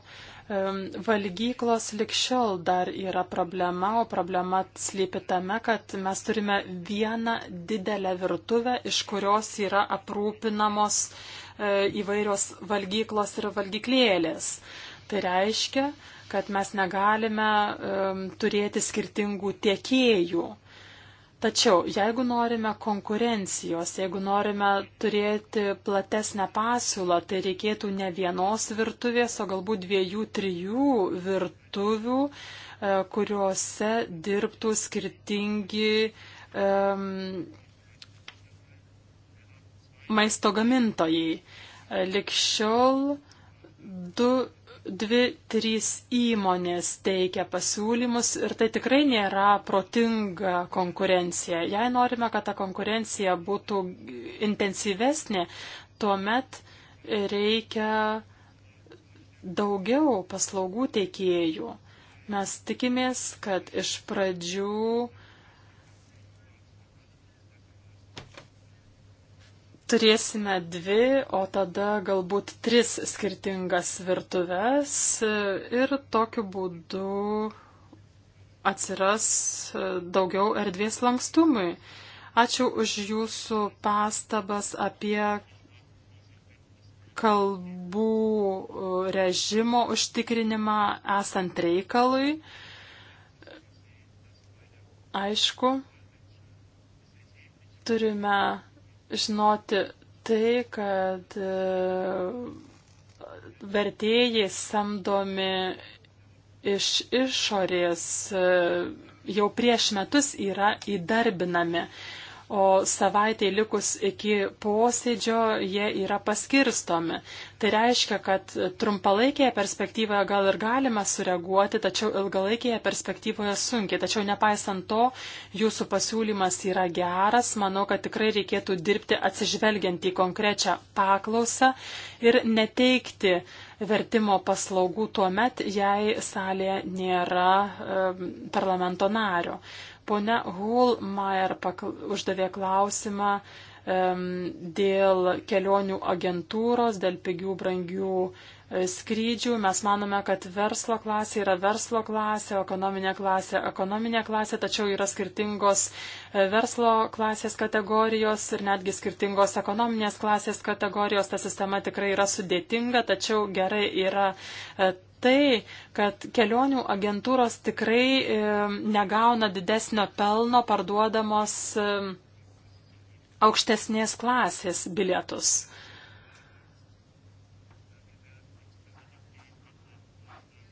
Valgyklos likščiol dar yra problema, o problema slypi tame, kad mes turime vieną didelę virtuvę, iš kurios yra aprūpinamos e, įvairios valgyklos ir valgyklėlės. Tai reiškia, kad mes negalime um, turėti skirtingų tiekėjų. Tačiau, jeigu norime konkurencijos, jeigu norime turėti platesnę pasiūlą, tai reikėtų ne vienos virtuvės, o galbūt dviejų, trijų virtuvių, e, kuriuose dirbtų skirtingi um, maisto gamintojai. E, Likščiol du dvi, trys įmonės teikia pasiūlymus ir tai tikrai nėra protinga konkurencija. Jei norime, kad ta konkurencija būtų intensyvesnė, tuomet reikia daugiau paslaugų teikėjų. Mes tikimės, kad iš pradžių uh, turėsime dvi, o tada galbūt tris skirtingas virtuves ir tokiu būdu atsiras daugiau erdvės lankstumui. Ačiū už jūsų pastabas apie kalbų režimo užtikrinimą esant reikalui. Aišku, turime žinoti tai, kad e, vertėjai samdomi iš išorės e, jau prieš metus yra įdarbinami o savaitai likus iki posėdžio jie yra paskirstomi. Tai reiškia, kad trumpalaikėje perspektyvoje gal ir galima sureaguoti, tačiau ilgalaikėje perspektyvoje sunkiai. Tačiau nepaisant to, jūsų pasiūlymas yra geras. Manau, kad tikrai reikėtų dirbti atsižvelgiant į konkrečią paklausą ir neteikti vertimo paslaugų tuo met, jei salėje nėra e, parlamento nario. Pone Hulmaier uždavė klausimą um, dėl kelionių agentūros, dėl pigių, brangių e, skrydžių. Mes manome, kad verslo klasė yra verslo klasė, ekonominė klasė ekonominė klasė, tačiau yra skirtingos e, verslo klasės kategorijos ir netgi skirtingos ekonominės klasės kategorijos. Ta sistema tikrai yra sudėtinga, tačiau gerai yra e, tai, kad kelionių agentūros tikrai e, negauna didesnio pelno parduodamos e, aukštesnės klasės bilietus.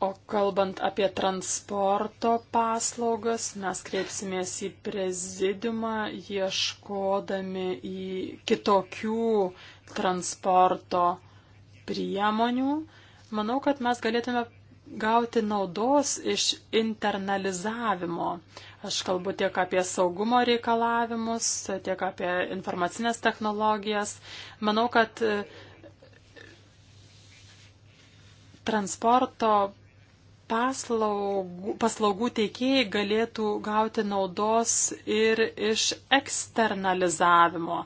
O kalbant apie transporto paslaugas, mes kreipsimės į prezidiumą, ieškodami į kitokių transporto priemonių. Manau, kad mes galėtume gauti naudos iš internalizavimo. Aš kalbu tiek apie saugumo reikalavimus, tiek apie informacinės technologijas. Manau, kad e, transporto paslaugų, paslaugų teikėjai galėtų gauti naudos ir iš eksternalizavimo.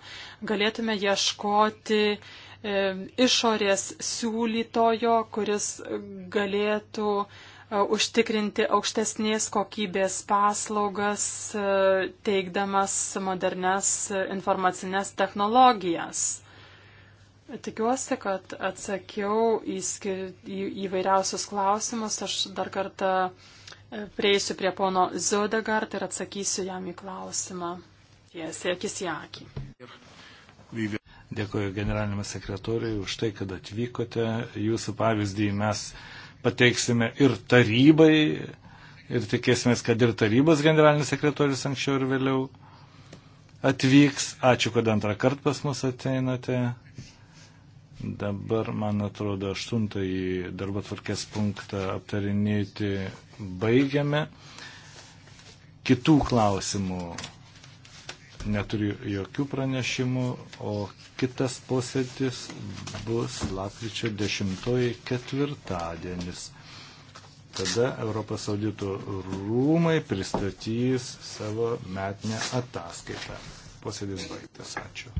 Galėtume ieškoti uh, E, išorės siūlytojo, kuris galėtų e, užtikrinti aukštesnės kokybės paslaugas, e, teikdamas modernes informacinės technologijas. Tikiuosi, kad atsakiau į, skir... į įvairiausius klausimus. Aš dar kartą prieisiu prie pono Zodegard ir atsakysiu jam į klausimą tiesiai akis į akį. Dėkuoju generalinėme sekretoriui už tai, kad atvykote. Jūsų pavyzdį mes pateiksime ir tarybai, ir tikėsime, kad ir tarybos generalinis sekretorius anksčiau ir vėliau atvyks. Ačiū, kad antrą kartą pas mus ateinate. Dabar, man atrodo, aštuntąjį darbo tvarkės punktą aptarinėti baigiame. Kitų klausimų neturiu jokių pranešimų, o kitas posėdis bus lapkričio 10 ketvirtadienis. Tada Europos audito rūmai pristatys savo metinę ataskaitą. Posėdis baigtas. Ačiū.